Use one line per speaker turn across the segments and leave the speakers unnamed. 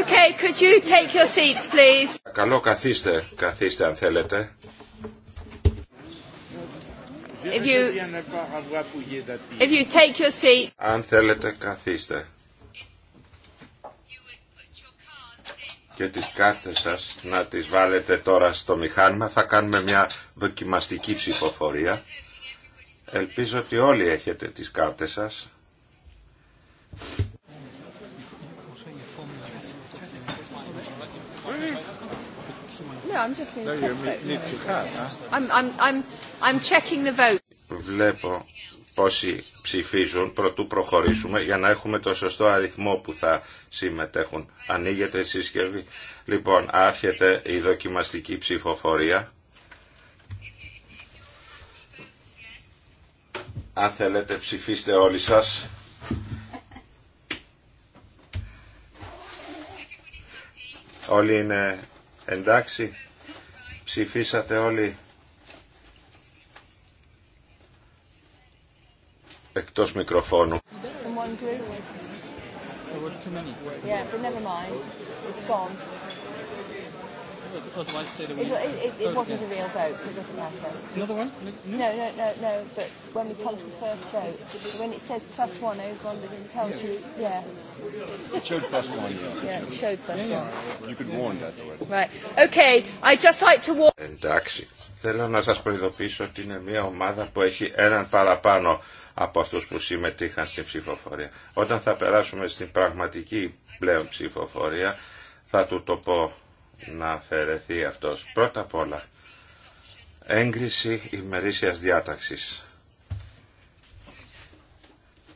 Okay, could you take your seats, please?
Καλό καθίστε, καθίστε αν θέλετε.
If you,
if take your seat.
Αν θέλετε, καθίστε. Και τις κάρτες σας να τις βάλετε τώρα στο μηχάνημα. Θα κάνουμε μια δοκιμαστική ψηφοφορία. Ελπίζω ότι όλοι έχετε τις κάρτες σας. Βλέπω πόσοι ψηφίζουν προτού προχωρήσουμε για να έχουμε το σωστό αριθμό που θα συμμετέχουν. Ανοίγεται η συσκευή. Λοιπόν, άρχεται η δοκιμαστική ψηφοφορία. Αν θέλετε ψηφίστε όλοι σας. Όλοι είναι Εντάξει, ψηφίσατε όλοι εκτός μικροφώνου.
Otherwise, say that
we. It, it, it, it wasn't a real vote, so it doesn't matter. Another one? No, no, no, no. But when we come to the first vote, when it says plus one over on the it tells you, yeah.
It
showed plus one. Yeah, yeah it showed plus yeah, one. You could warn that already.
Right. Okay. I just like to warn.
Εντάξει. Θέλω να σας προειδοποιήσω ότι είναι μια ομάδα που έχει έναν παραπάνω από αυτούς που συμμετείχαν στην ψηφοφορία. Όταν θα περάσουμε στην πραγματική πλέον ψηφοφορία θα του το πω να αφαιρεθεί αυτός. Πρώτα απ' όλα, έγκριση ημερήσιας διάταξης.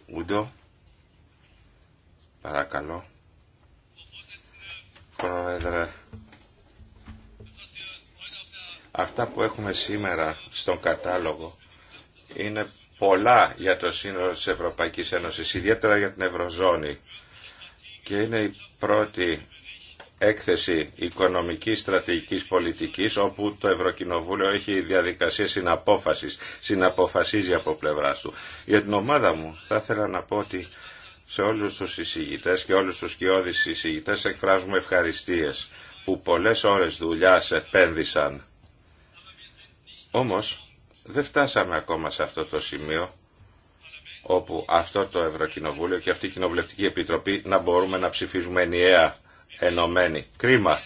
Ούντο, παρακαλώ. Πρόεδρε, αυτά που έχουμε σήμερα στον κατάλογο είναι πολλά για το σύνολο της Ευρωπαϊκής Ένωσης, ιδιαίτερα για την Ευρωζώνη. Και είναι η πρώτη έκθεση οικονομικής στρατηγικής πολιτικής όπου το Ευρωκοινοβούλιο έχει διαδικασία συναπόφασης, συναποφασίζει από πλευρά του. Για την ομάδα μου θα ήθελα να πω ότι σε όλους τους εισηγητές και όλους τους κοιόδης εισηγητές εκφράζουμε ευχαριστίες που πολλές ώρες δουλειά επένδυσαν. Όμως δεν φτάσαμε ακόμα σε αυτό το σημείο όπου αυτό το Ευρωκοινοβούλιο και αυτή η Κοινοβουλευτική Επιτροπή να μπορούμε να ψηφίζουμε ενιαία ενωμένοι. Κρίμα.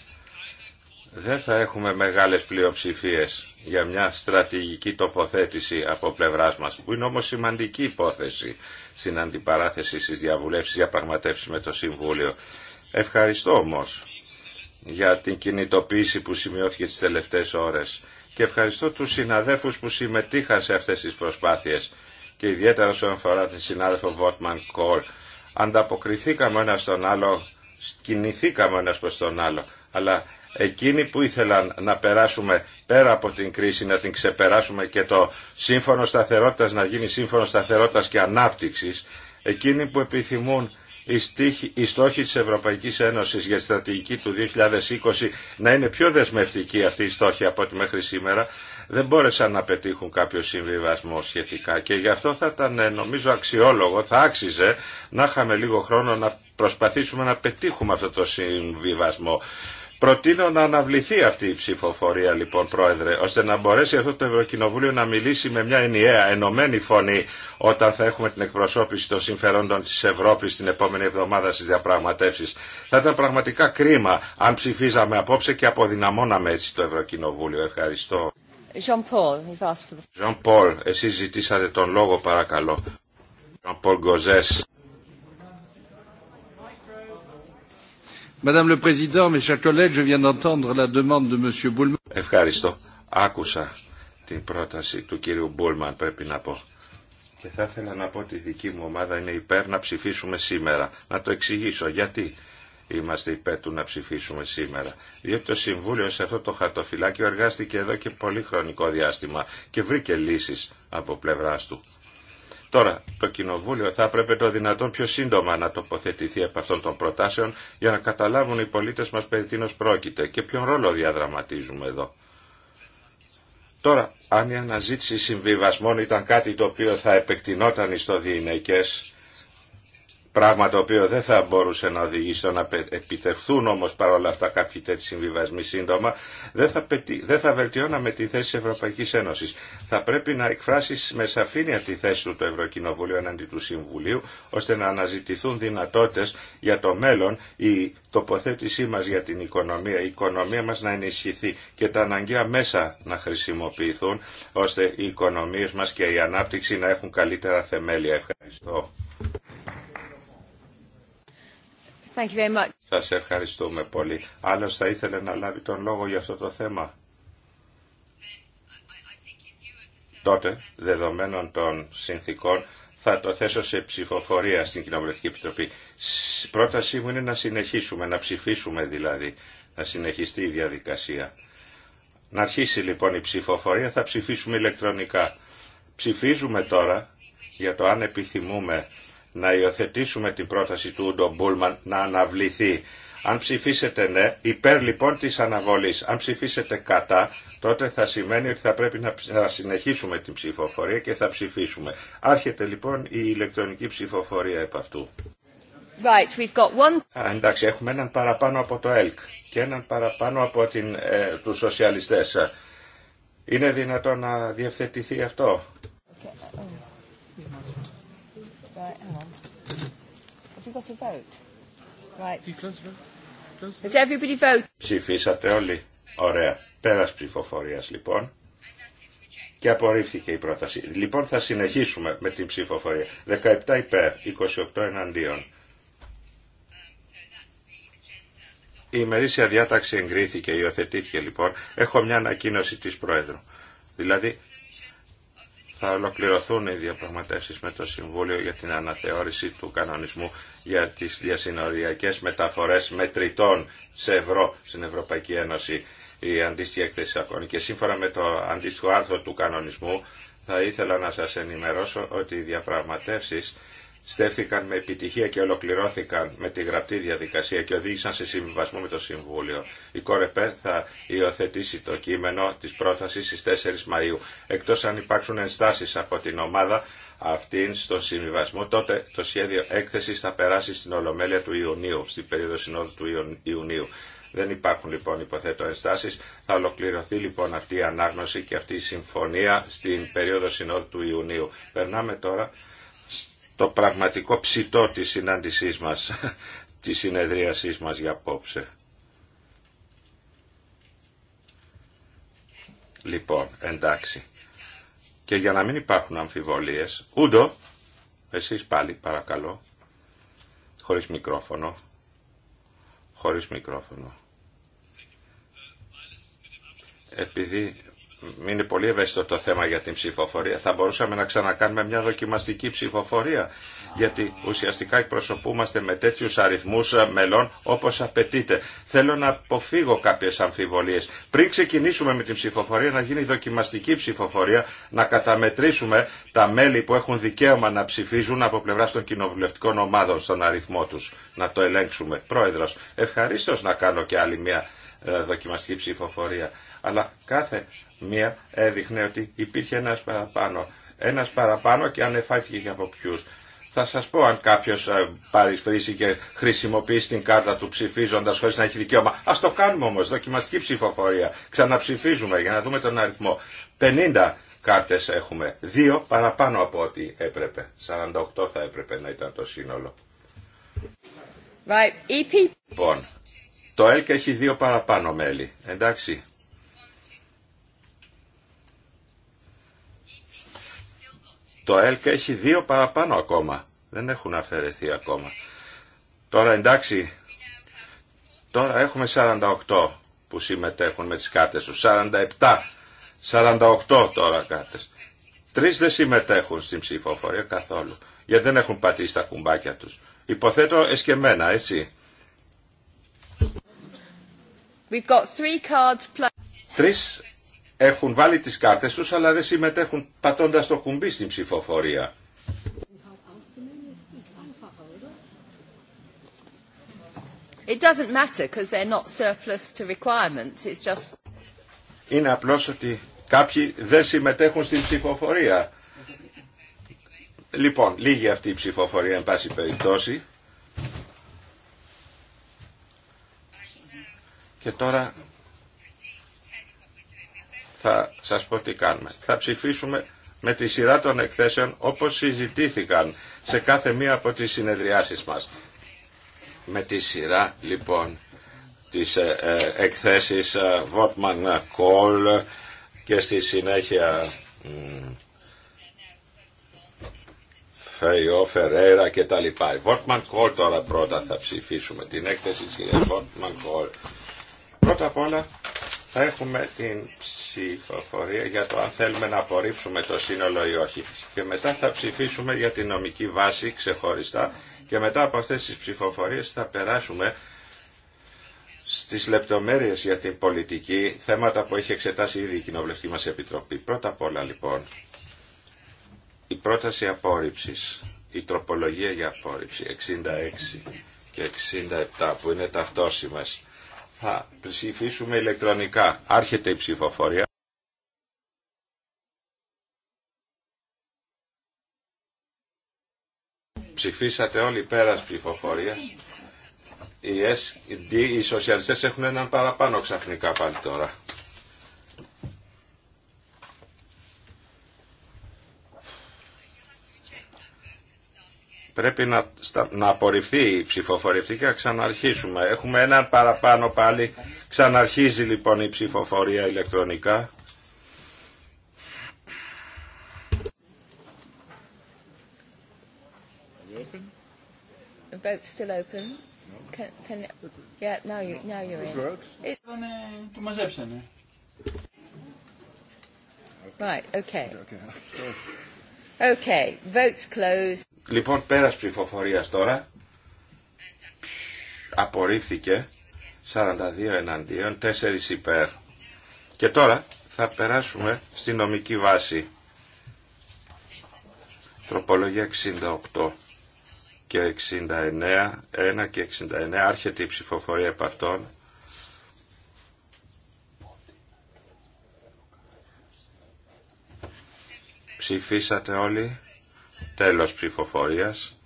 Δεν θα έχουμε μεγάλες πλειοψηφίες για μια στρατηγική τοποθέτηση από πλευράς μας, που είναι όμως σημαντική υπόθεση στην αντιπαράθεση στις διαβουλεύσεις πραγματεύσεις με το Συμβούλιο. Ευχαριστώ όμως για την κινητοποίηση που σημειώθηκε τις τελευταίες ώρες και ευχαριστώ τους συναδέφου που συμμετείχαν σε αυτές τις προσπάθειες και ιδιαίτερα όσον αφορά την συνάδελφο Βότμαν Κορ. Ανταποκριθήκαμε ένα στον άλλο κινηθήκαμε ένα προς τον άλλο. Αλλά εκείνοι που ήθελαν να περάσουμε πέρα από την κρίση, να την ξεπεράσουμε και το σύμφωνο σταθερότητας να γίνει σύμφωνο σταθερότητας και ανάπτυξη, εκείνοι που επιθυμούν οι στόχοι της Ευρωπαϊκής Ένωσης για τη στρατηγική του 2020 να είναι πιο δεσμευτικοί αυτοί οι στόχοι από ό,τι μέχρι σήμερα, δεν μπόρεσαν να πετύχουν κάποιο συμβιβασμό σχετικά και γι' αυτό θα ήταν ε, νομίζω αξιόλογο, θα άξιζε να είχαμε λίγο χρόνο να προσπαθήσουμε να πετύχουμε αυτό το συμβιβασμό. Προτείνω να αναβληθεί αυτή η ψηφοφορία λοιπόν πρόεδρε, ώστε να μπορέσει αυτό το Ευρωκοινοβούλιο να μιλήσει με μια ενιαία, ενωμένη φωνή όταν θα έχουμε την εκπροσώπηση των συμφερόντων της Ευρώπης την επόμενη εβδομάδα στις διαπραγματεύσεις. Θα ήταν πραγματικά κρίμα αν ψηφίζαμε απόψε και αποδυναμώναμε έτσι το Ευρωκοινοβούλιο. Ευχαριστώ.
Jean-Paul,
Jean εσείς ζητησατε τον λόγο παρακαλώ. Jean-Paul Ευχαριστώ. Άκουσα την πρόταση του κύριου Μπούλμαν, πρέπει να πω. Και θα ήθελα να πω ότι η δική μου ομάδα είναι υπέρ να ψηφίσουμε σήμερα. Να το εξηγήσω γιατί είμαστε υπέρ του να ψηφίσουμε σήμερα. Διότι το Συμβούλιο σε αυτό το χαρτοφυλάκιο εργάστηκε εδώ και πολύ χρονικό διάστημα και βρήκε λύσεις από πλευράς του. Τώρα, το Κοινοβούλιο θα έπρεπε το δυνατόν πιο σύντομα να τοποθετηθεί από αυτών των προτάσεων για να καταλάβουν οι πολίτες μας περί τίνος πρόκειται και ποιον ρόλο διαδραματίζουμε εδώ. Τώρα, αν η αναζήτηση συμβιβασμών ήταν κάτι το οποίο θα επεκτηνόταν στο διηναικές, Πράγμα το οποίο δεν θα μπορούσε να οδηγήσει να επιτευχθούν όμως παρόλα αυτά κάποιοι τέτοιοι συμβιβασμοί σύντομα, δεν θα, πετυ... δεν θα βελτιώναμε τη θέση της Ευρωπαϊκής Ένωσης. Θα πρέπει να εκφράσει με σαφήνεια τη θέση του το Ευρωκοινοβουλίο εναντί του Συμβουλίου, ώστε να αναζητηθούν δυνατότητες για το μέλλον η τοποθέτησή μας για την οικονομία, η οικονομία μας να ενισχυθεί και τα αναγκαία μέσα να χρησιμοποιηθούν, ώστε οι οικονομίε μας και η ανάπτυξη να έχουν καλύτερα θεμέλια. Ευχαριστώ. Thank Σας ευχαριστούμε πολύ. Άλλο θα ήθελε να λάβει τον λόγο για αυτό το θέμα. Τότε, δεδομένων των συνθήκων, θα το θέσω σε ψηφοφορία στην Κοινοβουλευτική Επιτροπή. Πρότασή μου είναι να συνεχίσουμε, να ψηφίσουμε δηλαδή, να συνεχιστεί η διαδικασία. Να αρχίσει λοιπόν η ψηφοφορία, θα ψηφίσουμε ηλεκτρονικά. Ψηφίζουμε τώρα για το αν επιθυμούμε να υιοθετήσουμε την πρόταση του Ούντο Μπούλμαν να αναβληθεί. Αν ψηφίσετε ναι, υπέρ λοιπόν της αναβολής, αν ψηφίσετε κατά, τότε θα σημαίνει ότι θα πρέπει να συνεχίσουμε την ψηφοφορία και θα ψηφίσουμε. Άρχεται λοιπόν η ηλεκτρονική ψηφοφορία επ' αυτού.
Right, we've got one...
Α, εντάξει, έχουμε έναν παραπάνω από το ΕΛΚ και έναν παραπάνω από την, ε, τους σοσιαλιστές. Είναι δυνατόν να διευθετηθεί αυτό. Ψηφίσατε όλοι. Ωραία. Πέρας ψηφοφορία, λοιπόν. Και απορρίφθηκε η πρόταση. Λοιπόν θα συνεχίσουμε με την ψηφοφορία. 17 υπέρ, 28 εναντίον. Η ημερήσια διάταξη εγκρίθηκε, υιοθετήθηκε λοιπόν. Έχω μια ανακοίνωση της Πρόεδρου. Δηλαδή θα ολοκληρωθούν οι διαπραγματεύσει με το Συμβούλιο για την αναθεώρηση του κανονισμού για τι διασυνοριακέ μεταφορές μετρητών σε ευρώ στην Ευρωπαϊκή Ένωση η αντίστοιχη έκθεση Και σύμφωνα με το αντίστοιχο άρθρο του κανονισμού θα ήθελα να σα ενημερώσω ότι οι διαπραγματεύσει στέφθηκαν με επιτυχία και ολοκληρώθηκαν με τη γραπτή διαδικασία και οδήγησαν σε συμβιβασμό με το Συμβούλιο. Η Κορεπέρ θα υιοθετήσει το κείμενο της πρότασης στις 4 Μαΐου. Εκτός αν υπάρξουν ενστάσεις από την ομάδα αυτήν στον συμβιβασμό, τότε το σχέδιο Έκθεση θα περάσει στην Ολομέλεια του Ιουνίου, στην περίοδο συνόδου του Ιουνίου. Δεν υπάρχουν λοιπόν υποθέτω ενστάσεις. Θα ολοκληρωθεί λοιπόν αυτή η ανάγνωση και αυτή η συμφωνία στην περίοδο συνόδου του Ιουνίου. Περνάμε τώρα το πραγματικό ψητό της συνάντησής μας, της συνεδρίασής μας για απόψε. Λοιπόν, εντάξει. Και για να μην υπάρχουν αμφιβολίες, Ούντο, εσείς πάλι παρακαλώ, χωρίς μικρόφωνο, χωρίς μικρόφωνο. Επειδή είναι πολύ ευαίσθητο το θέμα για την ψηφοφορία. Θα μπορούσαμε να ξανακάνουμε μια δοκιμαστική ψηφοφορία, γιατί ουσιαστικά εκπροσωπούμαστε με τέτοιους αριθμούς ε, μελών όπως απαιτείται. Θέλω να αποφύγω κάποιες αμφιβολίες. Πριν ξεκινήσουμε με την ψηφοφορία, να γίνει δοκιμαστική ψηφοφορία, να καταμετρήσουμε τα μέλη που έχουν δικαίωμα να ψηφίζουν από πλευρά των κοινοβουλευτικών ομάδων στον αριθμό τους. Να το ελέγξουμε. Πρόεδρος, Ευχαριστώ να κάνω και άλλη μια ε, δοκιμαστική ψηφοφορία. Αλλά κάθε μία έδειχνε ότι υπήρχε ένας παραπάνω. Ένας παραπάνω και ανεφάθηκε και από ποιους. Θα σας πω αν κάποιος ε, παρισφρήσει και χρησιμοποιήσει την κάρτα του ψηφίζοντας χωρίς να έχει δικαίωμα. Ας το κάνουμε όμως, δοκιμαστική ψηφοφορία. Ξαναψηφίζουμε για να δούμε τον αριθμό. 50 κάρτες έχουμε, δύο παραπάνω από ό,τι έπρεπε. 48 θα έπρεπε να ήταν το σύνολο.
Right. EP.
Λοιπόν, το ΕΛΚ έχει δύο παραπάνω μέλη, εντάξει. Το ΕΛΚ έχει δύο παραπάνω ακόμα. Δεν έχουν αφαιρεθεί ακόμα. Τώρα εντάξει, τώρα έχουμε 48 που συμμετέχουν με τις κάρτες τους. 47, 48 τώρα κάρτες. Τρεις δεν συμμετέχουν στην ψηφοφορία καθόλου, γιατί δεν έχουν πατήσει τα κουμπάκια τους. Υποθέτω εσκεμένα, έτσι.
We've got three cards
Τρεις έχουν βάλει τις κάρτες τους αλλά δεν συμμετέχουν πατώντας το κουμπί στην ψηφοφορία.
It doesn't matter because they're not surplus to requirements. It's just...
Είναι απλώς ότι κάποιοι δεν συμμετέχουν στην ψηφοφορία. Λοιπόν, λίγη αυτή η ψηφοφορία εν πάση περιπτώσει. Και τώρα θα σας πω τι κάνουμε. Θα ψηφίσουμε με τη σειρά των εκθέσεων όπως συζητήθηκαν σε κάθε μία από τις συνεδριάσεις μας. Με τη σειρά λοιπόν της ε, ε, εκθέσεις Κόλ ε, ε, και στη συνέχεια Φεϊό, Φερέρα και τα λοιπά. Η Βόρτμαν Κόλ τώρα πρώτα θα ψηφίσουμε την έκθεση της Βότμαν Βόρτμαν Κόλ. Πρώτα απ' όλα θα έχουμε την ψηφοφορία για το αν θέλουμε να απορρίψουμε το σύνολο ή όχι. Και μετά θα ψηφίσουμε για την νομική βάση ξεχωριστά και μετά από αυτές τις ψηφοφορίες θα περάσουμε στις λεπτομέρειες για την πολιτική, θέματα που έχει εξετάσει ήδη η Κοινοβουλευτική μας Επιτροπή. Πρώτα απ' όλα λοιπόν, η πρόταση απόρριψης, η τροπολογία για απόρριψη 66 και 67 που είναι ταυτόσιμες θα ψηφίσουμε ηλεκτρονικά. Άρχεται η ψηφοφορία. Ψηφίσατε όλοι πέρας ψηφοφορία. Οι οι σοσιαλιστές έχουν έναν παραπάνω ξαφνικά πάλι τώρα. Πρέπει να, να απορριφθεί η ψηφοφορία και να ξαναρχίσουμε. Έχουμε έναν παραπάνω πάλι. Ξαναρχίζει λοιπόν η ψηφοφορία ηλεκτρονικά.
Right, Okay, okay. vote's
Λοιπόν, πέρας ψηφοφορίας τώρα. Απορρίφθηκε. 42 εναντίον, 4 υπέρ. Και τώρα θα περάσουμε στη νομική βάση. Τροπολογία 68 και 69, 1 και 69, άρχεται η ψηφοφορία επ' αυτών. Ψηφίσατε όλοι. Τέλος ψηφοφορίας.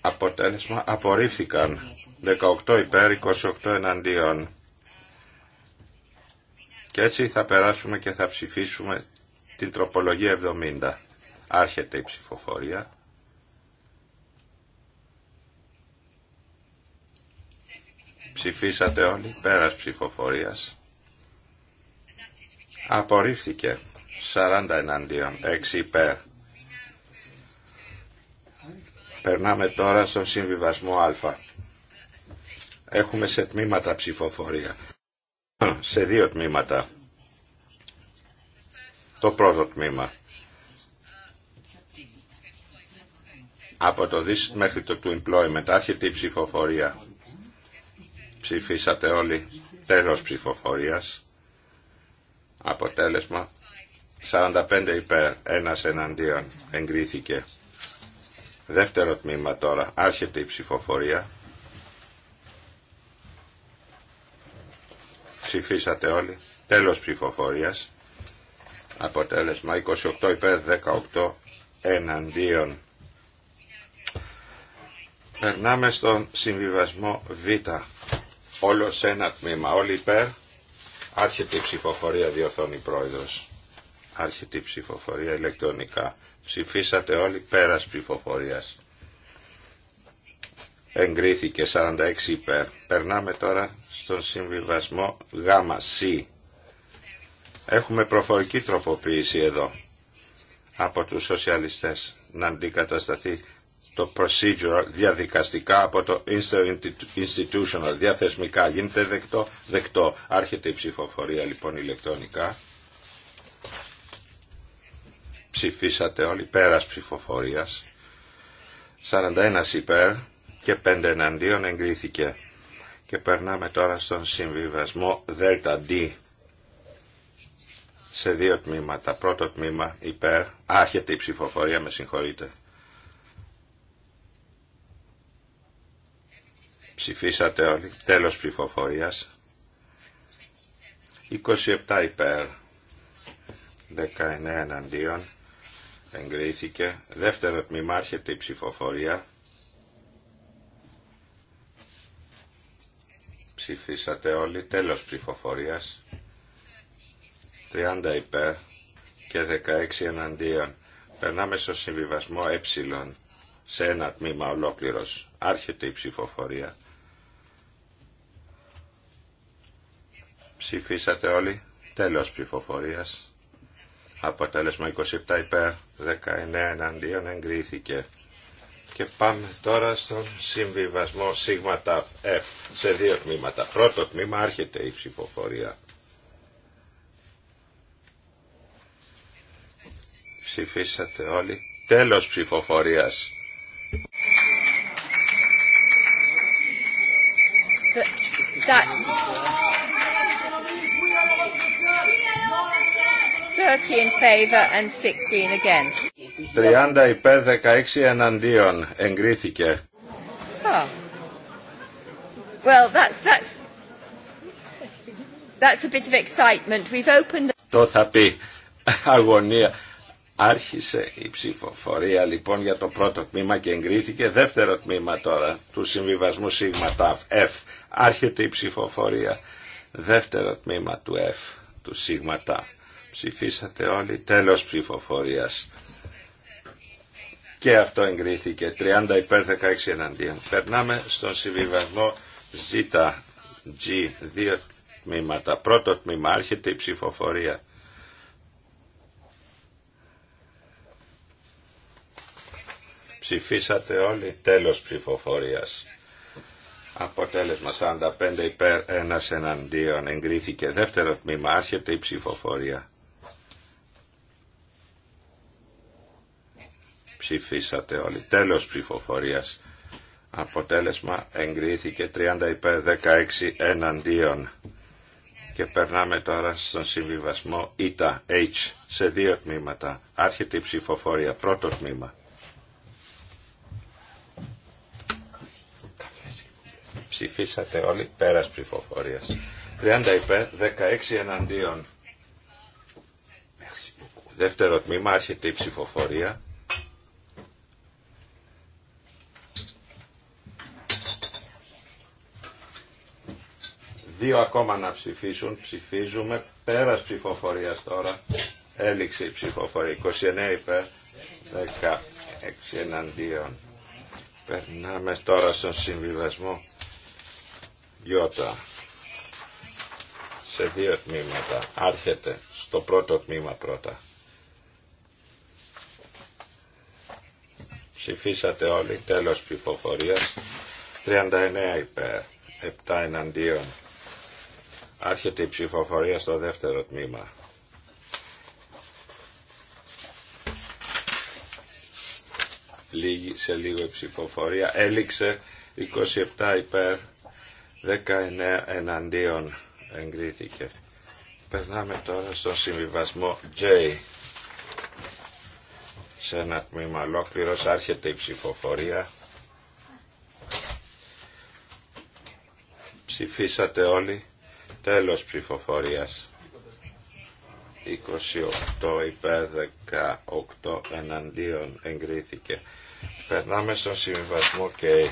Αποτέλεσμα απορρίφθηκαν. 18 υπέρ, 28 εναντίον. Και έτσι θα περάσουμε και θα ψηφίσουμε την τροπολογία 70. Άρχεται η ψηφοφορία. Ψηφίσατε όλοι, πέρας ψηφοφορίας. Απορρίφθηκε. 40 εναντίον, 6 υπέρ. Περνάμε τώρα στον συμβιβασμό Α. Έχουμε σε τμήματα ψηφοφορία. Σε δύο τμήματα. Το πρώτο τμήμα. Από το this μέχρι το του employment. Άρχεται η ψηφοφορία. Ψηφίσατε όλοι. Τέλος ψηφοφορίας. Αποτέλεσμα. 45 υπέρ. Ένας εναντίον. Εγκρίθηκε. Δεύτερο τμήμα τώρα. Άρχεται η ψηφοφορία. Ψηφίσατε όλοι. Τέλος ψηφοφορίας. Αποτέλεσμα 28 υπέρ 18 εναντίον. Περνάμε στον συμβιβασμό Β. Όλο σε ένα τμήμα. Όλοι υπέρ. Άρχεται η ψηφοφορία διορθώνει πρόεδρος. Άρχεται η ψηφοφορία ηλεκτρονικά. Ψηφίσατε όλοι πέρας ψηφοφορίας. Εγκρίθηκε 46 υπέρ. Περνάμε τώρα στον συμβιβασμό γάμα C. Έχουμε προφορική τροποποίηση εδώ από τους σοσιαλιστές να αντικατασταθεί το procedural διαδικαστικά από το institutional διαθεσμικά. Γίνεται δεκτό, δεκτό. Άρχεται η ψηφοφορία λοιπόν ηλεκτρονικά. Ψηφίσατε όλοι πέρας ψηφοφορίας. 41 υπέρ και 5 εναντίον εγκρίθηκε. Και περνάμε τώρα στον συμβιβασμό ΔΔ σε δύο τμήματα. Πρώτο τμήμα υπέρ, άρχεται η ψηφοφορία, με συγχωρείτε. Ψηφίσατε όλοι, τέλος ψηφοφορίας. 27 υπέρ, 19 εναντίον εγκρίθηκε. Δεύτερο τμήμα άρχεται η ψηφοφορία. Ψηφίσατε όλοι. Τέλος ψηφοφορίας. 30 υπέρ και 16 εναντίον. Περνάμε στο συμβιβασμό ε σε ένα τμήμα ολόκληρος. Άρχεται η ψηφοφορία. Ψηφίσατε όλοι. Τέλος ψηφοφορίας. Αποτέλεσμα 27 υπέρ 19 εναντίον εγκρίθηκε. Και πάμε τώρα στον συμβιβασμό σίγμα F σε δύο τμήματα. Πρώτο τμήμα άρχεται η ψηφοφορία. Ψηφίσατε όλοι. Τέλος ψηφοφορίας.
30 in 16
υπέρ 16 εναντίον. Εγκρίθηκε.
Well, that's, that's, that's a bit of excitement. We've opened
Το θα πει αγωνία. Άρχισε η ψηφοφορία λοιπόν για το πρώτο τμήμα και εγκρίθηκε δεύτερο τμήμα τώρα του συμβιβασμού σίγμα ταφ F. Άρχεται η ψηφοφορία δεύτερο τμήμα του F του σίγμα ταφ. Ψηφίσατε όλοι. Τέλος ψηφοφορίας. Και αυτό εγκρίθηκε. 30 υπέρ 16 εναντίον. Περνάμε στον συμβιβασμό ZG. Δύο τμήματα. Πρώτο τμήμα. Άρχεται η ψηφοφορία. Ψηφίσατε όλοι. Τέλος ψηφοφορίας. Αποτέλεσμα 45 υπέρ 1 εναντίον εγκρίθηκε. Δεύτερο τμήμα. Άρχεται η ψηφοφορία. Ψηφίσατε όλοι. Τέλος ψηφοφορίας. Αποτέλεσμα εγκρίθηκε 30 υπέρ 16 εναντίον. Και περνάμε τώρα στον συμβιβασμό ΙΤΑ H σε δύο τμήματα. Άρχεται η ψηφοφορία. Πρώτο τμήμα. Ψηφίσατε όλοι πέρας ψηφοφορίας. 30 υπέρ 16 εναντίον. Δεύτερο τμήμα. Άρχεται η ψηφοφορία. Δύο ακόμα να ψηφίσουν. Ψηφίζουμε. Πέρας ψηφοφορίας τώρα. Έληξη ψηφοφορία. 29 υπέρ 16 εναντίον. Περνάμε τώρα στον συμβιβασμό Ιώτα. Σε δύο τμήματα. Άρχεται στο πρώτο τμήμα πρώτα. Ψηφίσατε όλοι τέλος ψηφοφορίας. 39 υπέρ, 7 εναντίον Άρχεται η ψηφοφορία στο δεύτερο τμήμα. Λίγη, σε λίγο η ψηφοφορία. Έληξε 27 υπέρ 19 εναντίον εγκρίθηκε. Περνάμε τώρα στον συμβιβασμό J. Σε ένα τμήμα ολόκληρο άρχεται η ψηφοφορία. Ψηφίσατε όλοι. Τέλος ψηφοφορίας. 28 υπέρ 18 εναντίον εγκρίθηκε. Περνάμε στον συμβιβασμό και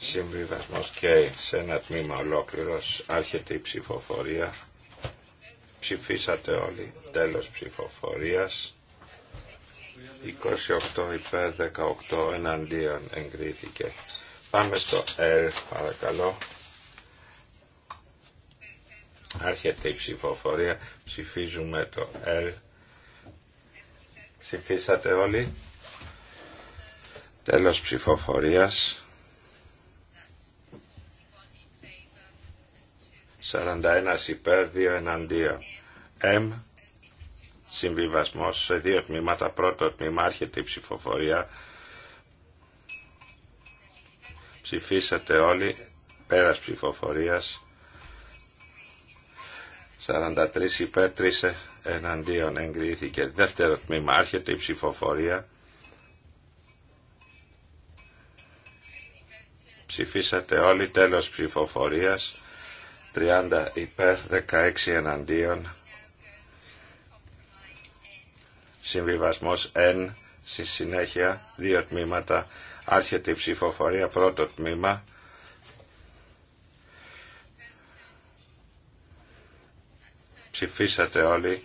συμβιβασμός και σε ένα τμήμα ολόκληρος άρχεται η ψηφοφορία. Ψηφίσατε όλοι. Τέλος ψηφοφορίας. 28 υπέρ 18 εναντίον εγκρίθηκε. Πάμε στο R παρακαλώ. Άρχεται η ψηφοφορία. Ψηφίζουμε το R. Ψηφίσατε όλοι. Τέλος ψηφοφορίας. 41 υπέρ, 2 εναντίον. M, συμβιβασμός σε δύο τμήματα. Πρώτο τμήμα, άρχεται η ψηφοφορία. Ψηφίσατε όλοι. Πέρας ψηφοφορίας. 43 υπέρ 3 ε, εναντίον εγκρίθηκε. Δεύτερο τμήμα. Άρχεται η ψηφοφορία. Ψηφίσατε όλοι. Τέλος ψηφοφορίας. 30 υπέρ 16 εναντίον. Συμβιβασμός 1, Στη συνέχεια δύο τμήματα Άρχεται η ψηφοφορία πρώτο τμήμα. Ψηφίσατε όλοι.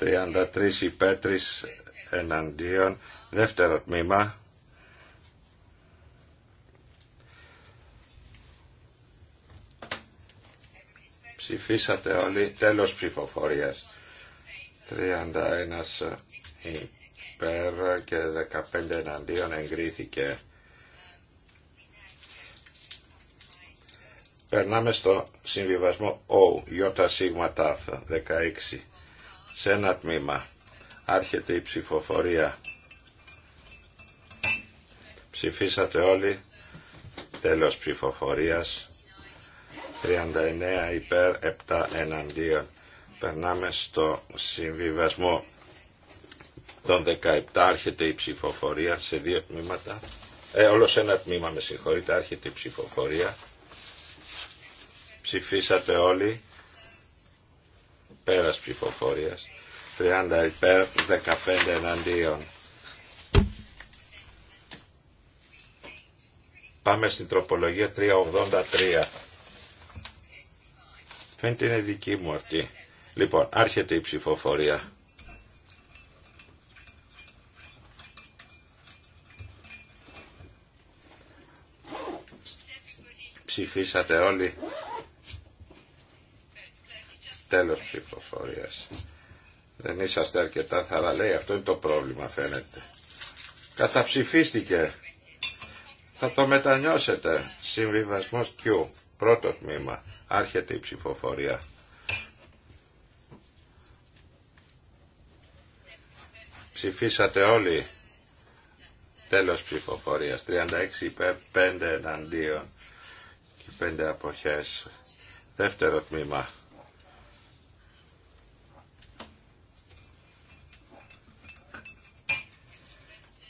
33 υπέρ 3 εναντίον. Δεύτερο τμήμα. Ψηφίσατε όλοι. Τέλος ψηφοφορίας. 31 υπέρ υπέρ και 15 εναντίον εγκρίθηκε. Περνάμε στο συμβιβασμό O, ΙΣΤΑΦ 16. Σε ένα τμήμα άρχεται η ψηφοφορία. Ψηφίσατε όλοι. Τέλος ψηφοφορίας. 39 υπέρ 7 εναντίον. Περνάμε στο συμβιβασμό τον 17 άρχεται η ψηφοφορία σε δύο τμήματα. Ε, όλο ένα τμήμα με συγχωρείτε, άρχεται η ψηφοφορία. Ψηφίσατε όλοι. Πέρας ψηφοφορίας. 30 υπέρ, 15 εναντίον. Πάμε στην τροπολογία 383. Φαίνεται είναι δική μου αυτή. Λοιπόν, άρχεται η ψηφοφορία. Ψηφίσατε όλοι. Τέλος ψηφοφορίας. Δεν είσαστε αρκετά θαραλέοι. Αυτό είναι το πρόβλημα φαίνεται. Καταψηφίστηκε. Θα το μετανιώσετε. Συμβιβασμός Q. Πρώτο τμήμα. Άρχεται η ψηφοφορία. Ψηφίσατε όλοι. Τέλος ψηφοφορίας. 36 υπέρ 5 εναντίον πέντε αποχές. Δεύτερο τμήμα.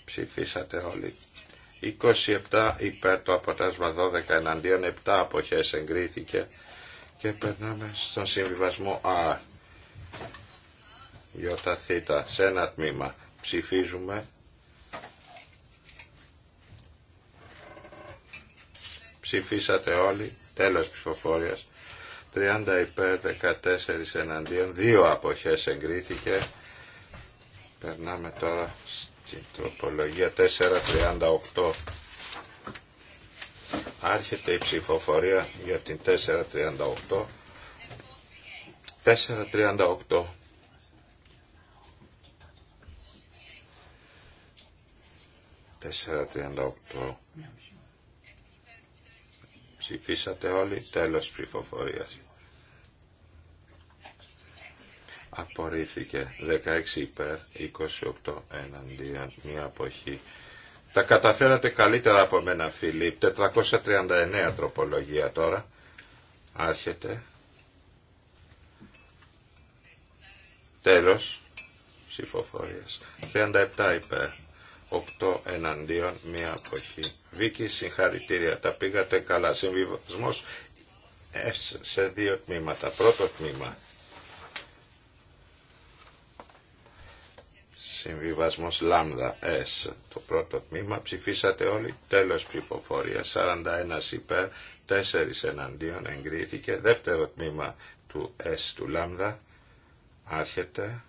Ψηφίσατε όλοι. 27 υπέρ το αποτάσμα 12 εναντίον 7 αποχές εγκρίθηκε και περνάμε στον συμβιβασμό Α. Ιωτα θήτα. Σε ένα τμήμα ψηφίζουμε Ψηφίσατε όλοι. Τέλος ψηφοφόρειας. 30 υπέρ 14 εναντίον. Δύο αποχές εγκρίθηκε. Περνάμε τώρα στην τροπολογία 438. Άρχεται η ψηφοφορία για την 438. 438. 438 Ψηφίσατε όλοι. Τέλος ψηφοφορίας. Απορρίφθηκε 16 υπέρ, 28 εναντίον, μία αποχή. Τα καταφέρατε καλύτερα από μένα, Φιλίπ. 439 τροπολογία τώρα. Άρχεται. Τέλος ψηφοφορίας. 37 υπέρ, 8 εναντίον μία αποχή. Βίκη, συγχαρητήρια, τα πήγατε καλά. Συμβιβασμός σε δύο τμήματα. Πρώτο τμήμα. Συμβιβασμός λάμδα S. Το πρώτο τμήμα ψηφίσατε όλοι. Τέλος ψηφοφορία. 41 υπέρ, 4 εναντίον εγκρίθηκε. Δεύτερο τμήμα του S του λάμδα. Άρχεται.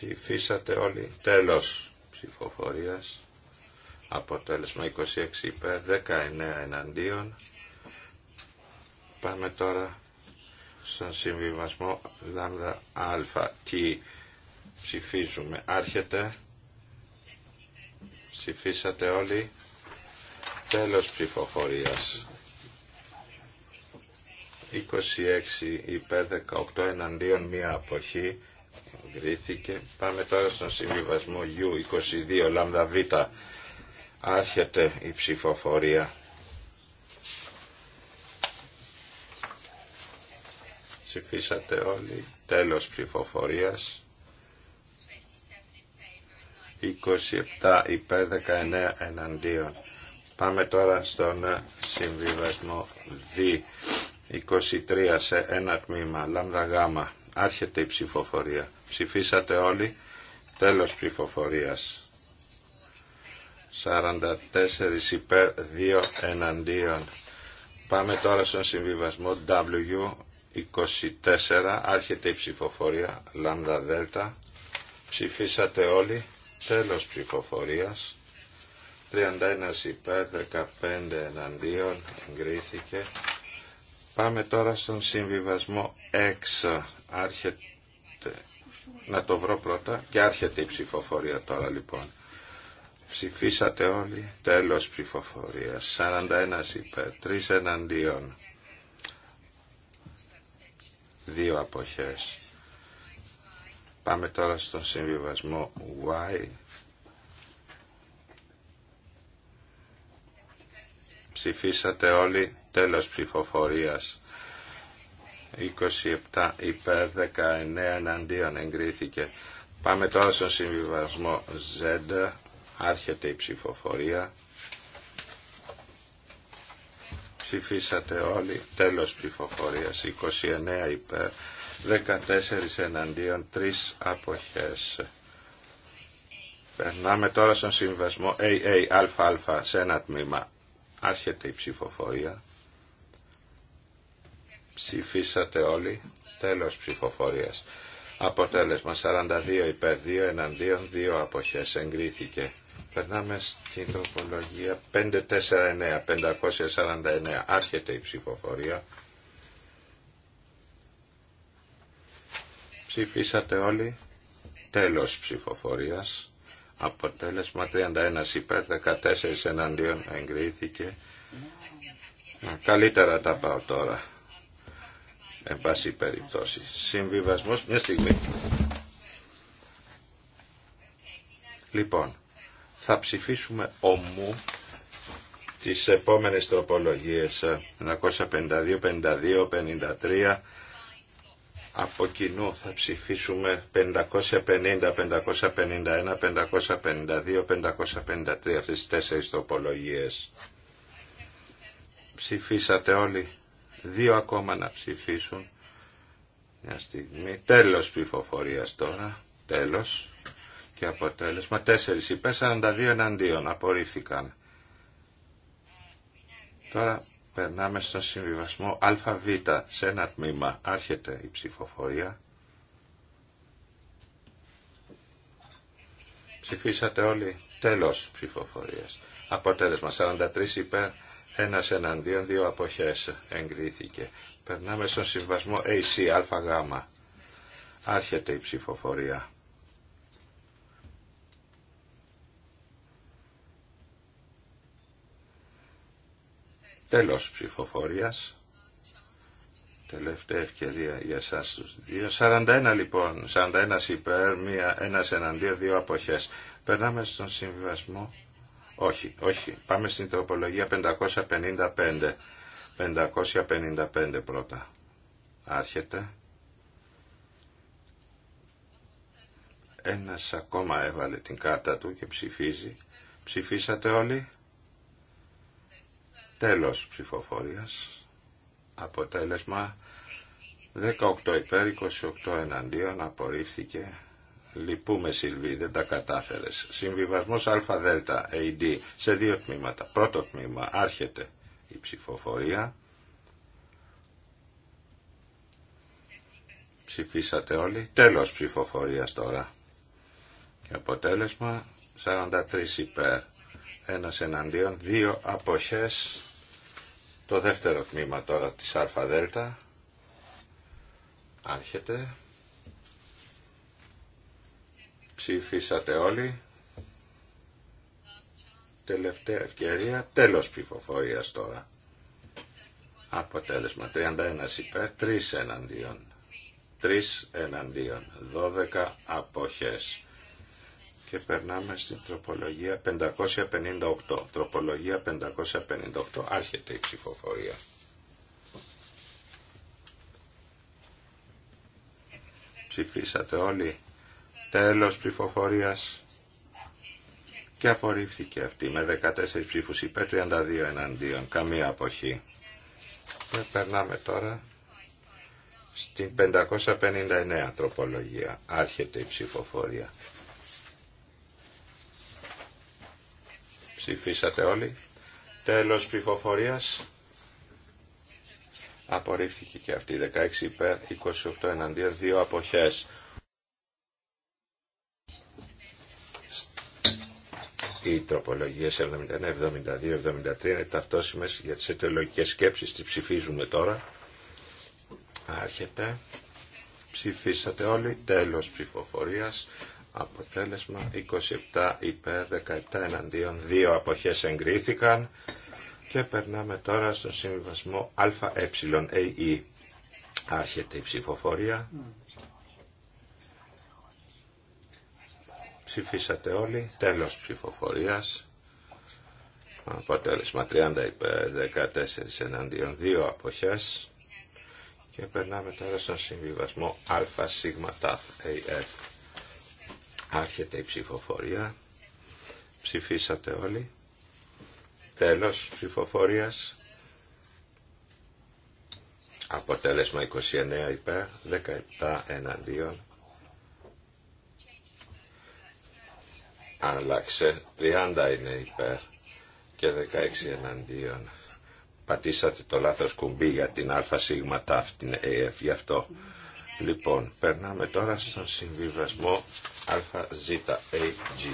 Ψηφίσατε όλοι. Τέλος ψηφοφορίας. Αποτέλεσμα 26 υπέρ, 19 εναντίον. Πάμε τώρα στον συμβιβασμό λάμδα α. Τι ψηφίζουμε. Άρχεται. Ψηφίσατε όλοι. Τέλος ψηφοφορίας. 26 υπέρ 18 εναντίον μία αποχή Πάμε τώρα στον συμβιβασμό U22 λάμδα β. Άρχεται η ψηφοφορία. Ψηφίσατε όλοι. Τέλος ψηφοφορίας. 27 υπέρ 19 εναντίον. Πάμε τώρα στον συμβιβασμό v 23 σε ένα τμήμα, λάμδα Άρχεται η ψηφοφορία. Ψηφίσατε όλοι. Τέλος ψηφοφορίας. 44 υπέρ 2 εναντίον. Πάμε τώρα στον συμβιβασμό W24. Άρχεται η ψηφοφορία λάμδα δέλτα. Ψηφίσατε όλοι. Τέλος ψηφοφορίας. 31 υπέρ 15 εναντίον. Εγκρίθηκε. Πάμε τώρα στον συμβιβασμό 6. Άρχεται να το βρω πρώτα και άρχεται η ψηφοφορία τώρα λοιπόν. Ψηφίσατε όλοι, τέλος ψηφοφορίας, 41 υπέρ, 3 εναντίον, 2 αποχές. Πάμε τώρα στον συμβιβασμό Y. Ψηφίσατε όλοι, τέλος ψηφοφορίας, 27 υπέρ 19 εναντίον εγκρίθηκε. Πάμε τώρα στον συμβιβασμό Z. Άρχεται η ψηφοφορία. Ψηφίσατε όλοι. Τέλος ψηφοφορίας. 29 υπέρ 14 εναντίον 3 αποχές. Περνάμε τώρα στον συμβιβασμό AA, σε ένα τμήμα. Άρχεται η ψηφοφορία. Ψηφίσατε όλοι. Τέλος ψηφοφορίας. Αποτέλεσμα 42 υπέρ 2 εναντίον 2 αποχές. Εγκρίθηκε. Περνάμε στην τροπολογία 549, 549. Άρχεται η ψηφοφορία. Ψηφίσατε όλοι. Τέλος ψηφοφορίας. Αποτέλεσμα 31 υπέρ 14 εναντίον εγκρίθηκε. Καλύτερα τα πάω τώρα εν πάση περιπτώσει. Συμβιβασμός, μια στιγμή. Λοιπόν, θα ψηφίσουμε ομού τις επόμενες τροπολογίες 952, 52, 53 από κοινού θα ψηφίσουμε 550, 551, 552, 553 αυτές τις τέσσερις τροπολογίες. Ψηφίσατε όλοι. Δύο ακόμα να ψηφίσουν. Μια στιγμή. Τέλος ψηφοφορίας τώρα. Τέλος. Και αποτέλεσμα τέσσερις υπέρ 42 εναντίον. Απορρίφθηκαν. Τώρα περνάμε στον συμβιβασμό ΑΒ σε ένα τμήμα. Άρχεται η ψηφοφορία. Ψηφίσατε όλοι. Τέλος ψηφοφορίας. Αποτέλεσμα 43 υπέρ ένας εναντίον, δύο αποχές εγκρίθηκε. Περνάμε στον συμβασμό AC, ΑΓ. Άρχεται η ψηφοφορία. Τέλος ψηφοφορίας. Τελευταία ευκαιρία για σας τους δύο. 41 λοιπόν, 41 υπέρ, μία, ένας εναντίον, δύο αποχές. Περνάμε στον συμβασμό. Όχι, όχι. Πάμε στην τροπολογία 555. 555 πρώτα. Άρχεται. Ένας ακόμα έβαλε την κάρτα του και ψηφίζει. Ψηφίσατε όλοι. Τέλος ψηφοφορίας. Αποτέλεσμα 18 υπέρ 28 εναντίον απορρίφθηκε Λυπούμε Σιλβί, δεν τα κατάφερες. Συμβιβασμός ΑΔΕΛΤΑ, AD, ε, σε δύο τμήματα. Πρώτο τμήμα, άρχεται η ψηφοφορία. Ψηφίσατε όλοι. Τέλος ψηφοφορίας τώρα. Και αποτέλεσμα, 43 υπέρ. Ένας εναντίον, δύο αποχές. Το δεύτερο τμήμα τώρα της ΑΔΕΛΤΑ. Άρχεται. Ψηφίσατε όλοι. Τελευταία ευκαιρία. Τέλος ψηφοφορία τώρα. Αποτέλεσμα 31 υπέρ, 3 εναντίον. 3 εναντίον, 12 αποχές. Και περνάμε στην τροπολογία 558. Τροπολογία 558. Άρχεται η ψηφοφορία. Ψηφίσατε όλοι. Τέλος ψηφοφορίας. Και απορρίφθηκε αυτή με 14 ψήφους υπέρ 32 εναντίον. Καμία αποχή. Ε, περνάμε τώρα στην 559 τροπολογία. Άρχεται η ψηφοφορία. Ψηφίσατε όλοι. Τέλος ψηφοφορίας. Απορρίφθηκε και αυτή 16 υπέρ 28 εναντίον Δύο αποχές. οι τροπολογίες 71, 72, 73 είναι ταυτόσιμε για τις αιτιολογικέ σκέψεις, τις ψηφίζουμε τώρα. Άρχεται. Ψηφίσατε όλοι. Τέλος ψηφοφορίας. Αποτέλεσμα 27 υπέρ 17 εναντίον. Δύο αποχές εγκρίθηκαν. Και περνάμε τώρα στον συμβιβασμό ΑΕΕ. Ε. Άρχεται η ψηφοφορία. Mm. Ψηφίσατε όλοι. Τέλος ψηφοφορίας. Αποτέλεσμα 30 υπέρ 14 εναντίον 2 αποχές. Και περνάμε τώρα στον συμβιβασμό α ε, Άρχεται η ψηφοφορία. Ψηφίσατε όλοι. Τέλος ψηφοφορίας. Αποτέλεσμα 29 υπέρ, 17 εναντίον, άλλαξε. 30 είναι υπέρ και 16 εναντίον. Πατήσατε το λάθος κουμπί για την ΑΣΤΑΦ, την ΑΕΦ, γι' αυτό. Λοιπόν, περνάμε τώρα στον συμβιβασμό αζ-AG.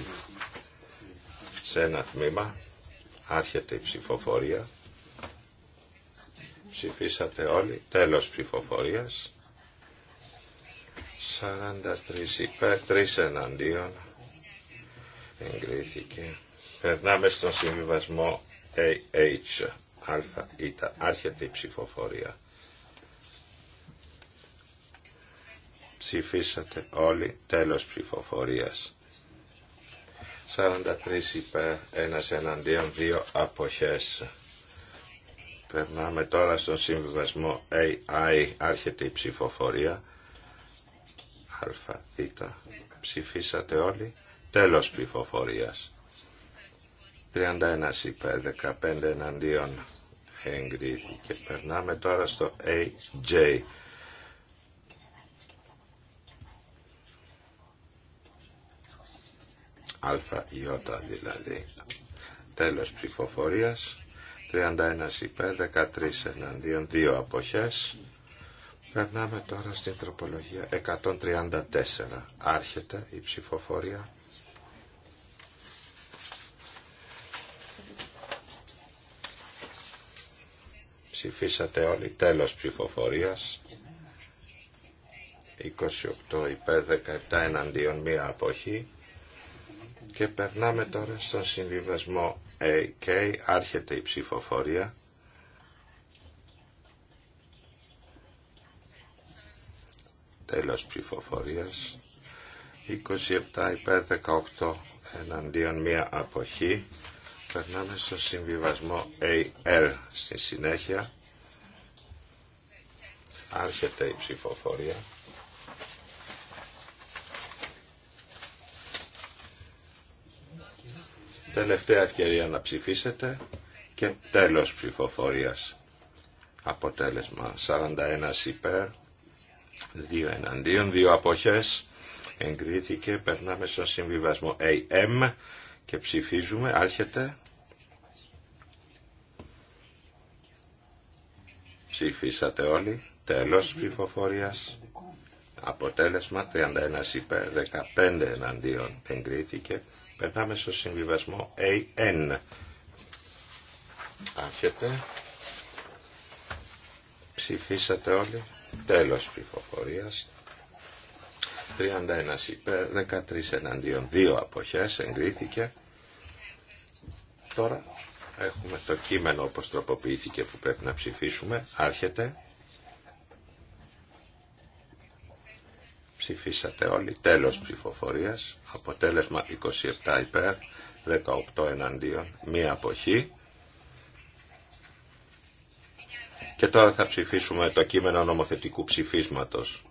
Σε ένα τμήμα άρχεται η ψηφοφορία. Ψηφίσατε όλοι. Τέλος ψηφοφορίας. 43 υπέρ, 3 εναντίον εγκρίθηκε. Περνάμε στον συμβιβασμό AH, α, ή άρχεται ψηφοφορία. Ψηφίσατε όλοι, τέλος ψηφοφορίας. 43 υπέρ, ένας εναντίον, δύο αποχές. Περνάμε τώρα στον συμβιβασμό AI, άρχεται η ψηφοφορία. αλφα αλφα-ιτα ψηφίσατε όλοι Τέλος ψηφοφορίας. 31 υπέρ, 15 εναντίον και Περνάμε τώρα στο AJ. Α, δηλαδή. Τέλος ψηφοφορίας. 31 υπέρ, 13 εναντίον, 2 αποχές. Περνάμε τώρα στην τροπολογία 134. Άρχεται η ψηφοφορία. Ψηφίσατε όλοι. Τέλος ψηφοφορίας. 28 υπέρ 17 εναντίον μία αποχή. Και περνάμε τώρα στον συμβιβασμό AK. Άρχεται η ψηφοφορία. Τέλος ψηφοφορίας. 27 υπέρ 18 εναντίον μία αποχή. Περνάμε στο συμβιβασμό AR στη συνέχεια. Άρχεται η ψηφοφορία. Τελευταία ευκαιρία να ψηφίσετε και τέλος ψηφοφορίας. Αποτέλεσμα 41 υπέρ, 2 εναντίον, 2 αποχές. Εγκρίθηκε, περνάμε στο συμβιβασμό AM και ψηφίζουμε, άρχεται. Ψηφίσατε όλοι. Τέλος ψηφοφορίας. Αποτέλεσμα 31 υπέρ, 15 εναντίον εγκρίθηκε. Περνάμε στο συμβιβασμό AN. Άρχεται. Ψηφίσατε όλοι. Τέλος ψηφοφορίας. 31 υπέρ, 13 εναντίον, 2 αποχές εγκρίθηκε. Τώρα Έχουμε το κείμενο όπως τροποποιήθηκε που πρέπει να ψηφίσουμε. Άρχεται. Ψηφίσατε όλοι. Τέλος ψηφοφορίας. Αποτέλεσμα 27 υπέρ, 18 εναντίον, μία αποχή. Και τώρα θα ψηφίσουμε το κείμενο νομοθετικού ψηφίσματος.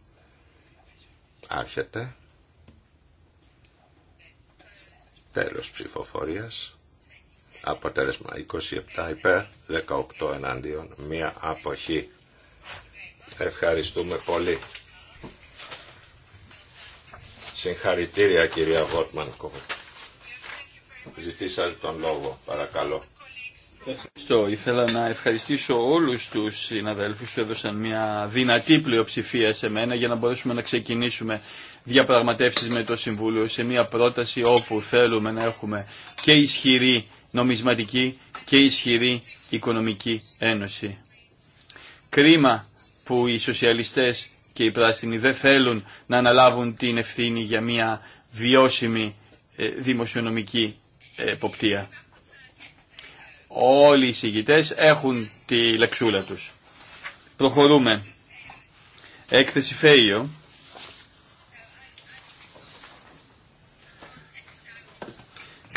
Άρχεται. Τέλος ψηφοφορίας. Αποτέλεσμα 27 υπέρ, 18 εναντίον, μία αποχή. Ευχαριστούμε πολύ. Συγχαρητήρια κυρία Βότμαν Ζητήσατε τον λόγο, παρακαλώ.
Ευχαριστώ. Ήθελα να ευχαριστήσω όλους τους συναδέλφους που έδωσαν μια δυνατή πλειοψηφία σε μένα για να μπορέσουμε να ξεκινήσουμε διαπραγματεύσεις με το Συμβούλιο σε μια πρόταση όπου θέλουμε να έχουμε και ισχυρή νομισματική και ισχυρή οικονομική ένωση. Κρίμα που οι σοσιαλιστές και οι πράσινοι δεν θέλουν να αναλάβουν την ευθύνη για μια βιώσιμη ε, δημοσιονομική εποπτεία. Όλοι οι συγκητές έχουν τη λεξούλα τους. Προχωρούμε. Έκθεση Φέιο.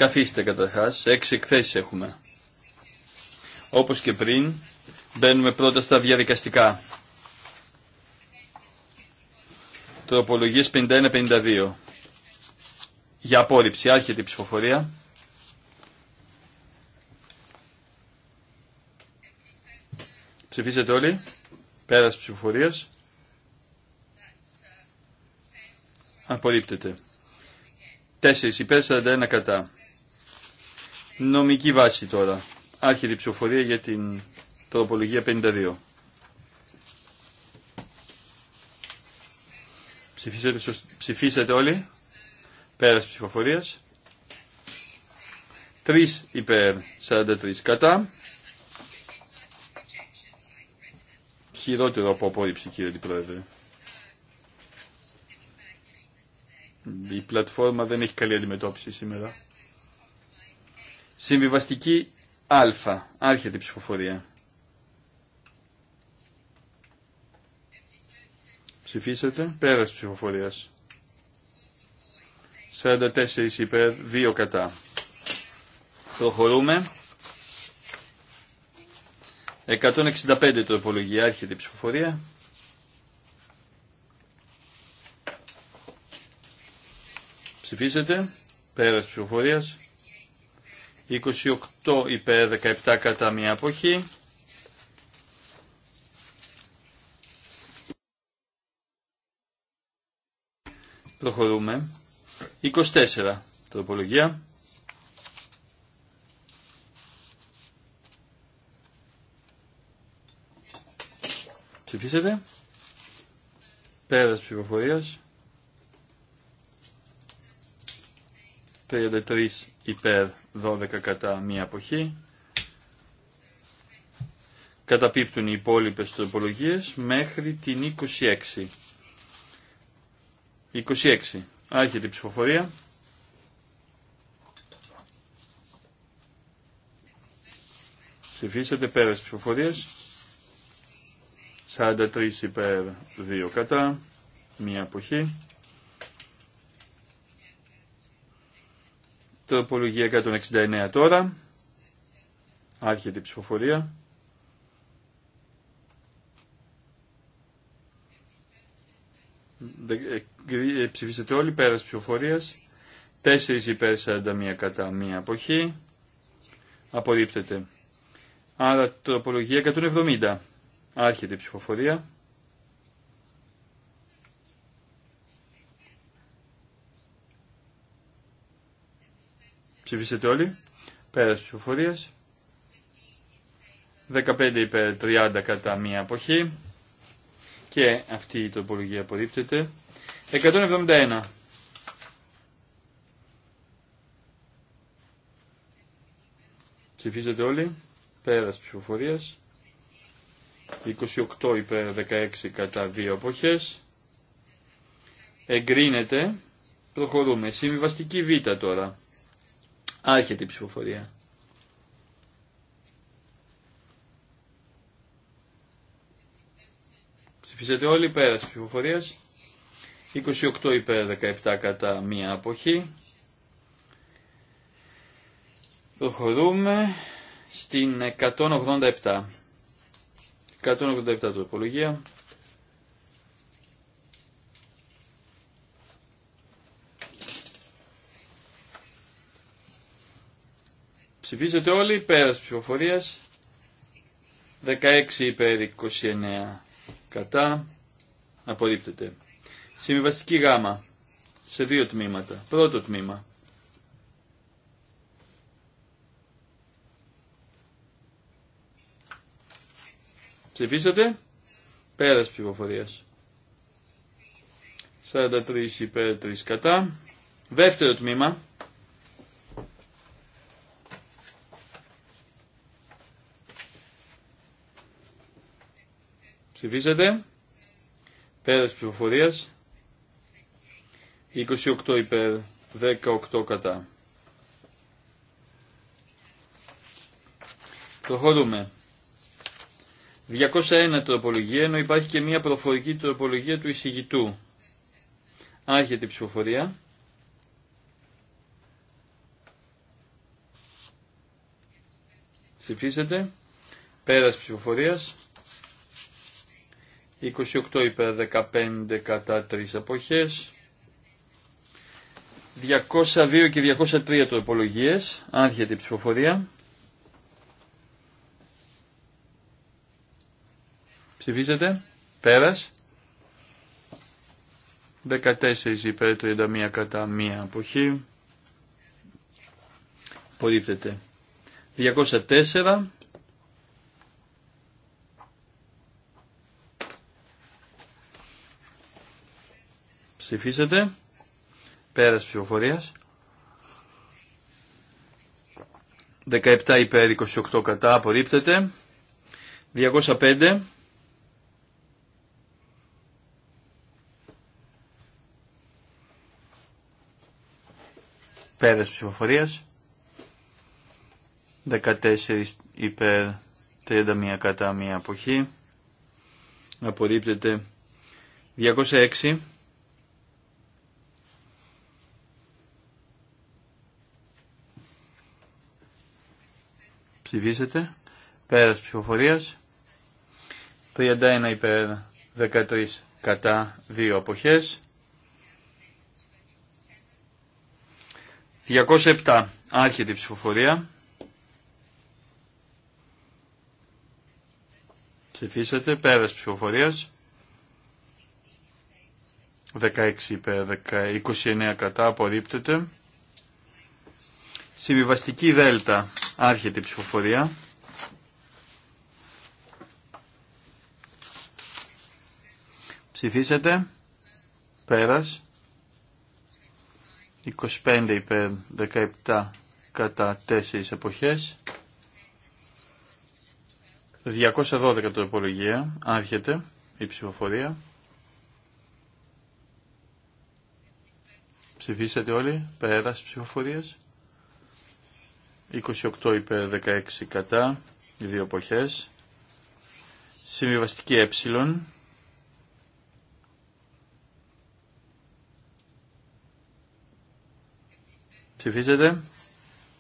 Καθίστε καταρχάς, έξι εκθέσεις έχουμε. Όπως και πριν, μπαίνουμε πρώτα στα διαδικαστικά. Τροπολογίες 51-52. Για απόρριψη, άρχεται η ψηφοφορία. Ψηφίσετε όλοι. Πέρας ψηφοφορίας. Απορρίπτεται. 4 υπέρ 41 κατά. Νομική βάση τώρα. Άρχεται η ψηφοφορία για την τροπολογία 52. Ψηφίσατε, Ψηφίσατε όλοι. Πέρας ψηφοφορίας. 3 υπέρ 43 κατά. Χειρότερο από απόρριψη κύριε Αντιπρόεδρε. Η πλατφόρμα δεν έχει καλή αντιμετώπιση σήμερα. Συμβιβαστική Α. Άρχεται η ψηφοφορία. Ψηφίσατε. Πέρας ψηφοφορίας. 44 υπέρ, 2 κατά. Προχωρούμε. 165 το υπολογία. Άρχεται η ψηφοφορία. Ψηφίσατε. Πέρας ψηφοφορίας. 28 υπέρ 17 κατά μία αποχή. Προχωρούμε. 24 τροπολογία. Ψηφίσετε. Πέρας ψηφοφορίας. 33 υπέρ 12 κατά μία αποχή. Καταπίπτουν οι υπόλοιπες τροπολογίες μέχρι την 26. 26. Άρχεται η ψηφοφορία. Ψηφίσατε πέρα στις ψηφοφορίες. 43 υπέρ 2 κατά μία αποχή. Τροπολογία 169 τώρα. Άρχεται η ψηφοφορία. Ε, ε, ψηφίσατε όλοι πέρα ψηφοφορία. 4 υπέρ 41 κατά μία αποχή. Απορρίπτεται. Άρα τροπολογία 170. Άρχεται η ψηφοφορία. Ψηφίσετε όλοι. Πέρας ψηφοφορία, 15 υπέρ 30 κατά μία αποχή. Και αυτή η τοπολογία απορρίπτεται. 171. Ψηφίσετε όλοι. Πέρας ψηφοφορίας. 28 υπέρ 16 κατά δύο αποχές. Εγκρίνεται. Προχωρούμε. Συμβιβαστική Β τώρα. Άρχεται η ψηφοφορία. Ψηφίσατε όλοι πέρα της ψηφοφορίας. 28 υπέρ 17 κατά μία αποχή. Προχωρούμε στην 187. 187 τροπολογία. ψηφίσετε όλοι πέρας της ψηφοφορίας. 16 υπέρ 29 κατά. Απορρίπτεται. Συμβιβαστική γάμα. Σε δύο τμήματα. Πρώτο τμήμα. Ψηφίσατε. Πέρας ψηφοφορίας. 43 υπέρ 3 κατά. Δεύτερο τμήμα. Ψηφίσατε. Πέρας ψηφοφορίας. 28 υπέρ, 18 κατά. Προχωρούμε. 201 τροπολογία, ενώ υπάρχει και μια προφορική τροπολογία του εισηγητού. Άρχεται η ψηφοφορία. Ψηφίσετε. Πέρας ψηφοφορίας. 28 υπέρ 15 κατά 3 αποχές. 202 και 203 τροπολογίες. Άρχεται η ψηφοφορία. Ψηφίζεται, Πέρας. 14 υπέρ 31 κατά 1 αποχή. Απορρίπτεται. 204 ψηφίσετε. Πέρας ψηφοφορίας. 17 υπέρ 28 κατά απορρίπτεται. 205. Πέρας ψηφοφορίας. 14 υπέρ 31 κατά μία αποχή. Απορρίπτεται. 206. ψηφίσετε. Πέρας ψηφοφορίας. 31 υπέρ 13 κατά 2 αποχές. 207 άρχεται η ψηφοφορία. Ψηφίσατε πέρας ψηφοφορίας. 16 υπέρ 29 κατά απορρίπτεται. Συμβιβαστική Δέλτα. Άρχεται η ψηφοφορία. Ψηφίσατε. Πέρας. 25 υπέρ 17 κατά 4 εποχές. 212 τροπολογία. Άρχεται η ψηφοφορία. Ψηφίσατε όλοι. Πέρας ψηφοφορίας. 28 υπέρ 16 κατά, οι δύο εποχές. Συμβιβαστική ε. Ψηφίζεται.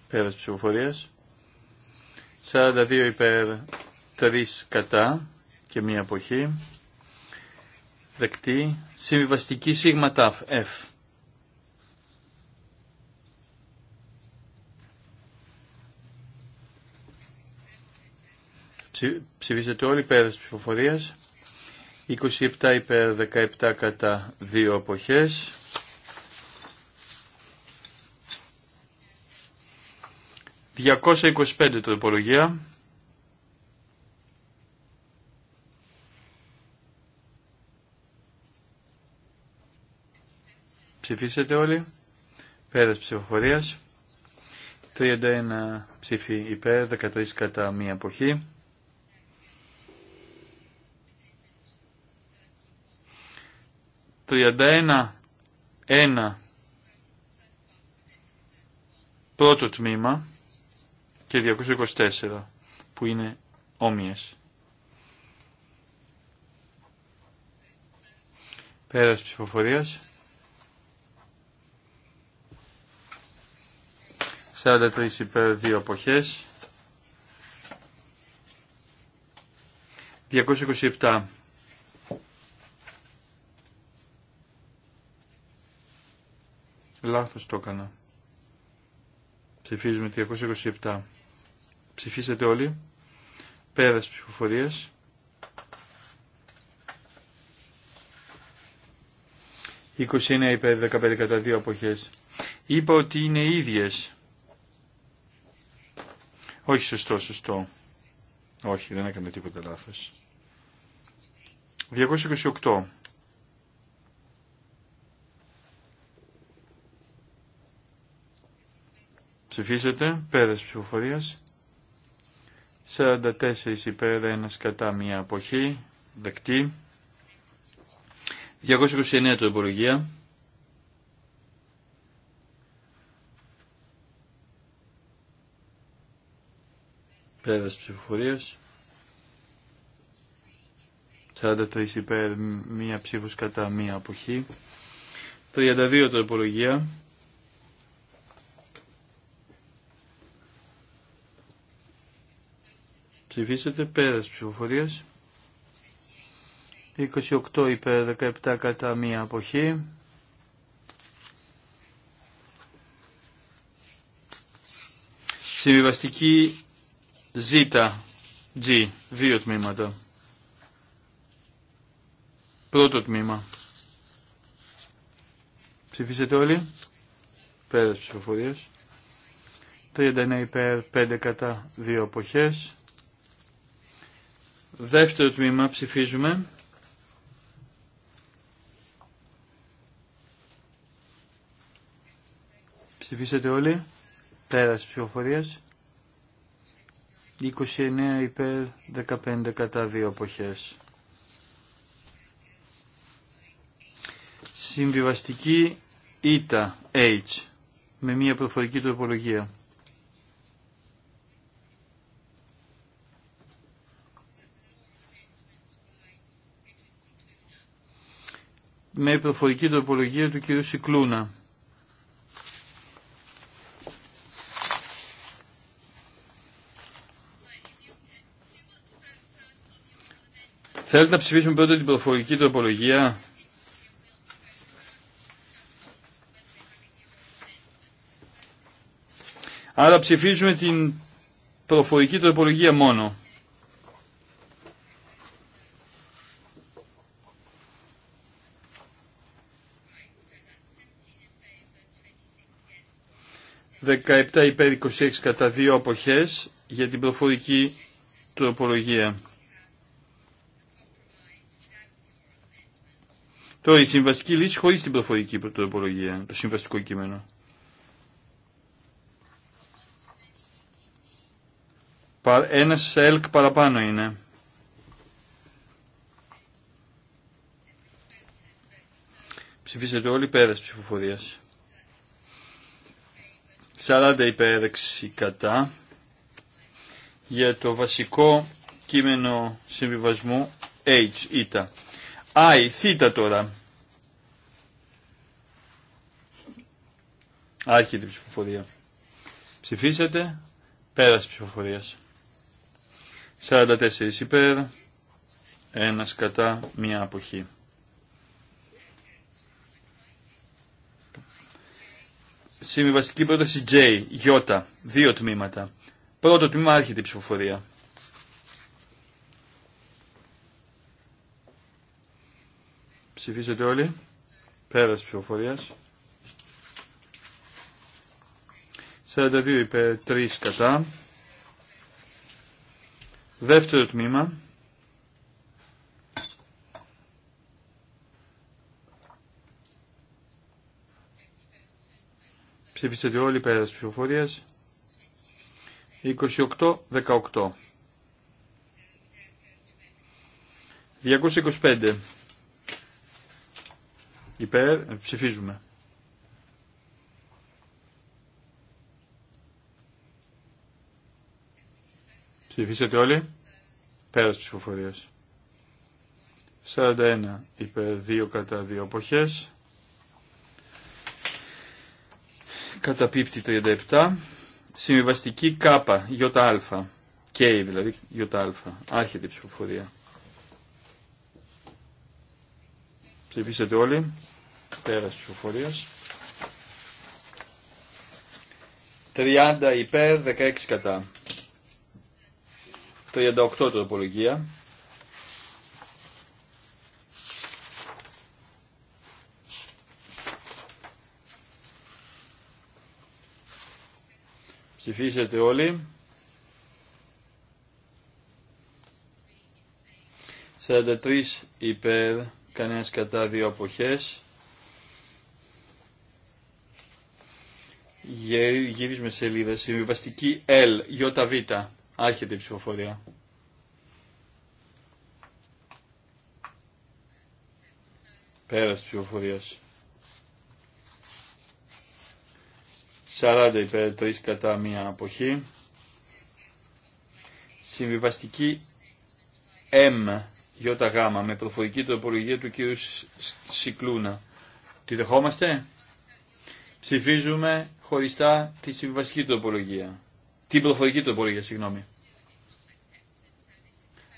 Πέρας ψηφοφορίας. 42 υπέρ 3 κατά και μία εποχή. Δεκτή. Συμβιβαστική σίγμα ταφ. F. Ψηφίσατε όλοι υπέρ της ψηφοφορίας. 27 υπέρ 17 κατά δύο αποχές. ...225 τροπολογία. Ψηφίσετε όλοι. Πέρας ψηφοφορίας. 31 ψήφι υπέρ, 13 κατά μία εποχή. 31.1 πρώτο τμήμα και 224 που είναι όμοιες. Πέρας ψηφοφορίας. 43 υπέρ 2 αποχές. 227 Λάθος το έκανα. Ψηφίζουμε 327. Ψηφίσατε όλοι. Πέρας ψηφοφορίας. «29 υπέρ 15 κατά 2 αποχές». Είπα ότι είναι ίδιες. Όχι σωστό, σωστό. Όχι, δεν έκανε τίποτα λάθος. 228. Ψηφίσετε. Πέρας ψηφοφορία. 44 υπέρ, 1 κατά, μία αποχή. Δεκτή. 229 Πέρα Πέρας ψηφοφορία. 43 υπέρ, μία ψήφος κατά, μία αποχή. 32 το υπολογία. Ψηφίσετε πέρας ψηφοφορίας. 28 υπέρ 17 κατά μία αποχή. Συμβιβαστική Ζ, G, δύο τμήματα. Πρώτο τμήμα. Ψηφίσετε όλοι. Πέρας ψηφοφορίας. 39 υπέρ 5 κατά 2 αποχές. Δεύτερο τμήμα ψηφίζουμε. Ψηφίσατε όλοι. Πέρα ψηφοφορία, 29 υπέρ 15 κατά 2 αποχές. Συμβιβαστική ΙΤΑ H με μια προφορική τροπολογία. με προφορική τροπολογία του κ. Σικλούνα. Θέλετε να ψηφίσουμε πρώτα την προφορική τροπολογία. Άρα ψηφίζουμε την προφορική τροπολογία μόνο. 17 υπέρ 26 κατά δύο αποχές για την προφορική τροπολογία. Τώρα η συμβαστική λύση χωρίς την προφορική τροπολογία, το συμβαστικό κείμενο. Ένας ΕΛΚ παραπάνω είναι. Ψηφίσετε όλοι πέρας ψηφοφορίας. 40 υπέρ 6 κατά για το βασικό κείμενο συμβιβασμού H, ήτα. ΆΙ, τώρα. Άρχεται η ψηφοφορία. Ψηφίσατε. Πέρασε ψηφοφορία. 44 υπέρ. 1 κατά μία αποχή. Συμβιβαστική πρόταση J, J, δύο τμήματα. Πρώτο τμήμα άρχεται η ψηφοφορία. Ψηφίσετε όλοι. Πέρας ψηφοφορίας. 42 υπέρ 3 κατά. Δεύτερο τμήμα. Ψήφισετε όλοι πέρα της 28 28-18. 225. Υπέρ, ψηφίζουμε. Ψήφισετε όλοι. Πέρας ψηφοφορίας. 41 υπέρ 2 ε, κατά 2 εποχές. Καταπίπτει 37. Συμβιβαστική ΚΑΠΑ, ΙΑ. κέι δηλαδή, ΙΑ. Άρχεται η ψηφοφορία. Ψηφίσατε όλοι. Πέρας ψηφοφορίας. 30 υπέρ, 16 κατά. 38 τροπολογία. Ψηφίσετε όλοι. 43 υπέρ, κανένας κατά δύο αποχές. Γυρίζουμε σελίδα. Συμβιβαστική L, ΙΒ. Άρχεται η ψηφοφορία. Πέρας ψηφοφορίας. 40 υπέρ μία αποχή. Συμβιβαστική M ΙΓ με προφορική τροπολογία του κύριου Σικλούνα. Τη δεχόμαστε? Ψηφίζουμε χωριστά τη συμβιβαστική τοπολογία; Την προφορική τροπολογία, συγγνώμη.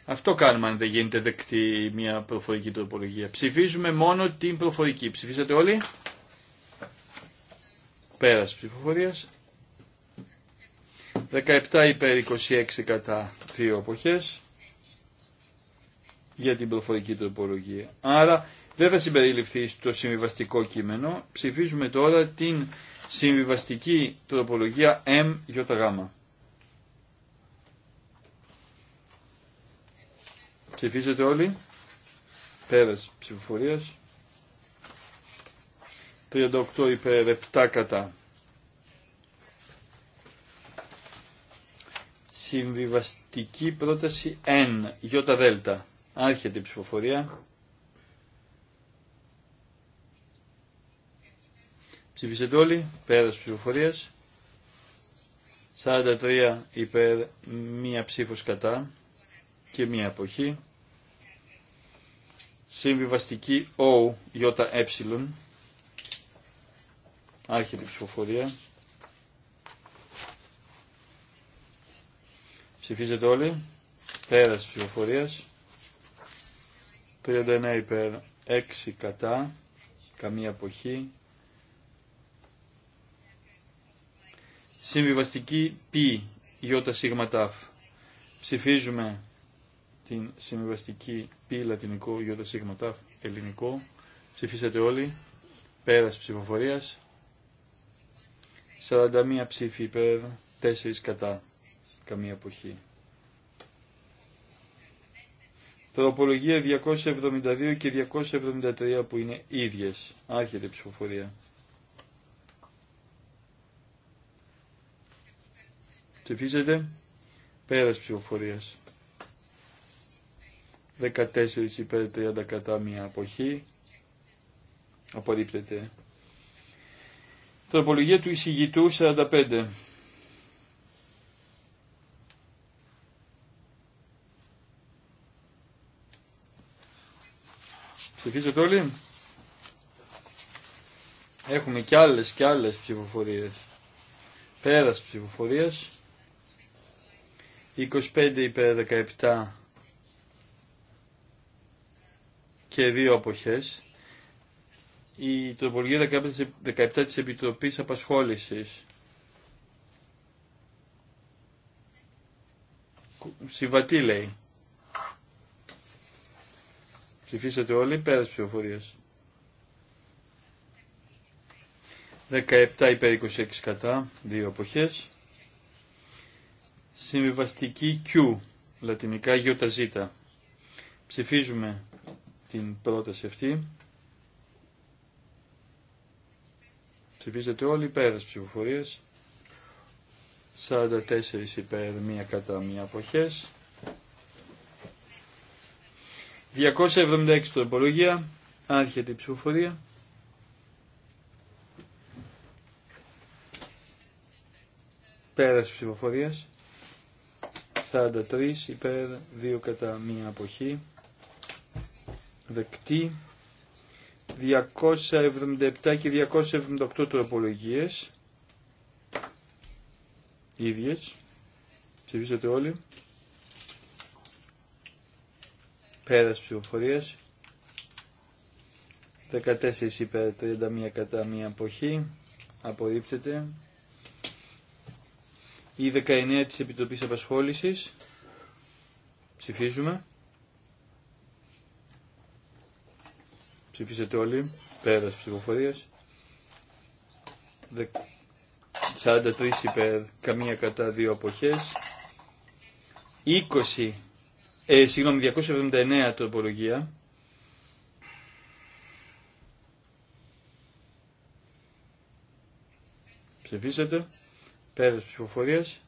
Αυτό κάνουμε αν δεν γίνεται δεκτή μια προφορική τροπολογία. Ψηφίζουμε μόνο την προφορική. Ψηφίσατε όλοι. Πέρας ψηφοφορίας. 17 υπέρ 26 κατά δύο εποχές για την προφορική τοπολογία. Άρα δεν θα συμπεριληφθεί στο συμβιβαστικό κείμενο. Ψηφίζουμε τώρα την συμβιβαστική τροπολογία MJΓ. Ψηφίζετε όλοι. Πέρας ψηφοφορίας. 38 είπε ρεπτάκατα. Συμβιβαστική πρόταση N, δέλτα Άρχεται η ψηφοφορία. Ψηφίσετε όλοι, πέρας ψηφοφορίας. 43 υπέρ, μία ψήφος κατά και μία αποχή. Συμβιβαστική O, ΙΕ Άρχεται την ψηφοφορία. Ψηφίζετε όλοι. Πέρας ψηφοφορίας. 39 υπέρ 6 κατά. Καμία αποχή. Συμβιβαστική π. Ιώτα σίγμα Ψηφίζουμε την συμβιβαστική π λατινικό Ιώτα σίγμα ελληνικό. Ψηφίσατε όλοι. Πέρας ψηφοφορίας. 41 ψήφοι υπέρ, 4 κατά, καμία αποχή. Τροπολογία 272 και 273 που είναι ίδιες. Άρχεται η ψηφοφορία. Ψηφίζεται. Πέρας ψηφοφορίας. 14 υπέρ 30 κατά μία αποχή. Απορρίπτεται. Τροπολογία του εισηγητού 45. Ψηφίσατε όλοι. Έχουμε κι άλλες κι άλλες ψηφοφορίες. Πέρας ψηφοφορίας. 25 υπέρ 17 και δύο αποχές η τροπολογία 17 της Επιτροπής Απασχόλησης. Συμβατή λέει. Ψηφίσατε όλοι πέρας ψηφοφορίας. 17 υπέρ 26 κατά, δύο εποχές. Συμβιβαστική Q, λατινικά γιοταζίτα. Ψηφίζουμε την πρόταση αυτή. Ψηφίσατε όλοι υπέρ τη ψηφοφορία, 44 υπέρ, μία κατά, μία αποχέ. 276 τροπολογία, άρχεται η ψηφοφορία. Πέρας ψηφοφορία, 43 υπέρ, 2 κατά, μία αποχή. Δεκτή. 277 και 278 τροπολογίες ίδιες ψηφίσατε όλοι πέρας ψηφοφορίας 14 υπέρ 31 κατά μία αποχή απορρίπτεται η 19 της Επιτροπής Απασχόλησης ψηφίζουμε Ψηφίσετε όλοι. Πέρας ψηφοφορίας. 43 υπέρ, καμία κατά, δύο αποχές. 20, ε, συγγνώμη, 279 τροπολογία. Ψηφίσατε. Πέρας ψηφοφορίας.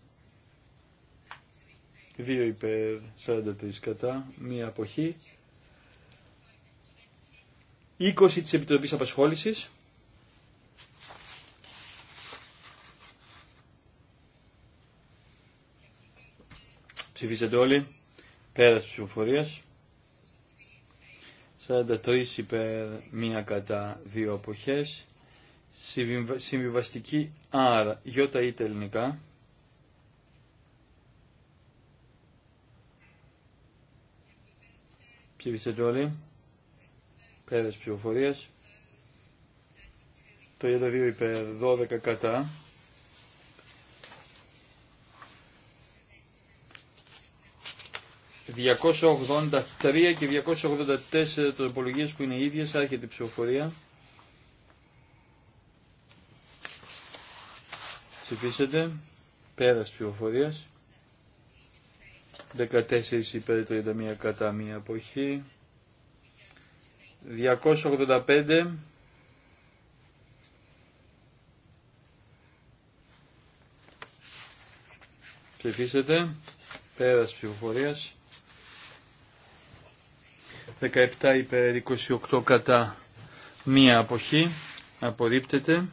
2 υπέρ, 43 κατά, μία αποχή. 20 της Επιτροπής Απασχόλησης, ψηφίσατε όλοι, Πέρα της ψηφοφορίας, 43 υπέρ, μία κατά, δύο αποχές, συμβιβαστική R, γιώτα τα ελληνικά, ψηφίσατε όλοι, Πέρας το 32 υπέρ 12 κατά. ...283 και 284 τροπολογίες που είναι ίδιες, άρχεται η ψηφοφορία. Ψηφίσετε. Πέρας ψηφοφορίας. 14 υπέρ 31 κατά μία αποχή. 285 ψηφίσετε πέρας ψηφοφορίας 17 υπέρ 28 κατά μία αποχή απορρίπτεται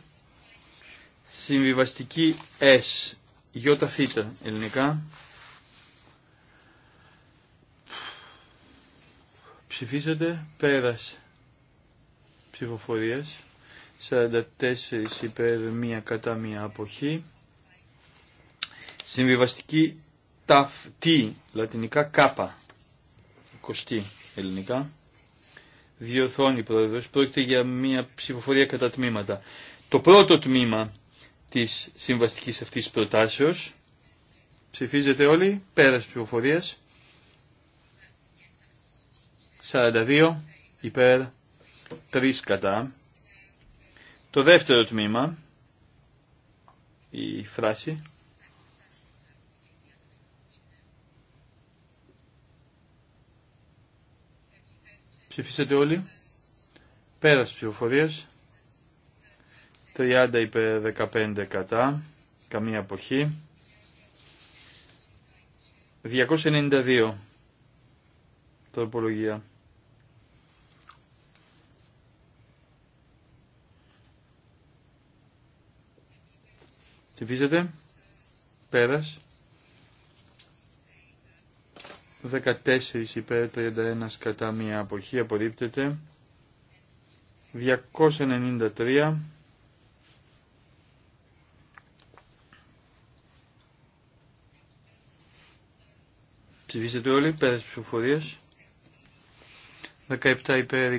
συμβιβαστική S φύτα ελληνικά ψηφίσετε πέρας ψηφοφορίας. 44 υπέρ, μία κατά, μία αποχή. Συμβιβαστική ταφτί λατινικά κάπα, κοστί ελληνικά. Διορθώνει πρόεδρος, πρόκειται για μία ψηφοφορία κατά τμήματα. Το πρώτο τμήμα της συμβαστικής αυτής προτάσεως, ψηφίζετε όλοι, πέρας ψηφοφορία. 42 υπέρ τρεις κατά. Το δεύτερο τμήμα, η φράση, Ψηφίσατε όλοι. Πέρας ψηφοφορίας. 30 υπέρ 15 κατά. Καμία αποχή. 292. Τροπολογία. Ψηφίζεται. Πέρας. 14 υπέρ 31 κατά μία αποχή απορρίπτεται. 293. Ψηφίζεται όλοι, πέρα ψηφοφορία. 17 υπέρ,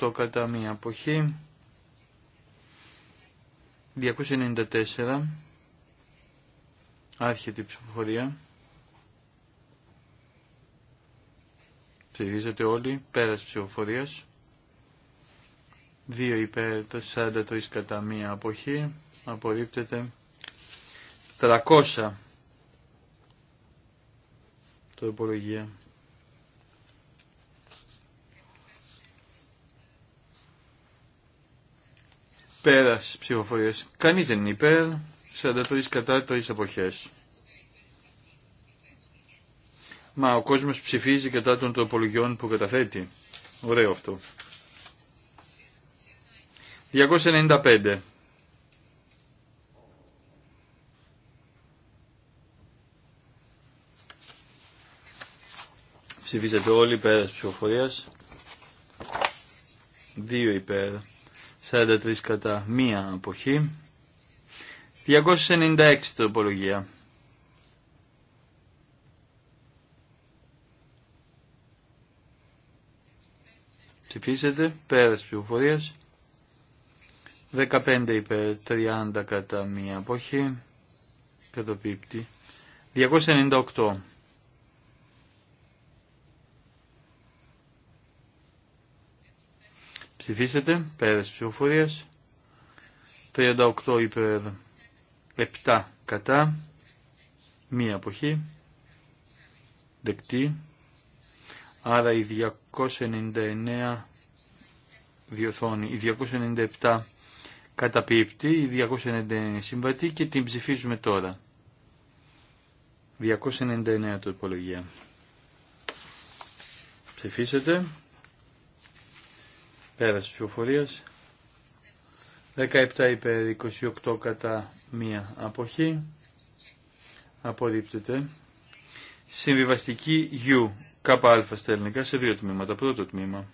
28 κατά μία αποχή. 294. Άρχεται η ψηφοφορία. Ψηφίζετε όλοι. Πέρας ψηφοφορίας. Δύο υπέρ 43 κατά μία αποχή. Απορρίπτεται 300 το υπολογία. Πέρας ψηφοφορίας. Κανείς δεν είναι υπέρ. 43 κατά 3 εποχές. Μα ο κόσμος ψηφίζει κατά των τροπολογιών που καταθέτει. Ωραίο αυτό. 295. Ψηφίζεται όλοι πέρα της ψηφοφορίας. 2 υπέρ. 43 κατά μία αποχή. 296 τροπολογία. Ψηφίσετε, πέρας πληροφορίας. 15 υπέρ, 30 κατά μία αποχή. Κατοπίπτη. 298. Ψηφίσετε, πέρας ψηφοφορίας. 38 υπέρ, Επτά κατά, μία αποχή, δεκτή. Άρα η 299 διοθόνη, η 297 καταπίπτει, η 299 συμβατή και την ψηφίζουμε τώρα. 299 το υπολογία. Ψηφίσετε. Πέραση της 17 υπέρ 28 κατά μία αποχή. Απορρίπτεται. Συμβιβαστική U, ΚΑ στα ελληνικά, σε δύο τμήματα. Πρώτο τμήμα.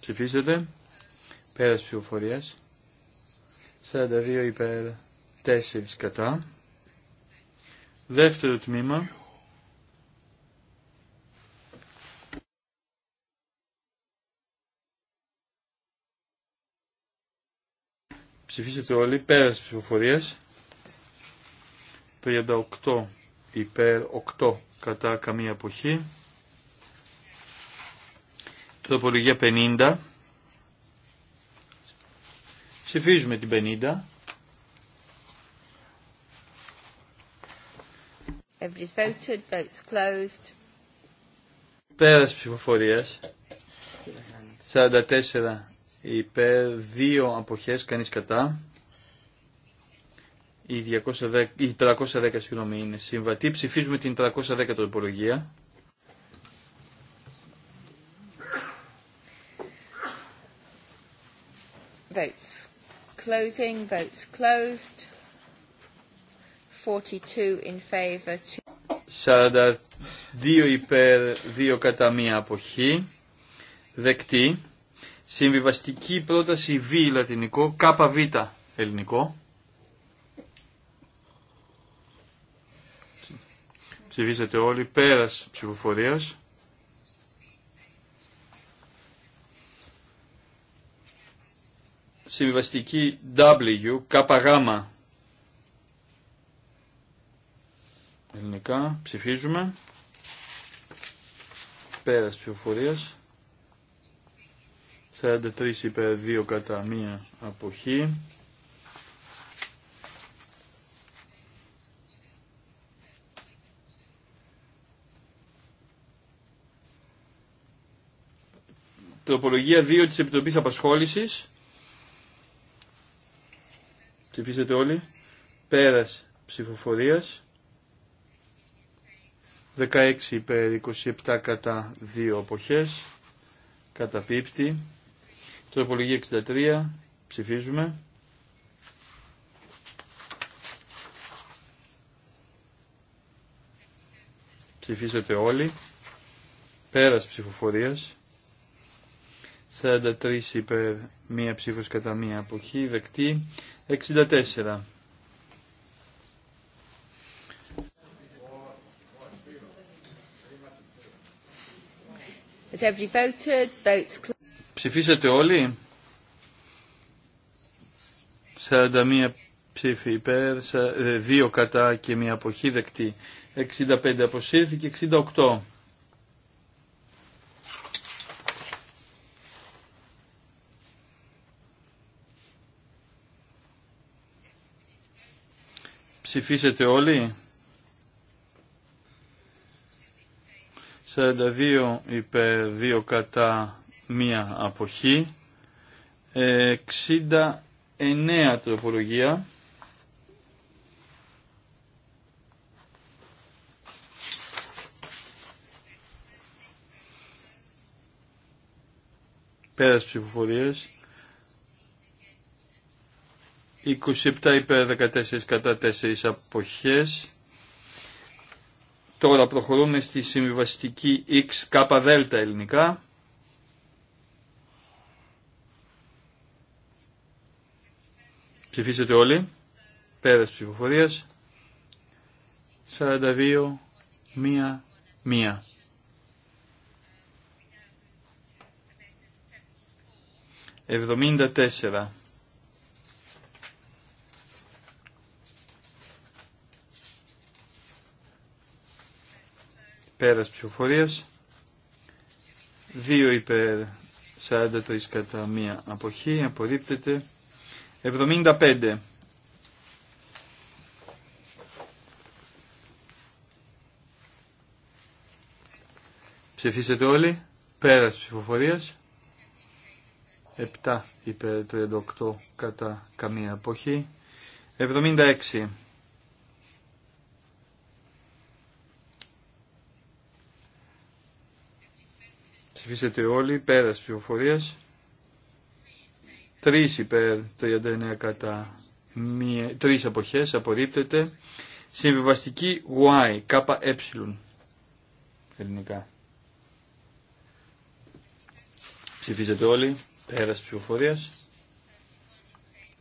Ψηφίσετε. Πέρας ψηφοφορίας. 42 υπέρ 4 κατά. Δεύτερο τμήμα. Ψηφίσετε όλοι πέρα της ψηφοφορίας. 38 υπέρ 8 κατά καμία εποχή. Τροπολογία 50. Ψηφίζουμε την 50.
Everybody's voted,
44 υπέρ, δύο αποχές, κανείς κατά. Η, 210, η 310 συγγνώμη είναι συμβατή. Ψηφίζουμε την 310 υπολογία.
Votes closing, votes closed. 42 in favor.
42 υπέρ, 2 κατά μία αποχή. Δεκτή. Συμβιβαστική πρόταση Β λατινικό, ΚΒ ελληνικό. Ψηφίσατε όλοι πέρας ψηφοφορίας. Συμβιβαστική W, ΚΓ ελληνικά, ψηφίζουμε. Πέρας ψηφοφορίας. 43 υπέρ 2 κατά μία αποχή. Τροπολογία 2 της Επιτροπής Απασχόλησης. Ψηφίσετε όλοι. Πέρας ψηφοφορίας. 16 υπέρ 27 κατά 2 αποχές. Καταπίπτει. Τροπολογία 63. Ψηφίζουμε. Ψηφίσατε όλοι. Πέρας ψηφοφορίας. 43 υπέρ μία ψήφος κατά μία αποχή. Δεκτή. 64.
Has everybody voted? Votes Ψηφίσατε
όλοι. 41 ψήφοι υπέρ, 2 ε, κατά και μία αποχή δεκτή. 65 αποσύρθηκε, 68. Ψηφίσατε όλοι. 42 υπέρ, 2 κατά, μία αποχή. 69 τροπολογία. Πέρας ψηφοφορίες. 27 υπέρ 14 κατά 4 αποχές. Τώρα προχωρούμε στη συμβιβαστική XKΔ ελληνικά. ψηφισετε όλοι. Πέρας ψηφοφορία. 72-1-1 Πέρας ψηφοφορίας 42, 1, 1. Εβδομήντα τέσσερα. Πέρας ψηφοφορίας. Δύο υπέρ 43 κατά μία αποχή. Απορρίπτεται. 75. Ψηφίσετε όλοι. Πέρας ψηφοφορία. 7 υπέρ 38 κατά καμία εποχή. 76. Ψηφίσετε όλοι. Πέρας ψηφοφορία. Τρεις υπέρ 39 κατά τρεις αποχές απορρίπτεται. Συμβιβαστική Y, Ε. ελληνικά. Ψηφίζετε όλοι, πέρας ψηφοφορίας.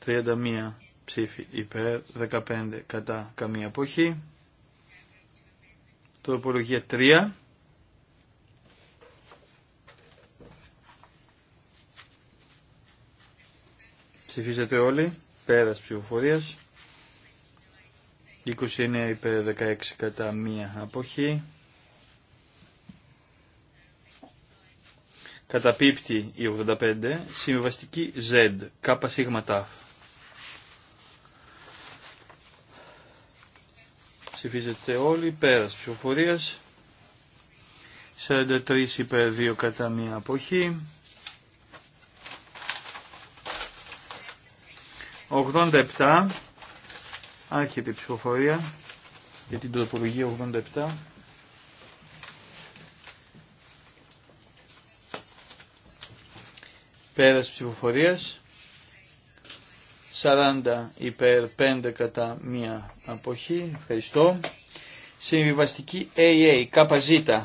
31 ψήφι υπέρ, 15 κατά καμία αποχή. Τροπολογία 3, Ψηφίζεται όλοι. Πέρας ψηφοφορίας. 29 υπέρ 16 κατά μία αποχή. Καταπίπτει η 85. Συμβαστική Z. Κάπα σίγμα τάφ. όλοι. Πέρας ψηφοφορίας. 43 υπέρ 2 κατά μία αποχή. 87 άρχεται η ψηφοφορία για την τροπολογία 87 πέρας ψηφοφορίας 40 υπέρ 5 κατά μία αποχή ευχαριστώ συμβιβαστική AA καπαζίτα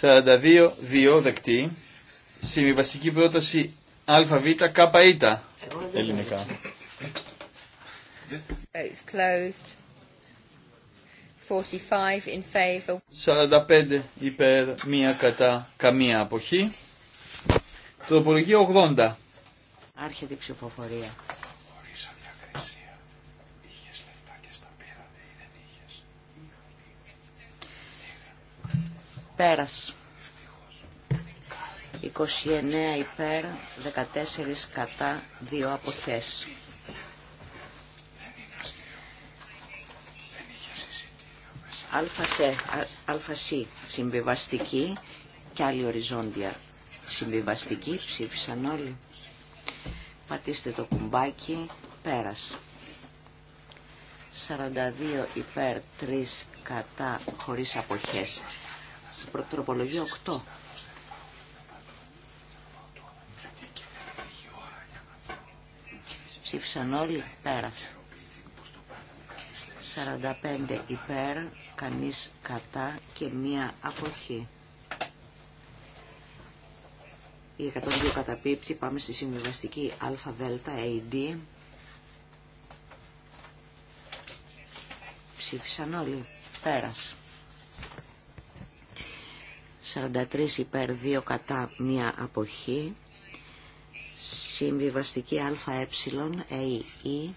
42-2 δεκτή. Συμβιβαστική πρόταση ΑΒ ΚΙ
ελληνικά. closed. 45 in favor.
45 υπέρ, μία κατά, καμία αποχή. Τροπολογία 80.
Άρχεται η ψηφοφορία. Πέρας. 29 υπέρ, 14 κατά, 2 αποχές. Αλφασί συμβιβαστική και άλλη οριζόντια συμβιβαστική ψήφισαν όλοι. Πατήστε το κουμπάκι, πέρας. 42 υπέρ, 3 κατά, χωρίς αποχές τροπολογία 8. Ψήφισαν όλοι πέρας. 45 υπέρ, κανείς κατά και μία αποχή. Η 102 καταπίπτει, πάμε στη συμβιβαστική ΑΔ, ε, Ψήφισαν όλοι, πέρας. 43 υπέρ 2 κατά μία αποχή. Συμβιβαστική ΑΕ ΕΙ.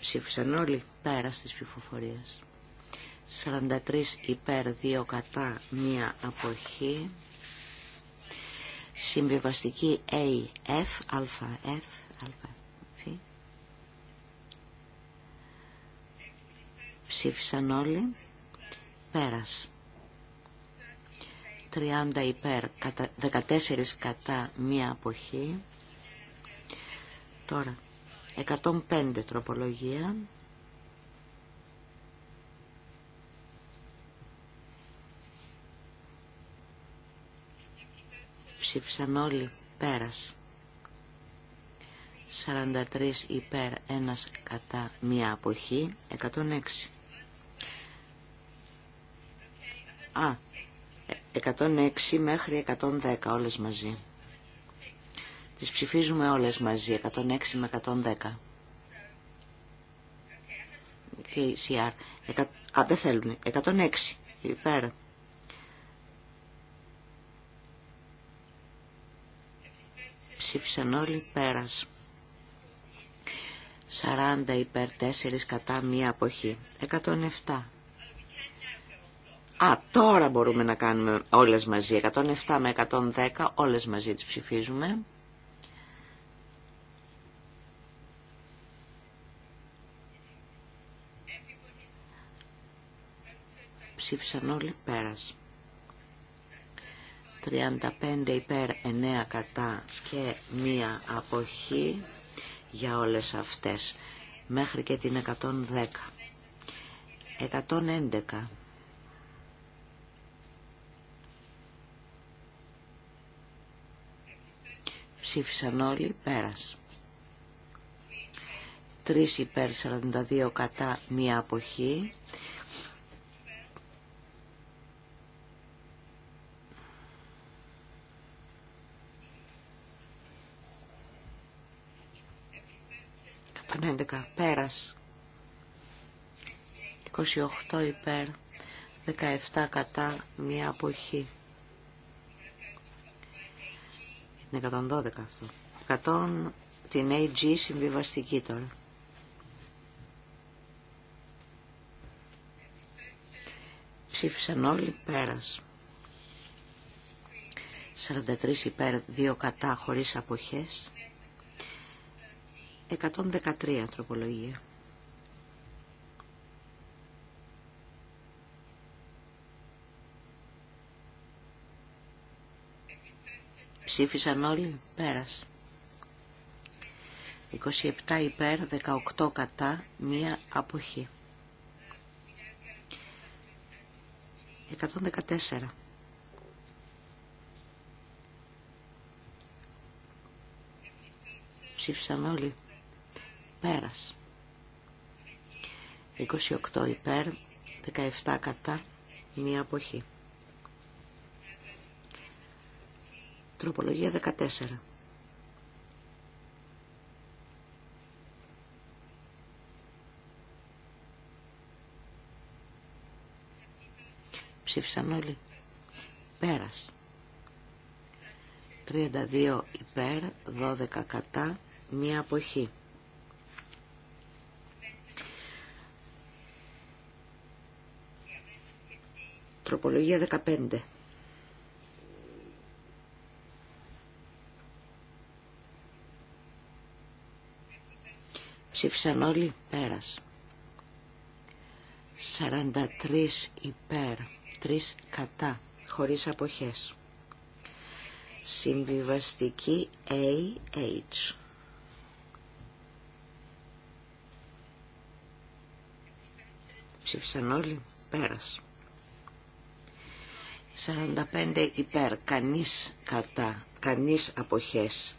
Ψήφισαν όλοι πέρα στις ψηφοφορίες. 43 υπέρ 2 κατά μία αποχή. Συμβιβαστική AF, ε, ΑΕ Ψήφισαν όλοι. Πέρας. 30 υπέρ, 14 κατά μία αποχή. Τώρα, 105 τροπολογία. Ψήφισαν όλοι. Πέρας. 43 υπέρ, 1 κατά μία αποχή. 106. Α, 106 μέχρι 110 όλες μαζί. Τις ψηφίζουμε όλες μαζί, 106 με 110. Και Εκα... Α, δεν θέλουν. 106. Υπέρ. Ψήφισαν όλοι πέρας. 40 υπέρ 4 κατά μία αποχή. 107 Α, τώρα μπορούμε να κάνουμε όλες μαζί, 107 με 110, όλες μαζί τις ψηφίζουμε. Ψήφισαν όλοι, πέρας. 35 υπέρ, 9 κατά και μία αποχή για όλες αυτές, μέχρι και την 110. 111. Ψήφισαν όλοι πέρας. 3 υπέρ 42 κατά μία αποχή. Τον 11 πέρας. 28 υπέρ 17 κατά μία αποχή. Είναι 112 αυτό. 100 την AG συμβιβαστική τώρα. Ψήφισαν όλοι πέρας. 43 υπέρ, 2 κατά, χωρίς αποχές. 113 τροπολογία. Ψήφισαν όλοι. Πέρας. 27 υπέρ, 18 κατά, μία αποχή. 114. Ψήφισαν όλοι. Πέρας. 28 υπέρ, 17 κατά, μία αποχή. Τροπολογία 14. Ψήφισαν όλοι. Πέρας. 32 υπέρ, 12 κατά, μία αποχή. Τροπολογία 15. Ψήφισαν όλοι πέρας. 43 υπέρ, 3 κατά, χωρίς αποχές. Συμβιβαστική AH. Ψήφισαν όλοι πέρας. 45 υπέρ, κανείς κατά, κανείς αποχές.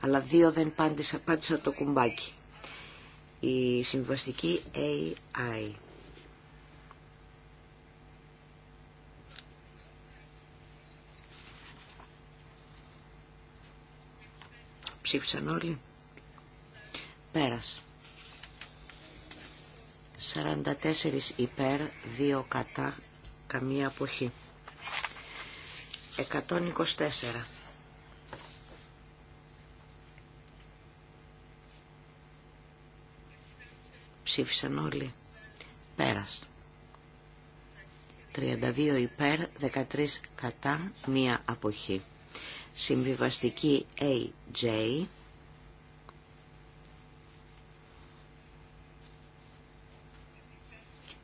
Αλλά δύο δεν πάντησα, πάντησα το κουμπάκι η συμβαστική AI. Ψήφισαν όλοι. Πέρας. 44 υπέρ, 2 κατά, καμία αποχή. 124. Ψήφισαν όλοι. Πέρας. 32 υπέρ, 13 κατά, μία αποχή. Συμβιβαστική AJ.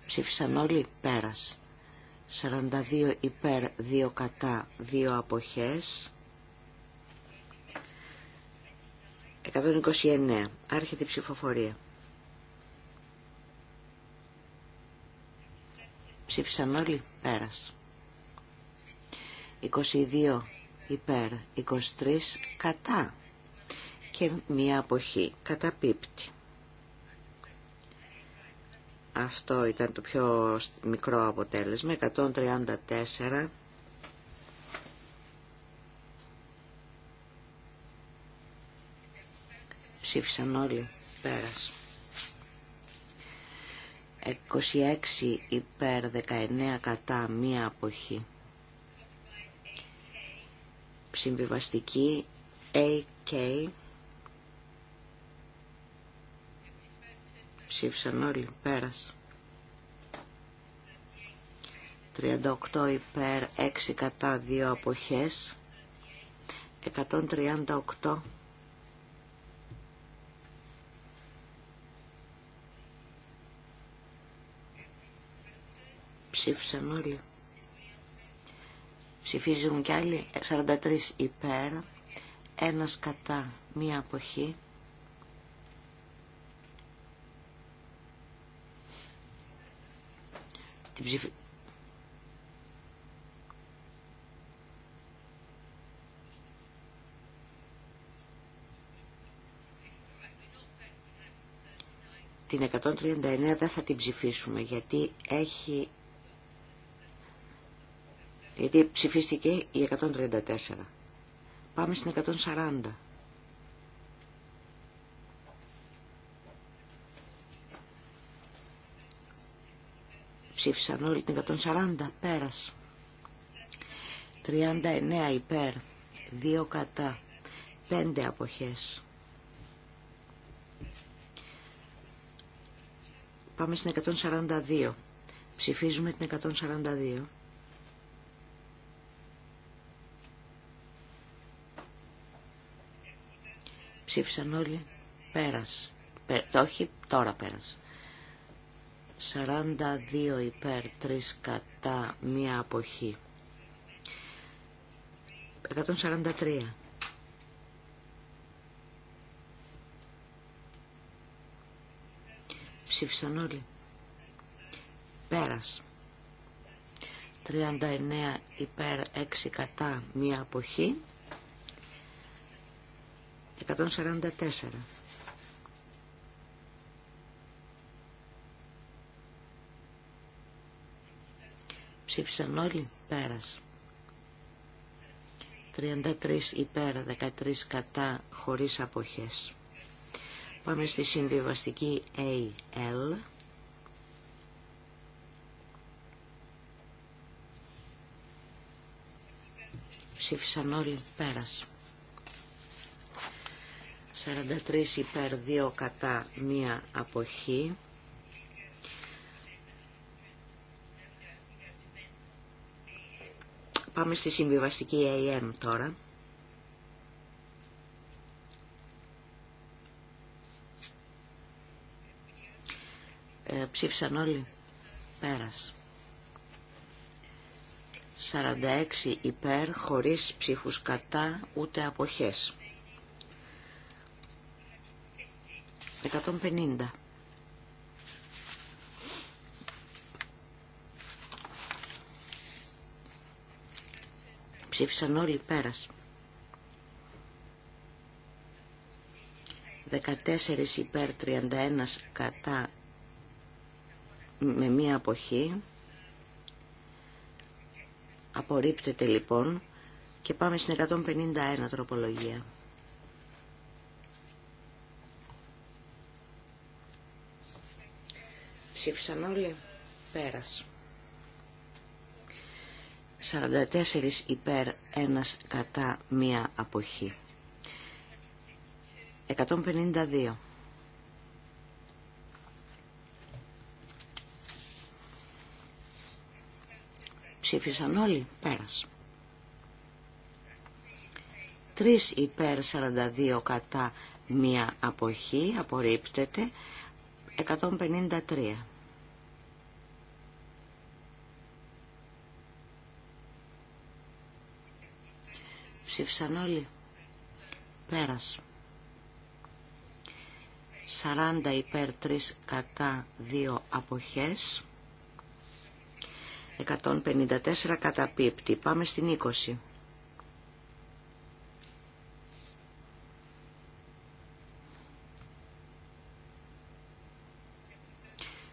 Ψήφισαν όλοι πέρας. 42 υπέρ, 2 κατά, 2 αποχές. 129. Άρχεται η ψηφοφορία. Ψήφισαν όλοι πέρας. 22 υπέρ, 23 κατά και μία αποχή καταπίπτει. Αυτό ήταν το πιο μικρό αποτέλεσμα, 134 ψήφισαν όλοι πέρας. 26 υπέρ 19 κατά μία αποχή. Συμβιβαστική AK. Ψήφισαν όλοι, πέρας. 38 υπέρ 6 κατά 2 αποχές. 138 Ψήφισαν όλοι. Ψηφίζουν κι άλλοι. 43 υπέρ. Ένας κατά. Μία αποχή. Την την 139 δεν θα την ψηφίσουμε γιατί έχει γιατί ψηφίστηκε η 134. Πάμε στην 140. Ψήφισαν όλοι την 140. Πέρας. 39 υπέρ. 2 κατά. 5 αποχές. Πάμε στην 142. Ψηφίζουμε την 142. Ψήφισαν όλοι. Πέρας. Πε, όχι, τώρα πέρας. 42 υπέρ, 3 κατά, μία αποχή. 143. Ψήφισαν όλοι. Πέρας. 39 υπέρ, 6 κατά, μία αποχή. 144. Ψήφισαν όλοι. Πέρας. 33 υπέρ, 13 κατά, χωρίς αποχές. Πάμε στη συμβιβαστική AL. Ψήφισαν όλοι. Πέρας. 43 υπέρ 2 κατά μία αποχή. Πάμε στη συμβιβαστική AM τώρα. Ε, ψήφισαν όλοι. Πέρας. 46 υπέρ χωρίς ψήφους κατά ούτε αποχές. 150. Ψήφισαν όλοι πέρας. 14 υπέρ 31 κατά με μία αποχή. Απορρίπτεται λοιπόν και πάμε στην 151 τροπολογία. Ψήφισαν όλοι. Πέρας. 44 υπέρ, 1 κατά, μία αποχή. 152. Ψήφισαν όλοι. Πέρας. 3 υπέρ, 42 κατά, μία αποχή. Απορρίπτεται. 153. Ψήφισαν όλοι. Πέρας. 40 υπέρ 3 κακά 2 αποχές. 154 καταπίπτει. Πάμε στην 20.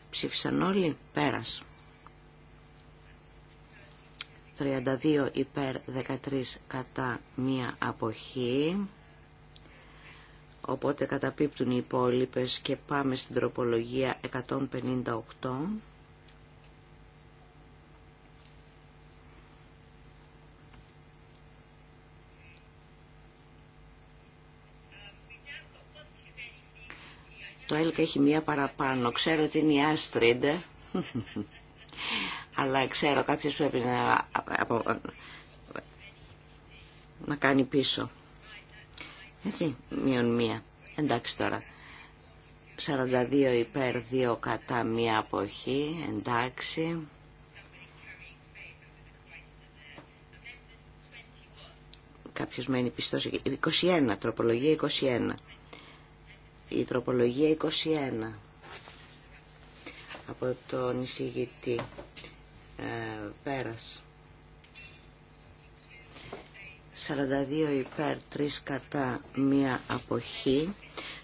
Ψήφισαν όλοι. Πέρας. 32 υπέρ 13 κατά μία αποχή. Οπότε καταπίπτουν οι υπόλοιπες και πάμε στην τροπολογία 158. Το ΕΛΚ έχει μία παραπάνω. Ξέρω ότι είναι η Άστριντ αλλά ξέρω κάποιος πρέπει να, να κάνει πίσω. Έτσι, μείον μία. Εντάξει τώρα. 42 υπέρ, 2 κατά, μία αποχή. Εντάξει. Κάποιος μένει πιστός. 21, τροπολογία 21. Η τροπολογία 21 από τον εισηγητή ε, πέρας 42 υπέρ 3 κατά μία αποχή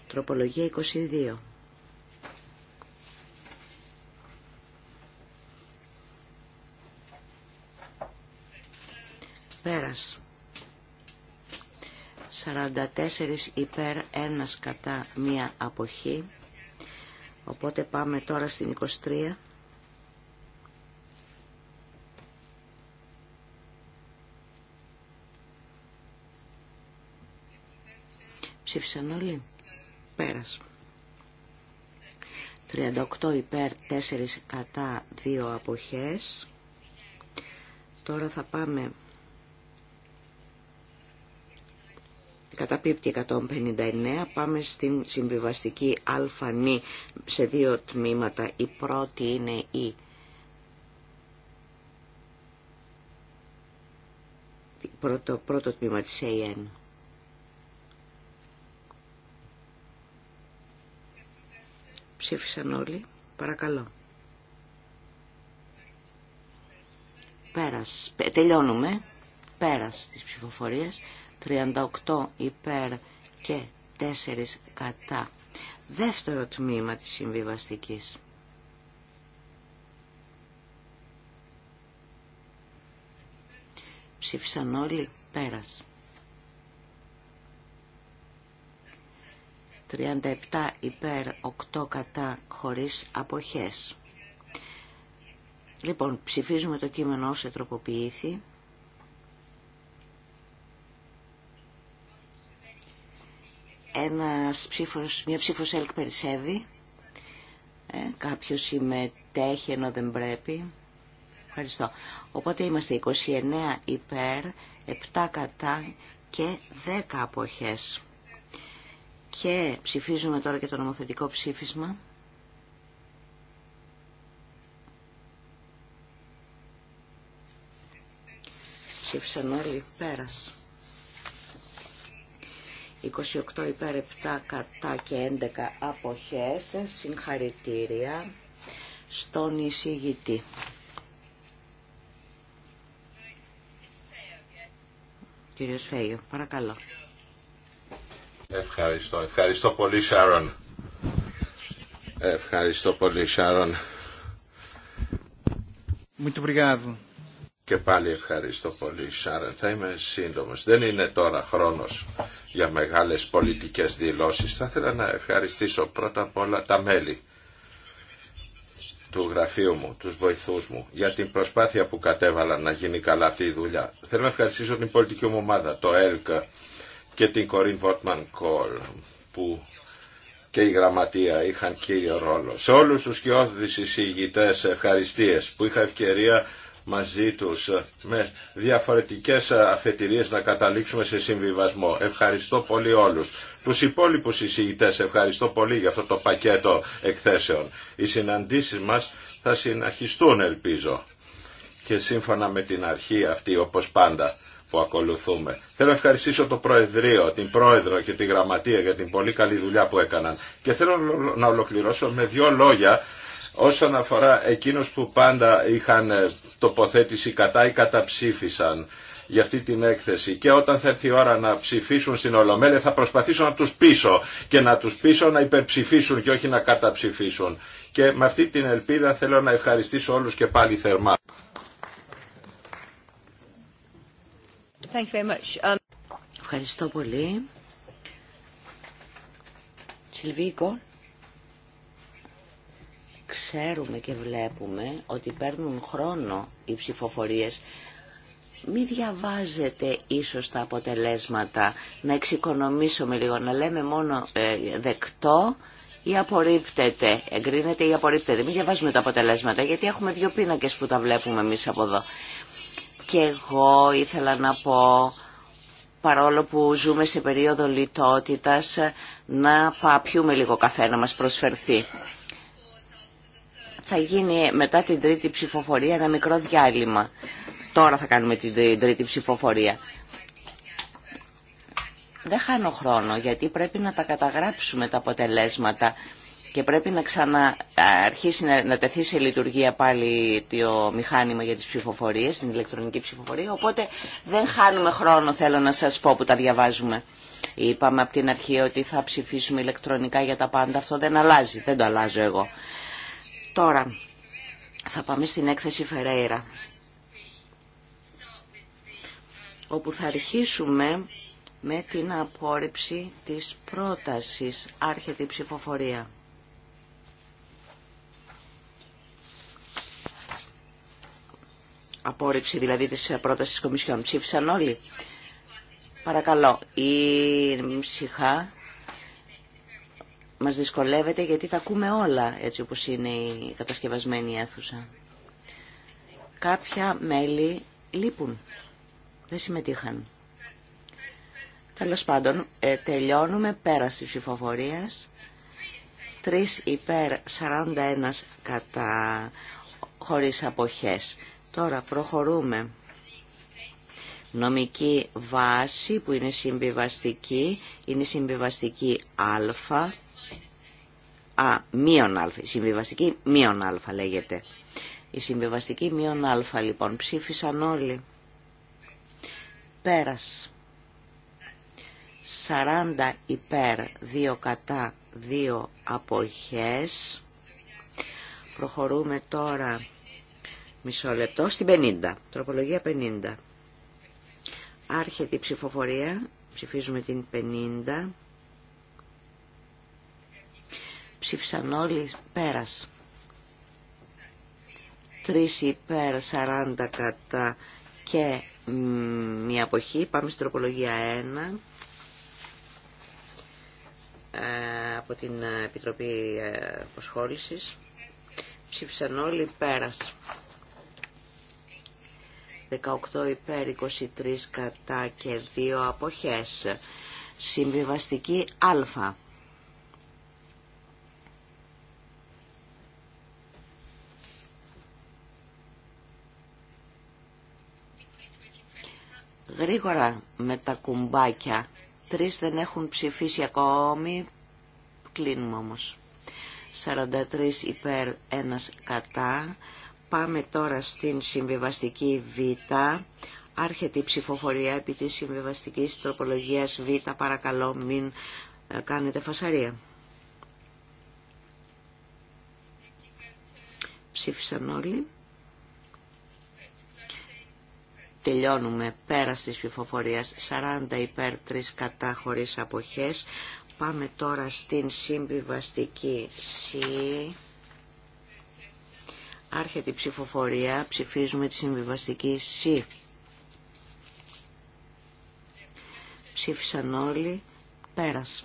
τροπολογία 22 πέρας 44 υπέρ 1 κατά μία αποχή οπότε πάμε τώρα στην 23 Ψήφισαν όλοι. Πέρας. 38 υπέρ, 4 κατά, 2 αποχές. Τώρα θα πάμε... Καταπίπτει 159, πάμε στην συμβιβαστική αλφανή σε δύο τμήματα. Η πρώτη είναι η πρώτο, πρώτο τμήμα της ΑΕΝ. Ψήφισαν όλοι. Παρακαλώ. Πέρας. Τελειώνουμε. Πέρας της ψηφοφορίας. 38 υπέρ και 4 κατά. Δεύτερο τμήμα της συμβιβαστικής. Ψήφισαν όλοι. Πέρας. 37 υπέρ 8 κατά χωρίς αποχές. Λοιπόν, ψηφίζουμε το κείμενο όσο τροποποιήθη. Ένας ψήφος, μια ψήφος ΕΛΚ περισσεύει. Ε, κάποιος συμμετέχει ενώ δεν πρέπει. Ευχαριστώ. Οπότε είμαστε 29 υπέρ, 7 κατά και 10 αποχές. Και ψηφίζουμε τώρα και το νομοθετικό ψήφισμα. Ψήφισαν όλοι πέρας. 28 υπέρ 7 κατά και 11 αποχές. Συγχαρητήρια στον εισηγητή. Κύριος Φέιο, παρακαλώ.
Ευχαριστώ. Ευχαριστώ πολύ, Σάρον. Ευχαριστώ πολύ, Σάρον. Και πάλι ευχαριστώ πολύ, Σάρον. Θα είμαι σύντομο. Δεν είναι τώρα χρόνος για μεγάλες πολιτικές δηλώσει. Θα ήθελα να ευχαριστήσω πρώτα απ' όλα τα μέλη του γραφείου μου, τους βοηθούς μου, για την προσπάθεια που κατέβαλαν να γίνει καλά αυτή η δουλειά. Θέλω να ευχαριστήσω την πολιτική μου ομάδα, το ΕΛΚΑ και την Κορίν Βότμαν Κόλ που και η γραμματεία είχαν κύριο ρόλο. Σε όλους τους σκιώδεις εισηγητές ευχαριστίες που είχα ευκαιρία μαζί τους με διαφορετικές αφετηρίες να καταλήξουμε σε συμβιβασμό. Ευχαριστώ πολύ όλους. Τους υπόλοιπους εισηγητές ευχαριστώ πολύ για αυτό το πακέτο εκθέσεων. Οι συναντήσεις μας θα συνεχιστούν ελπίζω και σύμφωνα με την αρχή αυτή όπως πάντα που ακολουθούμε. Θέλω να ευχαριστήσω το Προεδρείο, την Πρόεδρο και τη Γραμματεία για την πολύ καλή δουλειά που έκαναν. Και θέλω να ολοκληρώσω με δύο λόγια όσον αφορά εκείνους που πάντα είχαν ε, τοποθέτηση κατά ή καταψήφισαν για αυτή την έκθεση και όταν θα έρθει η ώρα να ψηφίσουν στην Ολομέλεια θα προσπαθήσω να τους πείσω και να τους πείσω να υπερψηφίσουν και όχι να καταψηφίσουν. Και με αυτή την ελπίδα θέλω να ευχαριστήσω όλους και πάλι θερμά.
Um, Ευχαριστώ πολύ. Σιλβίκο, ξέρουμε και βλέπουμε ότι παίρνουν χρόνο οι ψηφοφορίες. Μη διαβάζετε ίσως τα αποτελέσματα, να εξοικονομήσουμε λίγο, να λέμε μόνο ε, δεκτό ή απορρίπτεται, εγκρίνεται ή απορρίπτεται. Μην διαβάζουμε τα αποτελέσματα, γιατί έχουμε δύο πίνακες που τα βλέπουμε εμείς από εδώ. Και εγώ ήθελα να πω, παρόλο που ζούμε σε περίοδο λιτότητας, να παπιούμε λίγο καφέ να μας προσφερθεί. Θα γίνει μετά την τρίτη ψηφοφορία ένα μικρό διάλειμμα. Τώρα θα κάνουμε την τρίτη ψηφοφορία. Δεν χάνω χρόνο γιατί πρέπει να τα καταγράψουμε τα αποτελέσματα και πρέπει να ξαναρχίσει να, να τεθεί σε λειτουργία πάλι το μηχάνημα για τις ψηφοφορίες, την ηλεκτρονική ψηφοφορία, οπότε δεν χάνουμε χρόνο θέλω να σας πω που τα διαβάζουμε. Είπαμε από την αρχή ότι θα ψηφίσουμε ηλεκτρονικά για τα πάντα, αυτό δεν αλλάζει, δεν το αλλάζω εγώ. Τώρα θα πάμε στην έκθεση Φερέιρα, όπου θα αρχίσουμε με την απόρριψη της πρότασης άρχεται η ψηφοφορία. απόρριψη δηλαδή τη πρόταση της Κομισιόν. Ψήφισαν όλοι. Παρακαλώ, η ψυχά μας δυσκολεύεται γιατί τα ακούμε όλα έτσι όπως είναι η κατασκευασμένη αίθουσα. Κάποια μέλη λείπουν. Δεν συμμετείχαν. Τέλο πάντων, ε, τελειώνουμε πέρα τη ψηφοφορία. 3 υπέρ, 41 κατά, χωρίς αποχές. Τώρα προχωρούμε. Νομική βάση που είναι συμβιβαστική, είναι συμβιβαστική α, α, μείον α, συμβιβαστική μείον α λέγεται. Η συμβιβαστική μείον α λοιπόν ψήφισαν όλοι. Πέρας. 40 υπέρ, 2 κατά, 2 αποχές. Προχωρούμε τώρα Μισό λεπτό. Στην 50. Τροπολογία 50. Άρχεται η ψηφοφορία. Ψηφίζουμε την 50. Ψήφισαν όλοι πέρας. 3 υπέρ, 40 κατά και μια αποχή. Πάμε στην τροπολογία 1 ε, από την Επιτροπή ε, Προσχώρησης. Ψήφισαν όλοι πέρας. 18 υπέρ 23 κατά και 2 αποχές. Συμβιβαστική Α. Γρήγορα με τα κουμπάκια. Τρεις δεν έχουν ψηφίσει ακόμη. Κλείνουμε όμως. 43 υπέρ 1 κατά. Πάμε τώρα στην συμβιβαστική Β. Άρχεται η ψηφοφορία επί της συμβιβαστικής τροπολογίας Β. Παρακαλώ μην ε, κάνετε φασαρία. Ψήφισαν όλοι. Τελειώνουμε πέρα της ψηφοφορίας. 40 υπέρ 3 κατά αποχές. Πάμε τώρα στην συμβιβαστική Σ. Άρχεται η ψηφοφορία, ψηφίζουμε τη συμβιβαστική ΣΥ. Ψήφισαν όλοι, πέρας.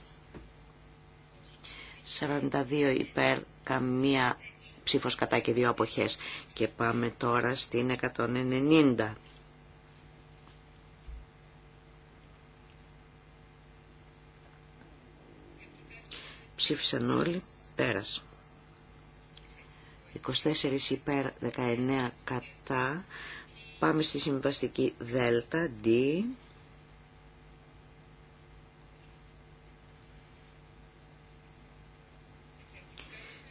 42 υπέρ, καμία ψήφος κατά και δύο αποχές. Και πάμε τώρα στην 190. Ψήφισαν όλοι, πέρας. 24 υπέρ 19 κατά. Πάμε στη συμβαστική δέλτα, D.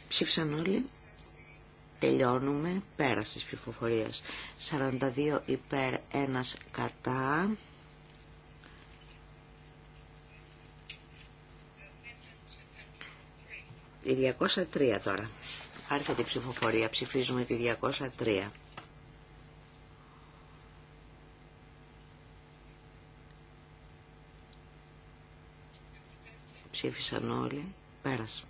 Ψήφισαν όλοι. Τελειώνουμε. Πέρα της ψηφοφορίας. 42 υπέρ 1 κατά. Η 203 τώρα. Άρχεται η ψηφοφορία. Ψηφίζουμε τη 203. Ψήφισαν όλοι. Πέρασε.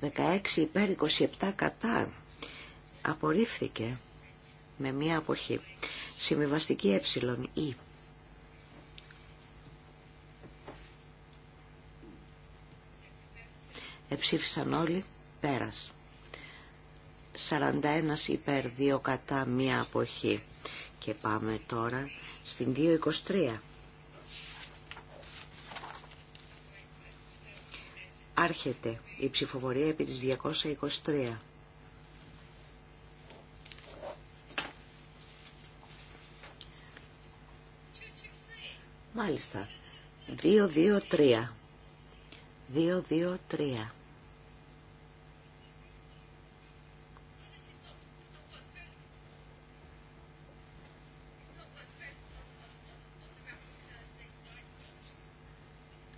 16 υπέρ 27 κατά. Απορρίφθηκε με μία αποχή. Συμβιβαστική ε ή. Εψήφισαν όλοι. Πέρας. 41 υπέρ 2 κατά μία αποχή. Και πάμε τώρα στην 223. Άρχεται η ψηφοφορία επί της 223. Μάλιστα. 2-2-3. 2-2-3.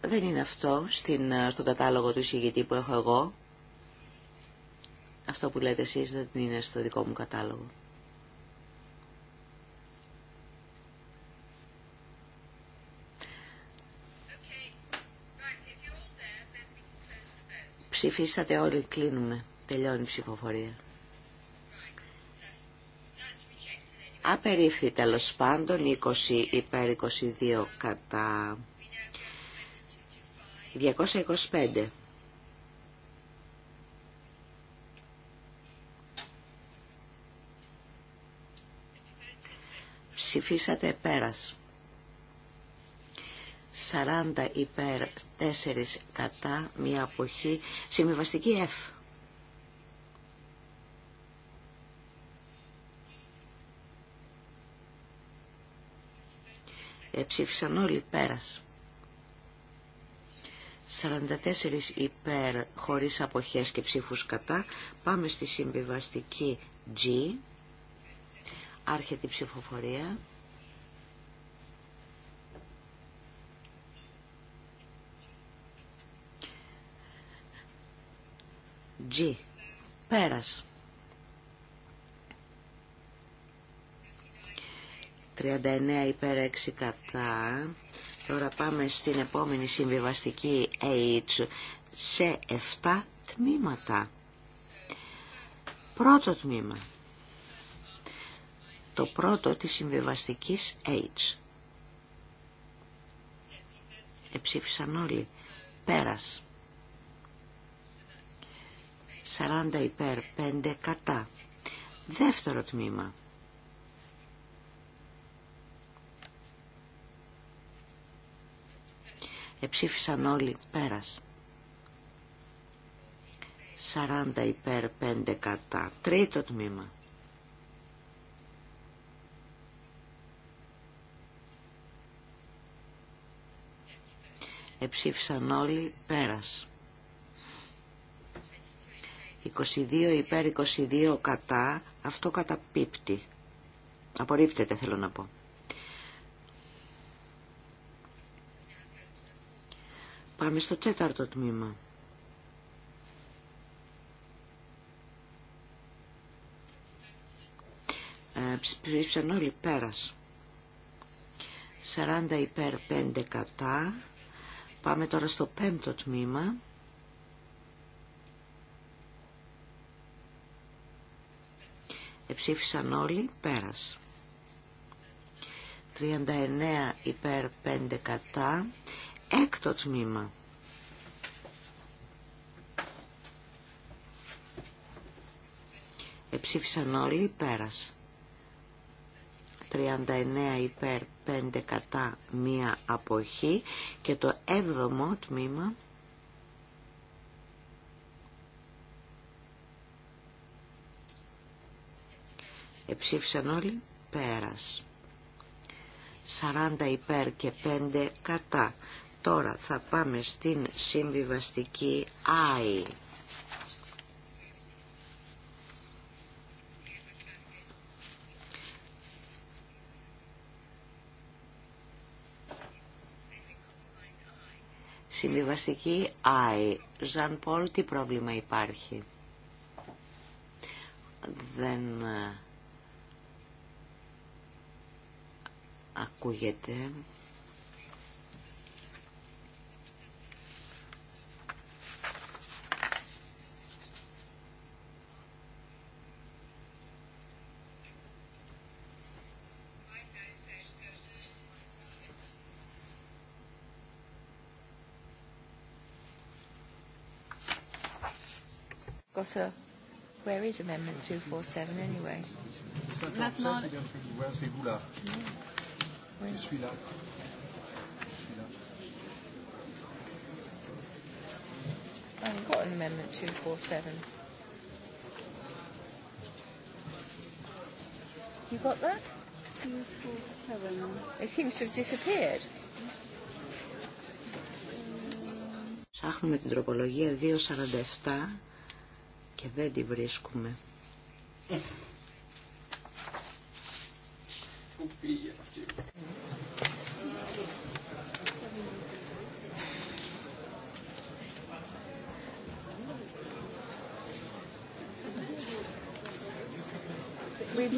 Δεν είναι αυτό στην, ε, στον κατάλογο του εισηγητή που έχω εγώ. Αυτό που λέτε εσείς δεν είναι στο δικό μου κατάλογο. Ψηφίσατε όλοι, κλείνουμε. Τελειώνει η ψηφοφορία. Απερίφθη τέλο πάντων 20 υπέρ 22 κατά 225. Ψηφίσατε πέρας. 40 υπέρ 4 κατά μία αποχή συμβιβαστική F ε, ψήφισαν όλοι πέρας 44 υπέρ χωρίς αποχές και ψήφους κατά πάμε στη συμβιβαστική G άρχεται η ψηφοφορία G. Πέρας. 39 υπέρ 6 κατά. Τώρα πάμε στην επόμενη συμβιβαστική H σε 7 τμήματα. Πρώτο τμήμα. Το πρώτο της συμβιβαστικής H. Εψήφισαν όλοι. Πέρας. 40 υπέρ, 5 κατά. Δεύτερο τμήμα. Εψήφισαν όλοι πέρας. 40 υπέρ, 5 κατά. Τρίτο τμήμα. Εψήφισαν όλοι πέρας. 22 υπέρ 22 κατά, αυτό καταπίπτει. Απορρίπτεται θέλω να πω. Πάμε στο τέταρτο τμήμα. Ε, ψήφισαν όλοι πέρας. 40 υπέρ 5 κατά. Πάμε τώρα στο πέμπτο τμήμα. Εψήφισαν όλοι, πέρας. 39 υπέρ 5 κατά. Έκτο τμήμα. Εψήφισαν όλοι, πέρας. 39 υπέρ 5 κατά μία αποχή και το έβδομο τμήμα Εψήφισαν όλοι. Πέρας. 40 υπέρ και 5 κατά. Τώρα θα πάμε στην συμβιβαστική ΆΗ. Συμβιβαστική ΆΗ. Ζαν Πολ, τι πρόβλημα υπάρχει. Δεν ε, ακούγεται.
Where is Amendment 247 anyway?
Maintenant. Je suis là.
I've got an amendment 247. You got that? 247. It seems to have disappeared.
Ψάχνουμε την τροπολογία 247 και δεν τη βρίσκουμε.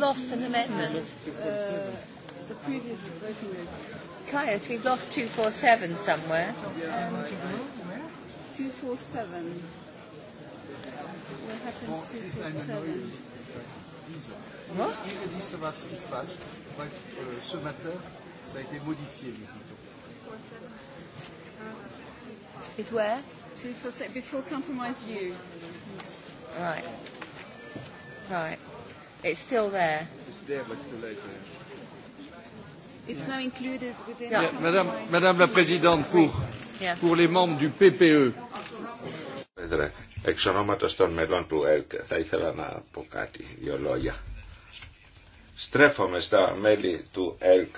lost an amendment. The previous voting list.
Caius, we've lost 247 somewhere. 247.
What happens to 247? What? Ihre Liste was ziemlich falsch, weil ce matin, ça a été modifié.
Is where? Before compromise you. Right. Right. It's still there.
It's there, but it's too late. Yeah.
It's now included within
yeah. the Madame, Madame
la Présidente, pour, yeah. pour les membres du PPE.
Εξ ονόματος των μελών του ΕΛΚ θα ήθελα να πω κάτι, δύο λόγια. Στρέφομαι στα μέλη του ΕΛΚ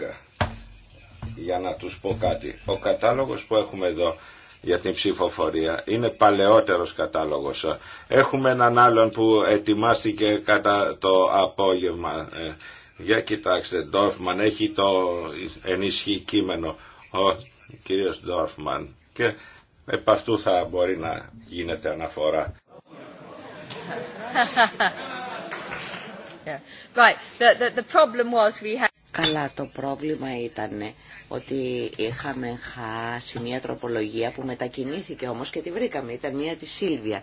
για να τους πω κάτι. Ο κατάλογος που έχουμε εδώ για την ψηφοφορία. Είναι παλαιότερος κατάλογος. Έχουμε έναν άλλον που ετοιμάστηκε κατά το απόγευμα. Ε, για κοιτάξτε, Ντόρφμαν έχει το ενισχύ κείμενο ο κύριος Ντόρφμαν και επ' αυτού θα μπορεί να γίνεται αναφορά.
yeah. Right. The, the, the problem was
we Καλά, το πρόβλημα ήταν ότι είχαμε χάσει μια τροπολογία που μετακινήθηκε όμως και τη βρήκαμε. Ήταν μια τη Σίλβια.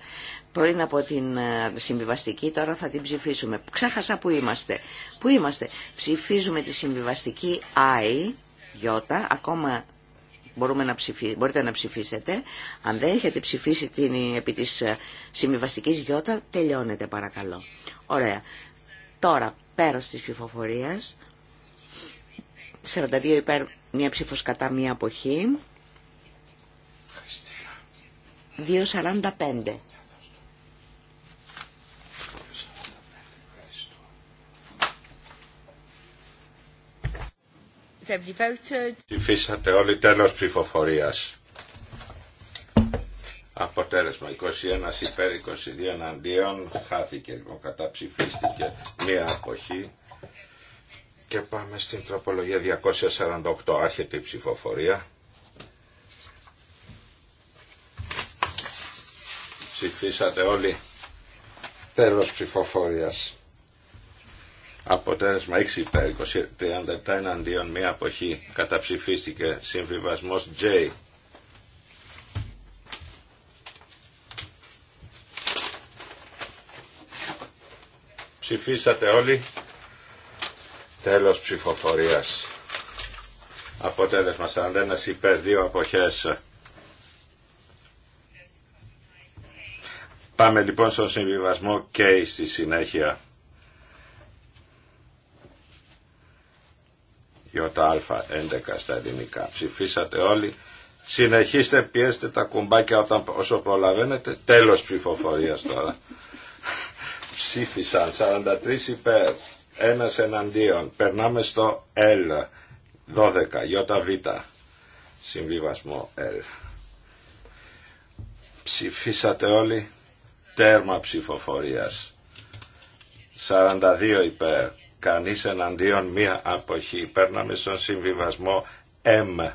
Πριν από την ε, συμβιβαστική τώρα θα την ψηφίσουμε. Ξέχασα που είμαστε. Πού είμαστε. Ψηφίζουμε τη συμβιβαστική I, Ι, ακόμα μπορούμε να ψηφί... μπορείτε να ψηφίσετε. Αν δεν έχετε ψηφίσει την... επί της ε, συμβιβαστικής Ι, τελειώνετε παρακαλώ. Ωραία. Τώρα, πέρας της ψηφοφορίας 42 υπέρ, μία ψήφος κατά, μία αποχή. 2.45.
Ψηφίσατε όλοι τέλος ψηφοφορίας. Αποτέλεσμα 21 υπέρ 22 εναντίον χάθηκε λοιπόν καταψηφίστηκε μία αποχή. Και πάμε στην τροπολογία 248. Άρχεται η ψηφοφορία. Ψηφίσατε όλοι. Τέλος ψηφοφορίας. Αποτέλεσμα 6 υπέρ 37 εναντίον μία αποχή. Καταψηφίστηκε συμβιβασμός J. Ψηφίσατε όλοι. Τέλος ψηφοφορίας. Αποτέλεσμα 41 υπέρ 2 αποχές. Πάμε λοιπόν στον συμβιβασμό και στη συνεχεια Α, ΙΑ11 στα ελληνικά. Ψηφίσατε όλοι. Συνεχίστε, πιέστε τα κουμπάκια όταν, όσο προλαβαίνετε. Τέλος ψηφοφορίας τώρα. Ψήφισαν 43 υπέρ ένας εναντίον. Περνάμε στο L. 12. ΙΒ. Συμβιβασμό L. Ψηφίσατε όλοι. Τέρμα ψηφοφορίας. 42 υπέρ. Κανείς εναντίον μία αποχή. Περνάμε στον συμβιβασμό M.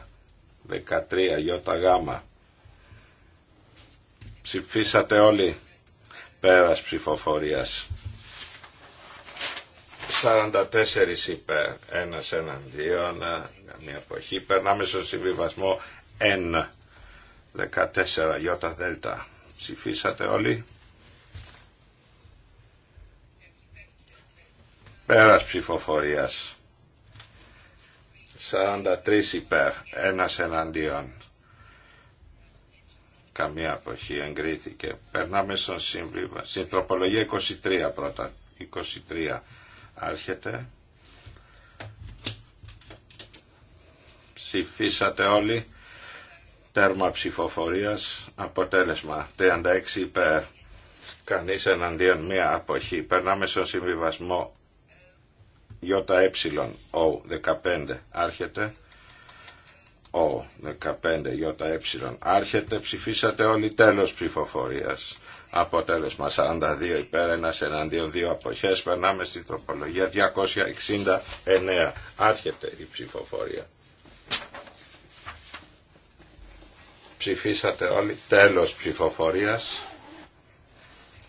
13 ΙΓ. Ψηφίσατε όλοι. Πέρας ψηφοφορίας. 44 υπέρ, ένας εναντίον, ε, μια εποχή. Περνάμε στο συμβιβασμό N, 14 Ι δέλτα. Ψηφίσατε όλοι. Πέρας ψηφοφορίας. 43 υπέρ, ένας εναντίον. Καμία αποχή εγκρίθηκε. Περνάμε στον συμβίβα. Συντροπολογία 23 πρώτα. 23 Άρχεται. Ψηφίσατε όλοι. Τέρμα ψηφοφορίας. Αποτέλεσμα. 36 υπέρ. Κανείς εναντίον μία αποχή. Περνάμε στον συμβιβασμο ο ΙΕΟ15. Άρχεται. Ο15 ΙΕ. Άρχεται. Ψηφίσατε όλοι τέλος ψηφοφορίας. Αποτέλεσμα 42 υπέρ 1 εναντίον 2 αποχές. Περνάμε στην τροπολογία 269. Άρχεται η ψηφοφορία. Ψηφίσατε όλοι. Τέλος ψηφοφορίας.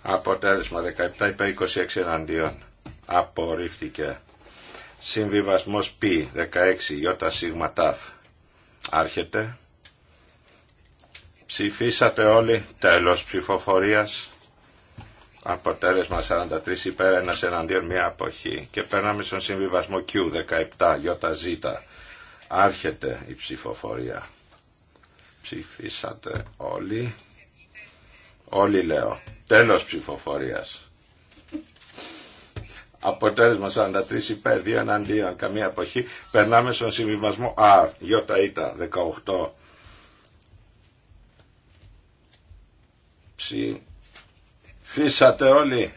Αποτέλεσμα 17 υπέρ 26 εναντίον. Απορρίφθηκε. Συμβιβασμός π 16 ταφ. Άρχεται. Ψηφίσατε όλοι. Τέλος ψηφοφορίας. Αποτέλεσμα 43 υπέρ, ένας εναντίον, μία αποχή. Και περνάμε στον συμβιβασμό Q17, ΙΖ. Άρχεται η ψηφοφορία. Ψηφίσατε όλοι. Όλοι λέω. Τέλος ψηφοφορίας. Αποτέλεσμα 43 υπέρ, 2 εναντίον, καμία αποχή. Περνάμε στον συμβιβασμό R, ΙΙ, 18 ψη... Φύσατε όλοι.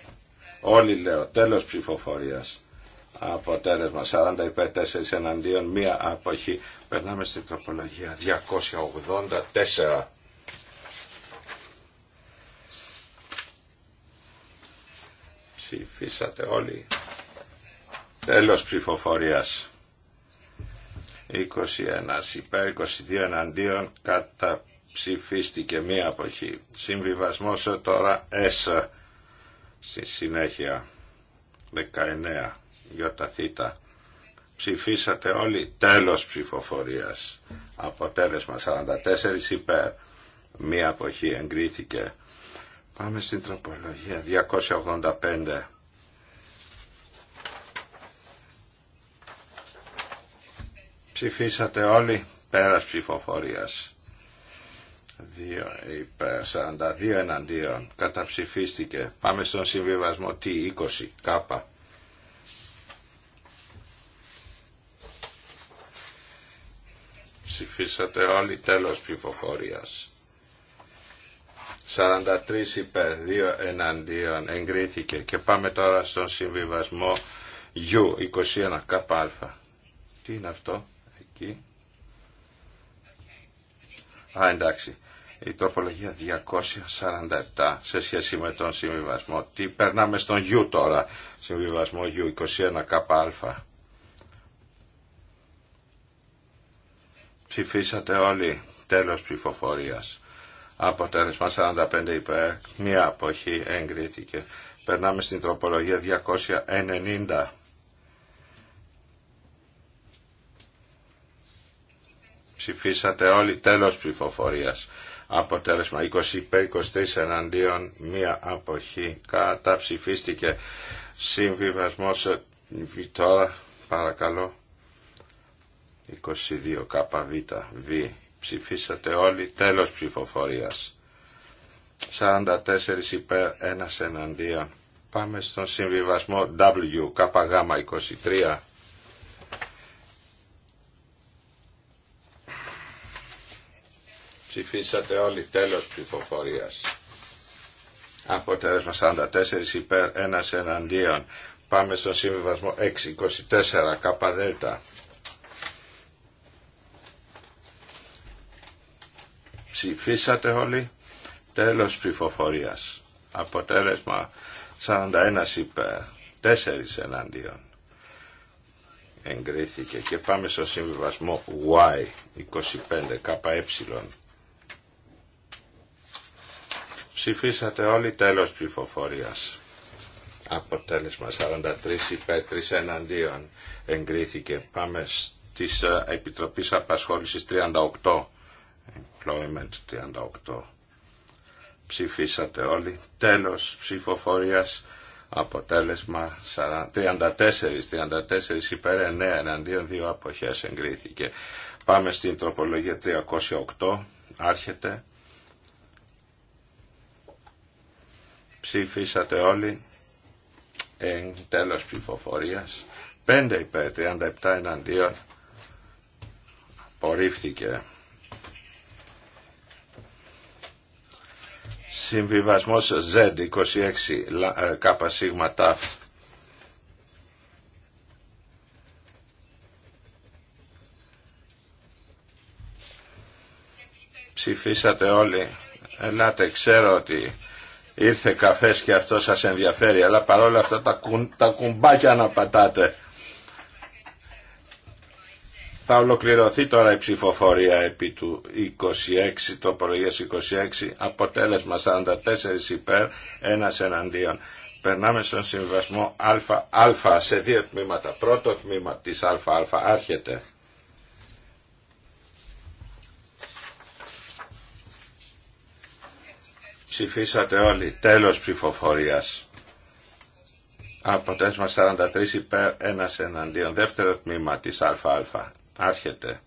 Όλοι λέω. Τέλος ψηφοφορίας. Αποτέλεσμα 40 υπέρ 4 εναντίον μία αποχή. Περνάμε στην τροπολογία 284. Ψηφίσατε όλοι. Τέλος ψηφοφορίας. 21 υπέρ 22 εναντίον κατά ψηφίστηκε μία αποχή. Συμβιβασμός τώρα S στη συνέχεια 19 Ι.Θ. Ψηφίσατε όλοι τέλος ψηφοφορίας. Αποτέλεσμα 44 υπέρ. Μία αποχή εγκρίθηκε. Πάμε στην τροπολογία 285. Ψηφίσατε όλοι πέρας ψηφοφορίας. 42 εναντίον καταψηφίστηκε πάμε στον συμβιβασμό T20 κάπα ψηφίσατε όλοι τέλος ψηφοφορίας 43 υπέρ 2 εναντίον εγκρίθηκε και πάμε τώρα στον συμβιβασμό U21 καπα τι είναι αυτό εκεί Α, εντάξει η τροπολογία 247 σε σχέση με τον συμβιβασμό. Τι περνάμε στον γιου τώρα, συμβιβασμό γιου 21 κα Ψηφίσατε όλοι, τέλος ψηφοφορίας. Αποτέλεσμα 45 υπέρ, μία αποχή εγκρίθηκε. Περνάμε στην τροπολογία 290. Ψηφίσατε όλοι τέλος ψηφοφορίας. Αποτέλεσμα 20 24 εναντίον μία αποχή. Καταψηφίστηκε συμβιβασμός τώρα παρακαλώ 22 ΚΒ Β ψηφίσατε όλοι τέλος ψηφοφορίας 44 υπέρ 1 εναντίον πάμε στον συμβιβασμό W ΚΓ 23 Ψηφίσατε όλοι τέλος ψηφοφορίας. Αποτέλεσμα 44 υπέρ 1 εναντίον. Πάμε στον συμβιβασμό 624 ΚΔ. Ψηφίσατε όλοι. Τέλος ψηφοφορίας. Αποτέλεσμα 41 υπέρ 4 εναντίον. Εγκρίθηκε και πάμε στο συμβιβασμό Y25 ΚΕ. Ψηφίσατε όλοι τέλος ψηφοφορίας. Αποτέλεσμα 43 υπέρ 3 εναντίον εγκρίθηκε. Πάμε στις ε, Επιτροπής Απασχόλησης 38. Employment 38. Ψηφίσατε όλοι. Τέλος ψηφοφορίας. Αποτέλεσμα 34, 34 υπέρ 9 εναντίον 2 αποχές εγκρίθηκε. Πάμε στην τροπολογία 308. Άρχεται. Ψηφίσατε όλοι. Ε, τέλος ψηφοφορίας. 5 υπέρ, 37 εναντίον. Απορρίφθηκε. Συμβιβασμός Z26 ε, ΤΑΦ Ψηφίσατε όλοι. Ελάτε, ξέρω ότι ήρθε καφές και αυτό σας ενδιαφέρει, αλλά παρόλα αυτά τα, τα κουμπάκια να πατάτε. Θα ολοκληρωθεί τώρα η ψηφοφορία επί του 26, τροπολογίας 26, αποτέλεσμα 44 υπέρ, ένας εναντίον. Περνάμε στον συμβασμό ΑΑ σε δύο τμήματα. Πρώτο τμήμα της ΑΑ άρχεται. Ψηφίσατε όλοι. Τέλος ψηφοφορίας. Αποτέλεσμα 43 υπέρ 1 εναντίον. Δεύτερο τμήμα της ΑΑ. Άρχεται.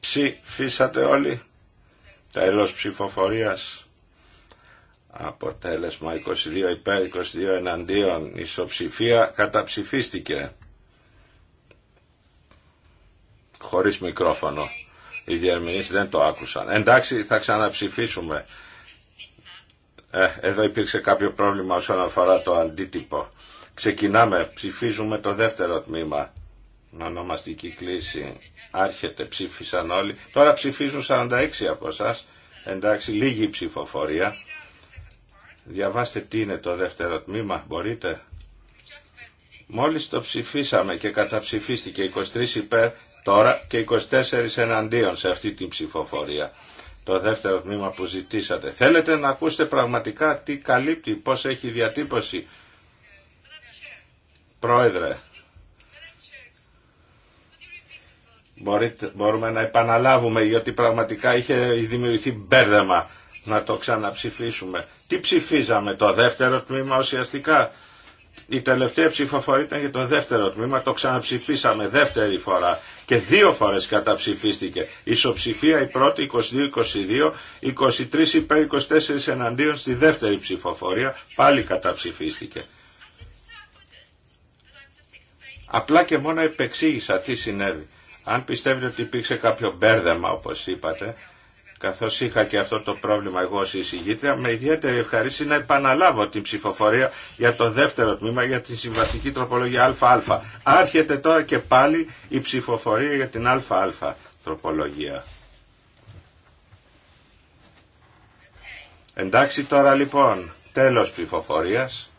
Ψηφίσατε όλοι. Τέλος ψηφοφορίας. Αποτέλεσμα 22 υπέρ 22 εναντίον. Ισοψηφία καταψηφίστηκε. Χωρίς μικρόφωνο. Οι διερμηνείς δεν το άκουσαν. Εντάξει, θα ξαναψηφίσουμε. Ε, εδώ υπήρξε κάποιο πρόβλημα όσον αφορά το αντίτυπο. Ξεκινάμε. Ψηφίζουμε το δεύτερο τμήμα. Ονομαστική κλίση. Άρχεται. Ψήφισαν όλοι. Τώρα ψηφίζουν 46 από εσά. Εντάξει, λίγη ψηφοφορία. Διαβάστε τι είναι το δεύτερο τμήμα. Μπορείτε. Μόλις το ψηφίσαμε και καταψηφίστηκε 23 υπέρ τώρα και 24 εναντίον σε αυτή την ψηφοφορία. Το δεύτερο τμήμα που ζητήσατε. Θέλετε να ακούσετε πραγματικά τι καλύπτει, πώς έχει διατύπωση. Πρόεδρε, μπορείτε, μπορούμε να επαναλάβουμε γιατί πραγματικά είχε δημιουργηθεί μπέρδεμα να το ξαναψηφίσουμε. Τι ψηφίζαμε το δεύτερο τμήμα ουσιαστικά η τελευταία ψηφοφορία ήταν για το δεύτερο τμήμα, το ξαναψηφίσαμε δεύτερη φορά και δύο φορές καταψηφίστηκε. Ισοψηφία η πρώτη 22-22, 23 υπέρ 24 εναντίον στη δεύτερη ψηφοφορία, πάλι καταψηφίστηκε. Απλά και μόνο επεξήγησα τι συνέβη. Αν πιστεύετε ότι υπήρξε κάποιο μπέρδεμα, όπως είπατε, καθώς είχα και αυτό το πρόβλημα εγώ ως εισηγήτρια, με ιδιαίτερη ευχαρίστηση να επαναλάβω την ψηφοφορία για το δεύτερο τμήμα, για τη συμβαστική τροπολογία ΑΑ. Άρχεται τώρα και πάλι η ψηφοφορία για την ΑΑ τροπολογία. Εντάξει τώρα λοιπόν, τέλος ψηφοφορίας.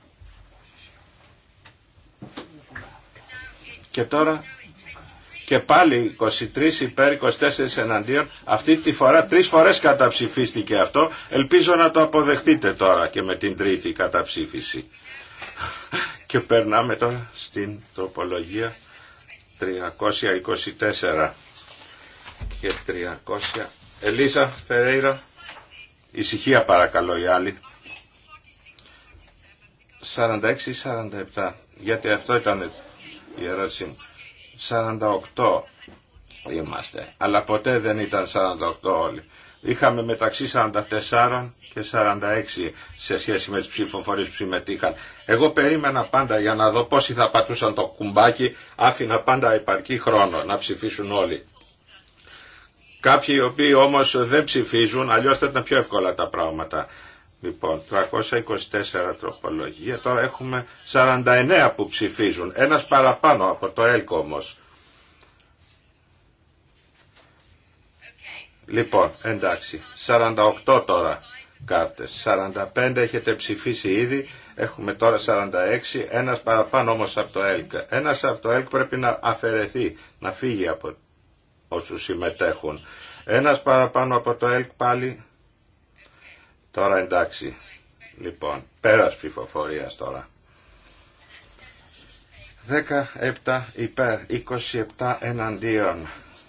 Και τώρα και πάλι 23 υπέρ 24 εναντίον. Αυτή τη φορά τρεις φορές καταψηφίστηκε αυτό. Ελπίζω να το αποδεχτείτε τώρα και με την τρίτη καταψήφιση. Και περνάμε τώρα στην τροπολογία 324 και 300. Ελίζα Φερέιρα, ησυχία παρακαλώ οι άλλοι. 46 ή 47, γιατί αυτό ήταν η ερώτηση μου. 48 είμαστε, αλλά ποτέ δεν ήταν 48 όλοι. Είχαμε μεταξύ 44 και 46 σε σχέση με τις ψηφοφορίες που συμμετείχαν. Εγώ περίμενα πάντα για να δω πόσοι θα πατούσαν το κουμπάκι, άφηνα πάντα επαρκή χρόνο να ψηφίσουν όλοι. Κάποιοι οι οποίοι όμως δεν ψηφίζουν, αλλιώς θα ήταν πιο εύκολα τα πράγματα. Λοιπόν, 324 τροπολογία. Τώρα έχουμε 49 που ψηφίζουν. Ένας παραπάνω από το ΕΛΚ όμως. Λοιπόν, εντάξει. 48 τώρα κάρτες. 45 έχετε ψηφίσει ήδη. Έχουμε τώρα 46. Ένας παραπάνω όμως από το ΕΛΚ. Ένας από το ΕΛΚ πρέπει να αφαιρεθεί, να φύγει από όσους συμμετέχουν. Ένας παραπάνω από το ΕΛΚ πάλι Τώρα εντάξει. Λοιπόν, πέρας ψηφοφορία τώρα. 17 υπέρ, 27 εναντίον.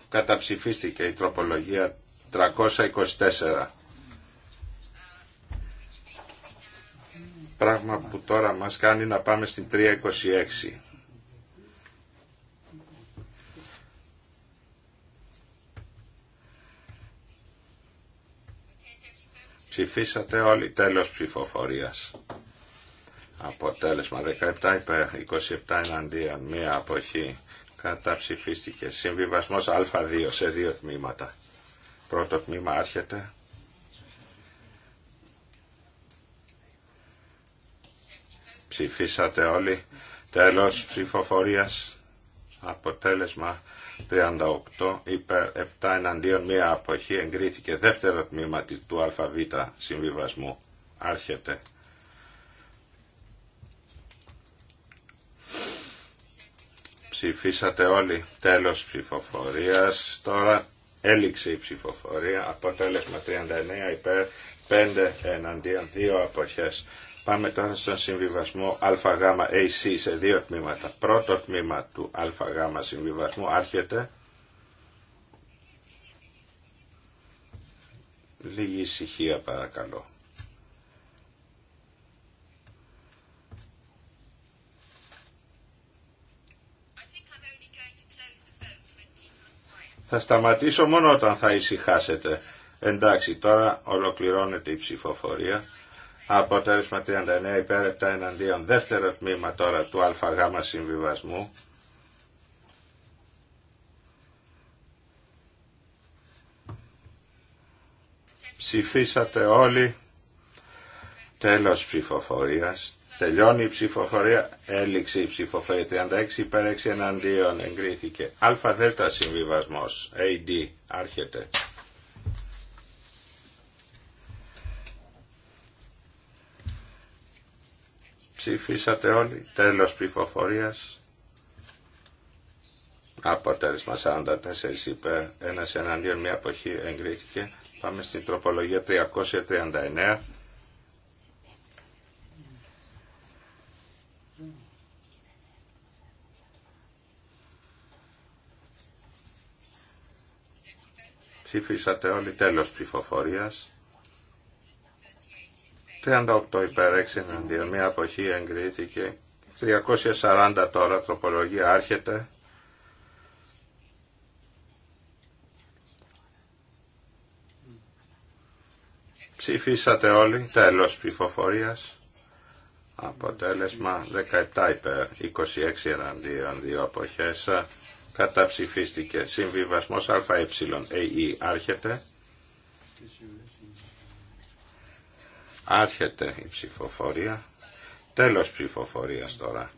Καταψηφίστηκε η τροπολογία 324. Πράγμα που τώρα μας κάνει να πάμε στην 326. Ψηφίσατε όλοι τέλος ψηφοφορίας. Αποτέλεσμα 17 υπέρ 27 εναντίον μία αποχή καταψηφίστηκε. Συμβιβασμός Α2 σε δύο τμήματα. Πρώτο τμήμα άρχεται. Ψηφίσατε όλοι. Τέλος ψηφοφορίας. Αποτέλεσμα 38 υπέρ 7 εναντίον μία αποχή εγκρίθηκε δεύτερο τμήμα του ΑΒ συμβιβασμού άρχεται ψηφίσατε όλοι τέλος ψηφοφορίας τώρα έληξε η ψηφοφορία αποτέλεσμα 39 υπέρ 5 εναντίον 2 αποχές Πάμε τώρα στον συμβιβασμό ΑΓΑΜΑ-AC σε δύο τμήματα. Πρώτο τμήμα του ΑΓ συμβιβασμού άρχεται. Λίγη ησυχία παρακαλώ. Θα σταματήσω μόνο όταν θα ησυχάσετε. Εντάξει, τώρα ολοκληρώνεται η ψηφοφορία. Αποτέλεσμα 39 υπέρ 7 εναντίον. Δεύτερο τμήμα τώρα του ΑΓ συμβιβασμού. Ψηφίσατε όλοι. Τέλος ψηφοφορίας. Τελειώνει η ψηφοφορία. Έληξε η ψηφοφορία. 36 υπέρ 6 εναντίον εγκρίθηκε. ΑΔ συμβιβασμός. AD άρχεται. Ψηφίσατε όλοι. Τέλος ψηφοφορίας. Αποτέλεσμα 44 υπέρ, ένας εναντίον μια αποχή εγκρίθηκε. Πάμε στην τροπολογία 339. Ψηφίσατε όλοι τέλος ψηφοφορίας. 38 υπέρ 6 εναντίον. Μία αποχή εγκρίθηκε. 340 τώρα τροπολογία άρχεται. Ψηφίσατε όλοι. Τέλος ψηφοφορίας. Αποτέλεσμα 17 υπέρ 26 εναντίον. Δύο αποχές. Καταψηφίστηκε. Συμβιβασμός ΑΕ. Ε, άρχεται. Άρχεται η ψηφοφορία. Τέλος ψηφοφορίας τώρα.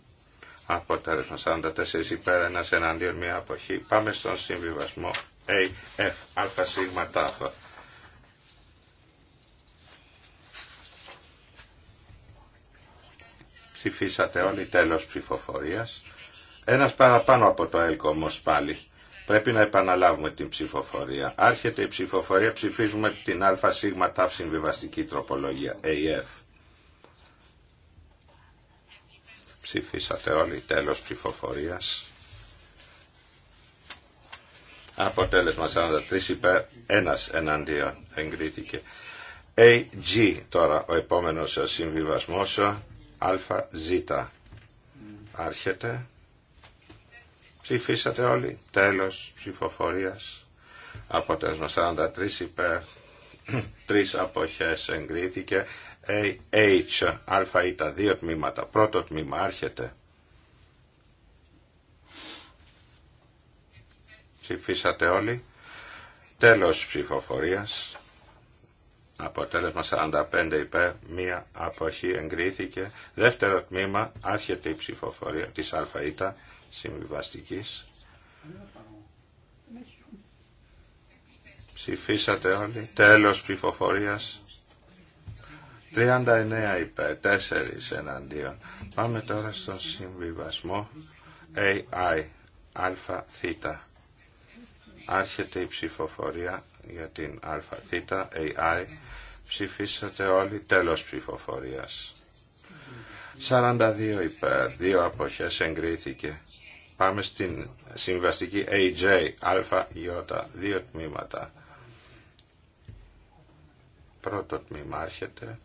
Αποτέλεσμα 44 υπέρ, ένας εναντίον μια αποχή. Πάμε στον συμβιβασμό AF, ΑΣ τάφα. Ψηφίσατε όλοι τέλος ψηφοφορίας. Ένας παραπάνω από το ΕΛΚ όμως πάλι. Πρέπει να επαναλάβουμε την ψηφοφορία. Άρχεται η ψηφοφορία, ψηφίζουμε την ΑΣ συμβιβαστική τροπολογία, AF. Ψηφίσατε όλοι, τέλος ψηφοφορίας. Αποτέλεσμα 43 υπέρ, ένας εναντίον εγκρίθηκε. AG τώρα ο επόμενος συμβιβασμός, ΑΖ. Άρχεται. Ψηφίσατε όλοι. Τέλος ψηφοφορίας. Αποτέλεσμα 43 υπέρ. 3 αποχές εγκρίθηκε. Ε, H, α ή τα δύο τμήματα. Πρώτο τμήμα άρχεται. Ψηφίσατε όλοι. Τέλος ψηφοφορίας. Αποτέλεσμα 45 υπέρ, μία αποχή εγκρίθηκε. Δεύτερο τμήμα, άρχεται η ψηφοφορία της ΑΙΤΑ συμβιβαστική. Ψηφίσατε όλοι. Τέλος ψηφοφορίας. 39 υπέρ, 4 εναντίον. Πάμε τώρα στον συμβιβασμό AI, ΑΘ. Άρχεται η ψηφοφορία για την ΑΘ, AI. Ψηφίσατε όλοι, τέλος ψηφοφορία. 42 υπέρ, 2 αποχές εγκρίθηκε. Πάμε στην συμβαστική AJ, ΑΙ, δύο τμήματα. Πρώτο τμήμα άρχεται.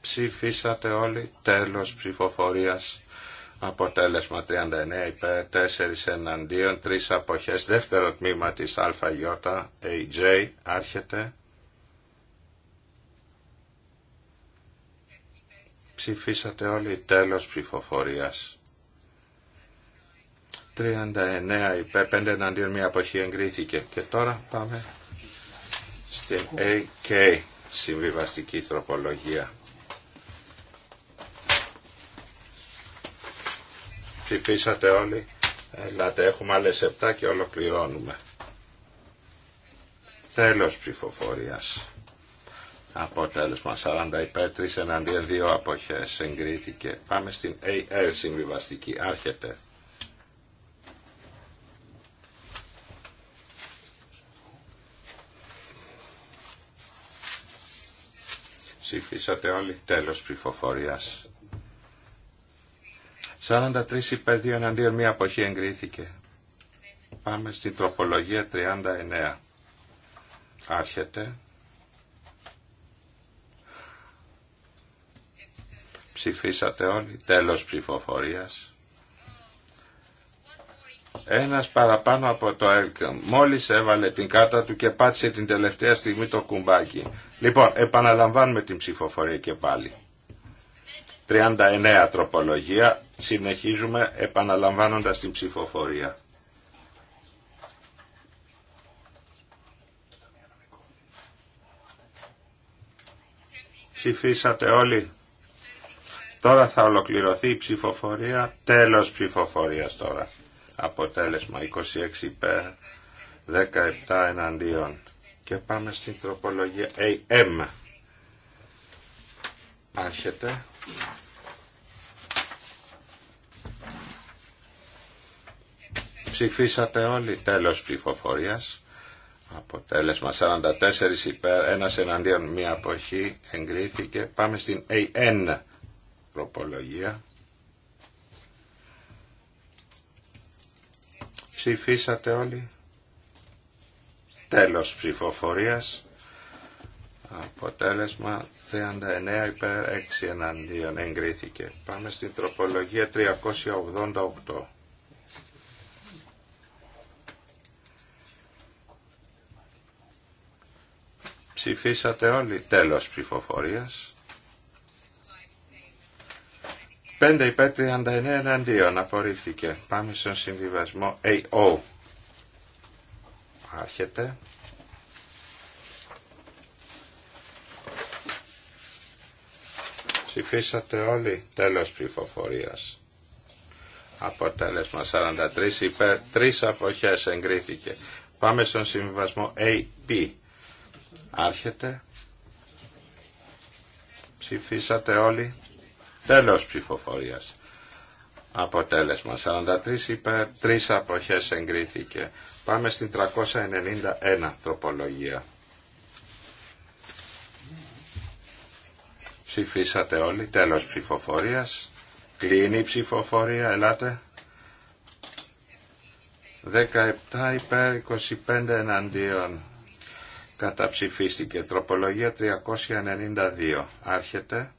Ψηφίσατε όλοι τέλος ψηφοφορίας. Αποτέλεσμα 39 υπέρ, 4 εναντίον, 3 αποχές. Δεύτερο τμήμα της ΑΙ, AJ, άρχεται. Ψηφίσατε όλοι τέλος ψηφοφορίας. 39 υπέρ 5 εναντίον μία αποχή εγκρίθηκε. Και τώρα πάμε στην AK συμβιβαστική τροπολογία. Ψηφίσατε όλοι. Ελάτε, έχουμε άλλες 7 και ολοκληρώνουμε. Τέλος ψηφοφορίας. Αποτέλεσμα 40 υπέρ 3 εναντίον 2 απόχέ εγκρίθηκε. Πάμε στην AL συμβιβαστική. Άρχεται. Ψηφίσατε όλοι. τέλο ψηφοφορία. 43 υπέρ 2 εναντίον 1 αποχή εγκρίθηκε. Πάμε στην τροπολογία 39. Άρχεται. Ψηφίσατε όλοι. Τέλος ψηφοφορίας. Ένας παραπάνω από το Έλκο. Μόλις έβαλε την κάρτα του και πάτησε την τελευταία στιγμή το κουμπάκι. Λοιπόν, επαναλαμβάνουμε την ψηφοφορία και πάλι. 39 τροπολογία. Συνεχίζουμε επαναλαμβάνοντας την ψηφοφορία. Ψηφίσατε όλοι. Τώρα θα ολοκληρωθεί η ψηφοφορία, τέλος ψηφοφορίας τώρα. Αποτέλεσμα 26 υπέρ, 17 εναντίον. Και πάμε στην τροπολογία AM. Άρχεται. Ψηφίσατε όλοι, τέλος ψηφοφορίας. Αποτέλεσμα 44 υπέρ, ένας εναντίον, μία αποχή, εγκρίθηκε. Πάμε στην AN τροπολογία. Ψηφίσατε όλοι. Τέλος ψηφοφορίας. Αποτέλεσμα 39 υπέρ 6 εναντίον εγκρίθηκε. Πάμε στην τροπολογία 388. Ψηφίσατε όλοι τέλος ψηφοφορίας. 5 υπέρ 39 εναντίον. Απορρίφθηκε. Πάμε στον συμβιβασμό AO. Άρχεται. Ψηφίσατε όλοι. Τέλος ψηφοφορίας. Αποτέλεσμα 43 υπέρ 3 αποχές εγκρίθηκε. Πάμε στον συμβιβασμό AP. Άρχεται. Ψηφίσατε όλοι. Τέλος ψηφοφορίας. Αποτέλεσμα 43 υπέρ 3 αποχές εγκρίθηκε. Πάμε στην 391 τροπολογία. Ψηφίσατε όλοι. Τέλος ψηφοφορίας. Κλείνει η ψηφοφορία. Ελάτε. 17 υπέρ 25 εναντίον. Καταψηφίστηκε τροπολογία 392. Άρχεται.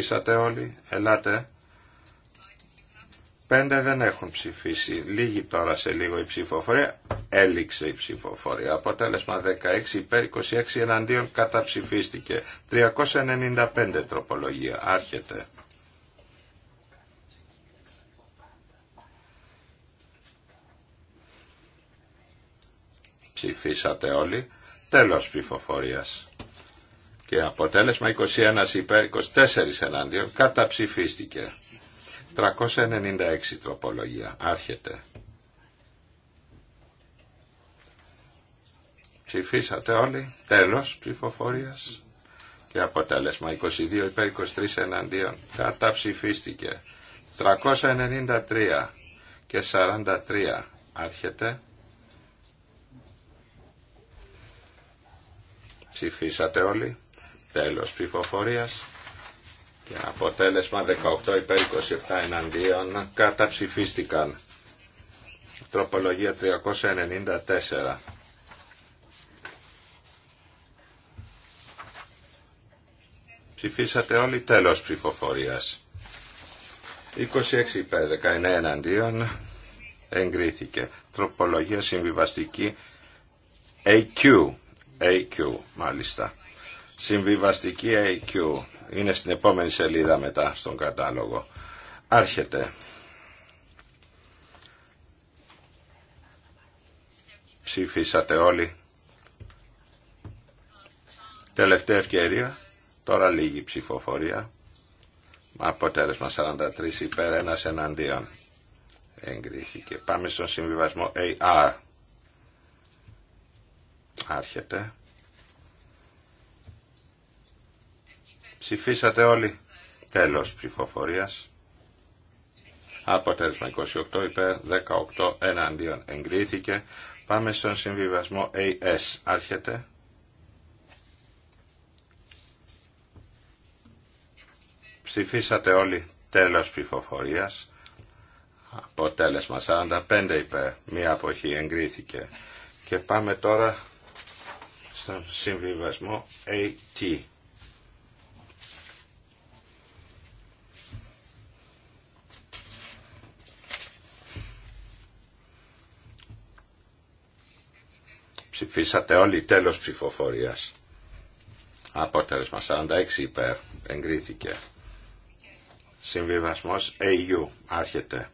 Ψηφίσατε όλοι. Ελάτε. Πέντε δεν έχουν ψηφίσει. Λίγη τώρα σε λίγο η ψηφοφορία. Έληξε η ψηφοφορία. Αποτέλεσμα 16 υπέρ 26 εναντίον καταψηφίστηκε. 395 τροπολογία. Άρχεται. Ψηφίσατε όλοι. Τέλος ψηφοφορίας και αποτέλεσμα 21 υπέρ 24 εναντίον καταψηφίστηκε. 396 τροπολογία. Άρχεται. Ψηφίσατε όλοι. Τέλος ψηφοφορίας. Και αποτέλεσμα 22 υπέρ 23 εναντίον. Καταψηφίστηκε. 393 και 43. Άρχεται. Ψηφίσατε όλοι. Τέλος ψηφοφορία Και αποτέλεσμα 18 υπέρ 27 εναντίον καταψηφίστηκαν. Τροπολογία 394. Ψηφίσατε όλοι τέλος ψηφοφορία, 26 υπέρ 19 εναντίον εγκρίθηκε. Τροπολογία συμβιβαστική AQ. AQ μάλιστα. Συμβιβαστική IQ. Είναι στην επόμενη σελίδα μετά στον κατάλογο. Άρχεται. Ψηφίσατε όλοι. Τελευταία ευκαιρία. Τώρα λίγη ψηφοφορία. Αποτέλεσμα 43 υπέρ 1 εναντίον. Εγκρίθηκε. Πάμε στον συμβιβασμό AR. Άρχεται. Ψηφίσατε όλοι. Τέλος ψηφοφορίας. Αποτέλεσμα 28 υπέρ 18 εναντίον εγκρίθηκε. Πάμε στον συμβιβασμό AS. Άρχεται. Ψηφίσατε όλοι τέλος ψηφοφορίας. Αποτέλεσμα 45 υπέρ. Μία αποχή εγκρίθηκε. Και πάμε τώρα στον συμβιβασμό AT. Ψηφίσατε όλοι τέλος ψηφοφορίας. Αποτέλεσμα 46 υπέρ. Εγκρίθηκε. Συμβιβασμός AU. Άρχεται.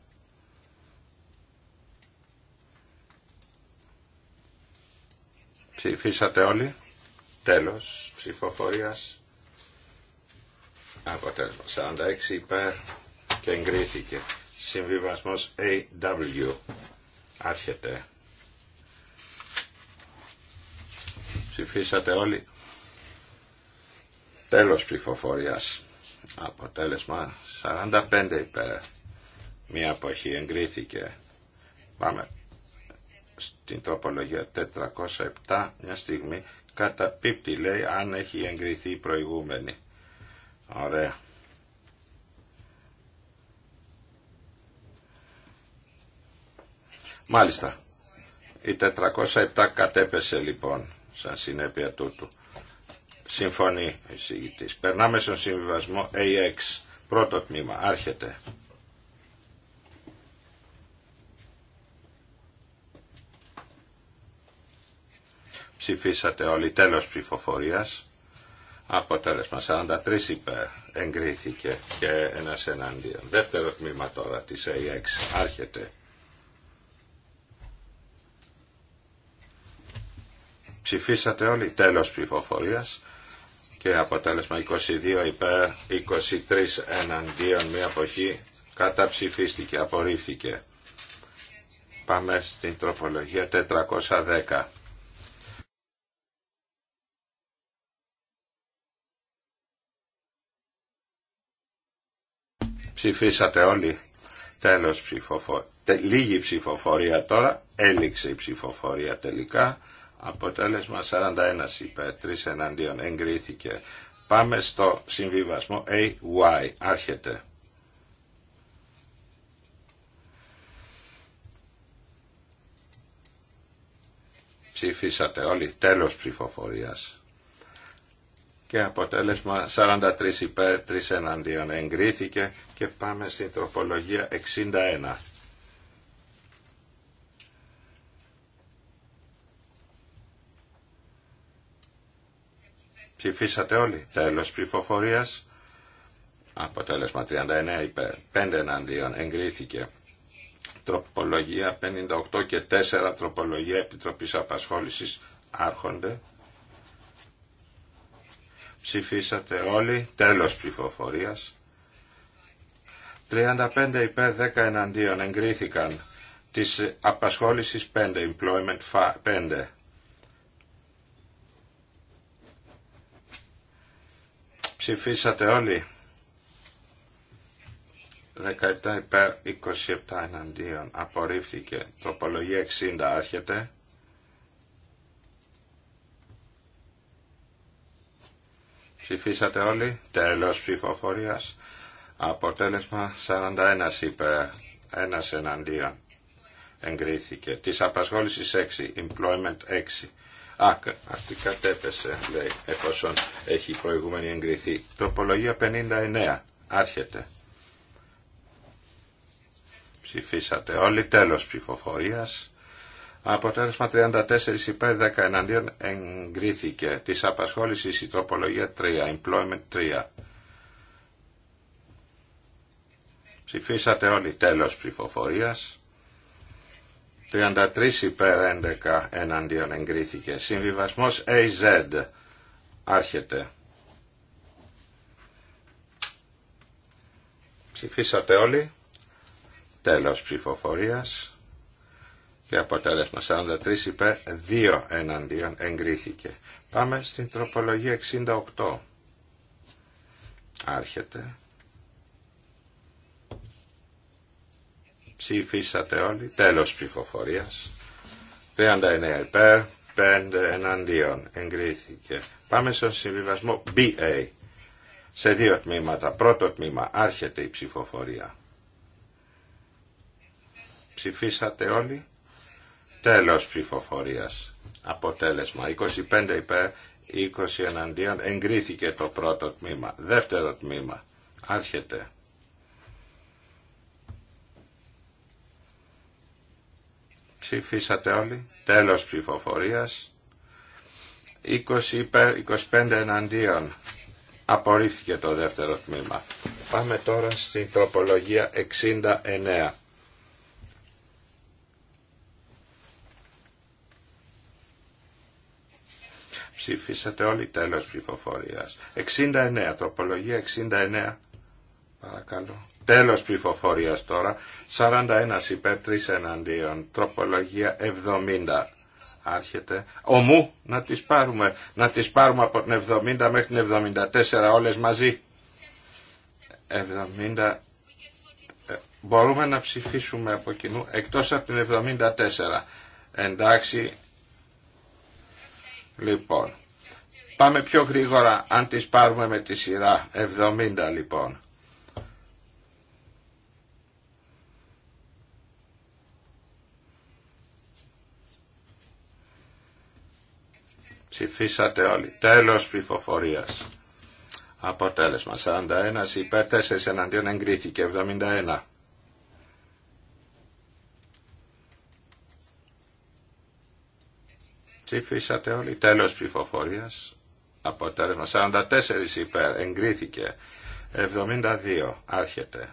Ψηφίσατε όλοι. Τέλος ψηφοφορίας. Αποτέλεσμα 46 υπέρ και εγκρίθηκε. Συμβιβασμός AW. Άρχεται. Ψηφίσατε όλοι. Τέλος ψηφοφορίας. Αποτέλεσμα 45 υπέρ. Μία αποχή εγκρίθηκε. Πάμε στην τροπολογία 407 μια στιγμή. Καταπίπτει λέει αν έχει εγκριθεί η προηγούμενη. Ωραία. Μάλιστα. Η 407 κατέπεσε λοιπόν σαν συνέπεια τούτου. Συμφωνεί ο εισηγητή. Περνάμε στον συμβιβασμό AX. Πρώτο τμήμα. Άρχεται. Ψηφίσατε όλοι. τέλο ψηφοφορία Αποτέλεσμα 43 υπέρ εγκρίθηκε και ένα εναντίον. Δεύτερο τμήμα τώρα της AX. Άρχεται. Ψηφίσατε όλοι τέλος ψηφοφορίας και αποτέλεσμα 22 υπέρ 23 εναντίον μία αποχή καταψηφίστηκε, απορρίφθηκε. Πάμε στην τροφολογία 410. Ψηφίσατε όλοι. Τέλος ψηφοφορία. Λίγη ψηφοφορία τώρα. Έληξε η ψηφοφορία τελικά. Αποτέλεσμα 41 υπέρ, 3 εναντίον, εγκρίθηκε. Πάμε στο συμβιβασμό AY, άρχεται. Ψηφίσατε όλοι, τέλος ψηφοφορίας. Και αποτέλεσμα 43 υπέρ, 3 εναντίον, εγκρίθηκε και πάμε στην τροπολογία 61. Ψηφίσατε όλοι. τέλο ψηφοφορία. Αποτέλεσμα 39 υπέρ. 5 εναντίον. Εγκρίθηκε. Τροπολογία 58 και 4 τροπολογία Επιτροπής Απασχόλησης άρχονται. Ψηφίσατε όλοι. Τέλος ψηφοφορίας. 35 υπέρ 10 εναντίον εγκρίθηκαν της απασχόλησης 5, employment 5. Ψηφίσατε όλοι. 17 υπέρ 27 εναντίον. Απορρίφθηκε. Τροπολογία 60 άρχεται. Ψηφίσατε όλοι. Τέλος ψηφοφορίας. Αποτέλεσμα 41 υπέρ. 1 εναντίον. Εγκρίθηκε. Της απασχόλησης 6. Employment 6 αυτή κατέπεσε, λέει, εφόσον έχει η προηγούμενη εγκριθεί. Τροπολογία 59, άρχεται. Ψηφίσατε όλοι, τέλος ψηφοφορίας. Αποτέλεσμα 34 υπέρ 10 εναντίον εγκρίθηκε. Της απασχόλησης η τροπολογία 3, employment 3. Ψηφίσατε όλοι τέλος ψηφοφορίας. 33 υπέρ 11 εναντίον εγκρίθηκε. Συμβιβασμός AZ άρχεται. Ψηφίσατε όλοι. Τέλος ψηφοφορίας. Και αποτέλεσμα 43 υπέρ 2 εναντίον εγκρίθηκε. Πάμε στην τροπολογία 68. Άρχεται. Ψηφίσατε όλοι. Τέλος ψηφοφορίας. 39 υπέρ, 5 εναντίον. Εγκρίθηκε. Πάμε στον συμβιβασμό BA. Σε δύο τμήματα. Πρώτο τμήμα. Άρχεται η ψηφοφορία. Ψηφίσατε όλοι. Τέλος ψηφοφορίας. Αποτέλεσμα. 25 υπέρ, 20 εναντίον. Εγκρίθηκε το πρώτο τμήμα. Δεύτερο τμήμα. Άρχεται. Ψηφίσατε όλοι. Τέλος ψηφοφορίας. 20 υπέρ, 25 εναντίον. Απορρίφθηκε το δεύτερο τμήμα. Πάμε τώρα στην τροπολογία 69. Ψηφίσατε όλοι τέλος ψηφοφορίας. 69, τροπολογία 69. Παρακαλώ. Τέλος ψηφοφορίας τώρα. 41 υπέρ 3 εναντίον. Τροπολογία 70. Άρχεται. Ομού να τις πάρουμε. Να τις πάρουμε από την 70 μέχρι την 74 όλες μαζί. 70. Ε, μπορούμε να ψηφίσουμε από κοινού εκτός από την 74. Εντάξει. Λοιπόν. Πάμε πιο γρήγορα αν τις πάρουμε με τη σειρά. 70 λοιπόν. Ψηφίσατε όλοι. Τέλος ψηφοφορίας. Αποτέλεσμα 41 υπέρ 4 εναντίον εγκρίθηκε 71. Ψηφίσατε όλοι. Τέλος ψηφοφορίας. Αποτέλεσμα 44 υπέρ εγκρίθηκε 72. Άρχεται.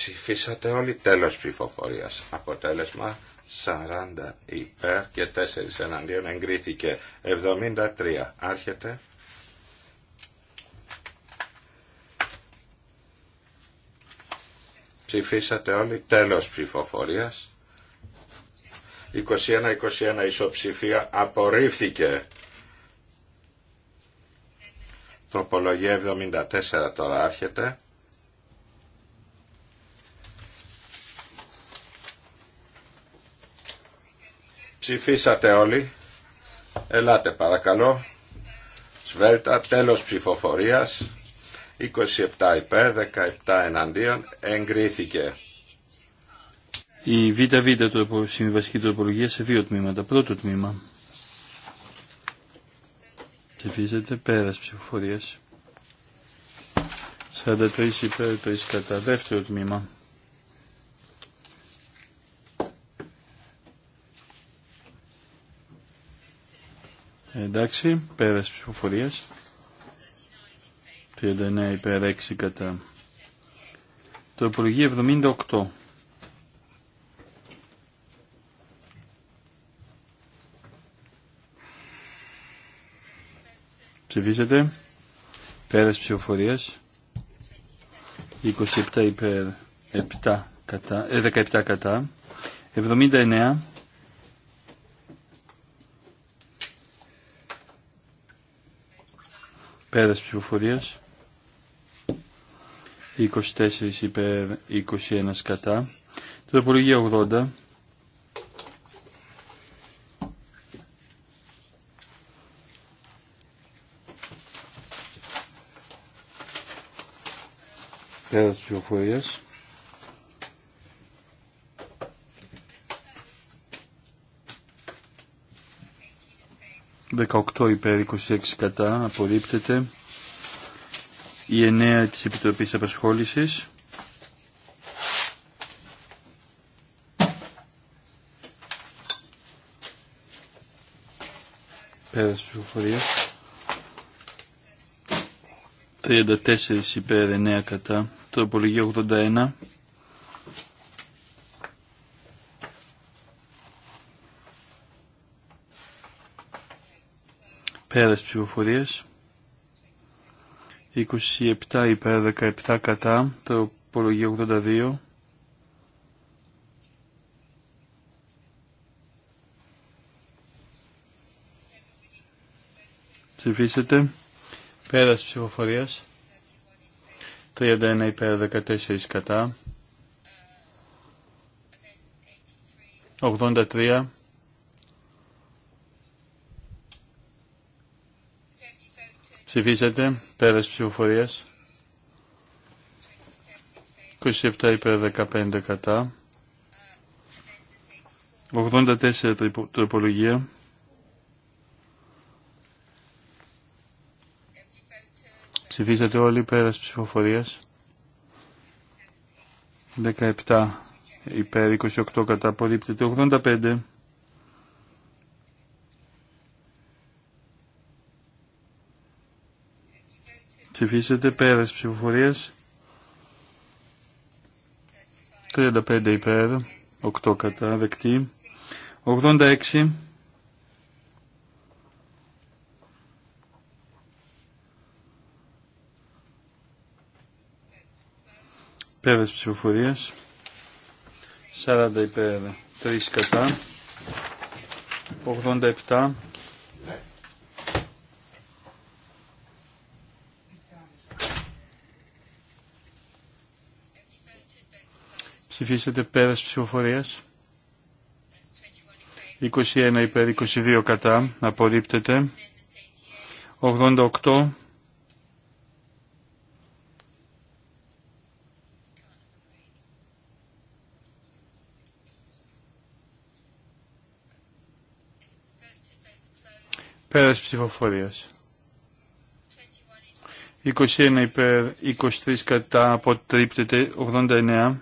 Ψηφίσατε όλοι τέλος ψηφοφορίας. Αποτέλεσμα 40 υπέρ και 4 εναντίον εγκρίθηκε. 73 άρχεται. Ψηφίσατε όλοι τέλος ψηφοφορίας. 21-21 ισοψηφία απορρίφθηκε. Τροπολογία 74 τώρα άρχεται. Ψηφίσατε όλοι. Ελάτε παρακαλώ. Σβέλτα, τέλος ψηφοφορίας. 27 υπέρ, 17 εναντίον. Εγκρίθηκε.
Η ΒΒ Συμβασική τροπολογία σε δύο τμήματα. Πρώτο τμήμα. Ψηφίζεται πέρας ψηφοφορίας. 43 υπέρ, 3 κατά. Δεύτερο τμήμα. Εντάξει, πέρας ψηφοφορίας. 39 υπέρ 6 κατά. Το υπουργείο 78. Ψηφίσετε. Πέρας ψηφοφορίας. 27 υπέρ 7 κατά, 17 ε, κατά. 79 Πέρας ψηφοφορίας. 24 υπέρ 21 κατά. Τροπολογία 80. Πέρας ψηφοφορίας. 18 υπέρ 26 κατά απορρίπτεται. Η 9 της Επιτροπής Απασχόλησης. Πέρας ψηφοφορίας. 34 υπέρ 9 κατά. Τροπολογία 81. Πέρας ψηφοφορίας. 27 υπέρ 17 κατά. Τροπολογία 82. Ψηφίσετε. Πέρας ψηφοφορίας. 31 υπέρ 14 κατά. 83 Ψηφίσατε. Πέρας ψηφοφορίας. 27 υπέρ 15 κατά. 84 τροπολογία. Ψηφίσατε όλοι πέρας ψηφοφορίας. 17 υπέρ 28 κατά απορρίπτεται. 85 Ψηφίσετε πέρας ψηφοφορίας. 35 υπέρ, 8 κατά, δεκτή. 86. Πέρας ψηφοφορίας. 40 υπέρ, 3 κατά. 87 Ψηφίσετε πέρας ψηφοφορίας. 21 υπέρ 22 κατά. Απορρίπτεται. 88. Πέρας ψηφοφορίας. 21 υπέρ 23 κατά αποτρίπτεται 89.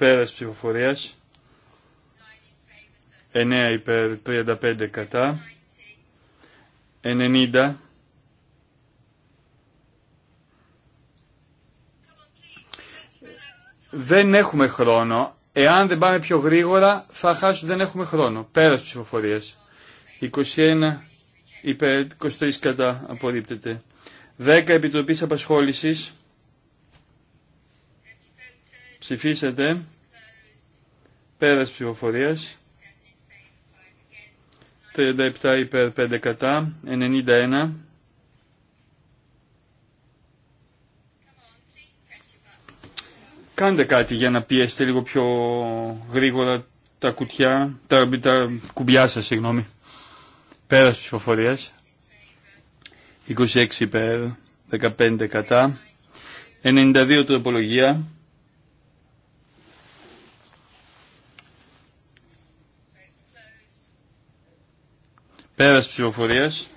Πέρας ψηφοφορίας. 9 υπέρ 35 κατά. 90. Δεν έχουμε χρόνο. Εάν δεν πάμε πιο γρήγορα θα χάσουμε, δεν έχουμε χρόνο. Πέρας ψηφοφορίας. 21 υπέρ 23 κατά απορρίπτεται. 10 επιτροπή Απασχόλησης. Ψηφίσετε. Πέρας ψηφοφορίας. 37 υπέρ 5 κατά. 91. Κάντε κάτι για να πιέσετε λίγο πιο γρήγορα τα κουτιά, τα, τα κουμπιά σας, συγγνώμη. Πέρας ψηφοφορίας. 26 υπέρ, 15 κατά. 92 τροπολογία. Πέρας ψηφοφορίας.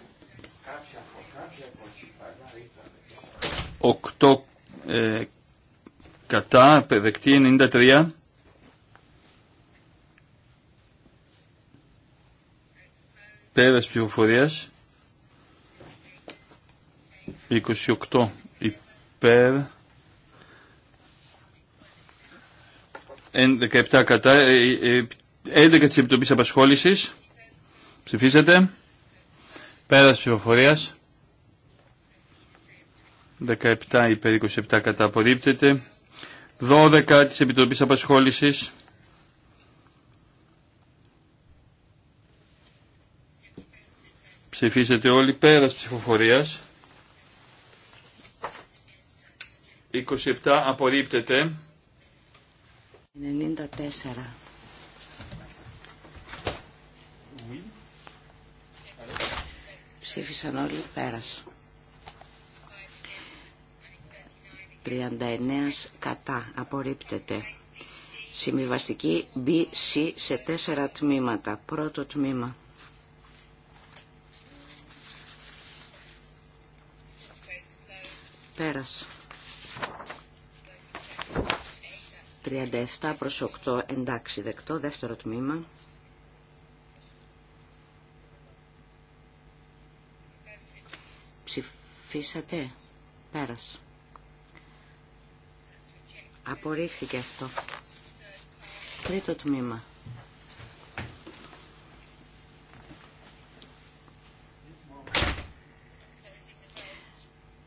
8 ε, κατά, δεκτή 93. Πέρας ψηφοφορίας. 28 υπέρ. 17 κατά, 11 ε, ε, της Επιτροπής Απασχόλησης. Ψηφίσετε. Πέρας ψηφοφορία. 17 υπέρ 27 κατά απορρίπτεται. 12 της Επιτροπής Απασχόλησης. Ψηφίσετε όλοι πέρας ψηφοφορίας. 27 απορρίπτεται.
94 Ψήφισαν όλοι πέρας. 39 κατά. Απορρίπτεται. Συμβιβαστική BC σε τέσσερα τμήματα. Πρώτο τμήμα. Πέρας. 37 προς 8. Εντάξει δεκτό. Δεύτερο τμήμα. Ψηφίσατε. Πέρας. Απορρίφθηκε αυτό. Τρίτο τμήμα.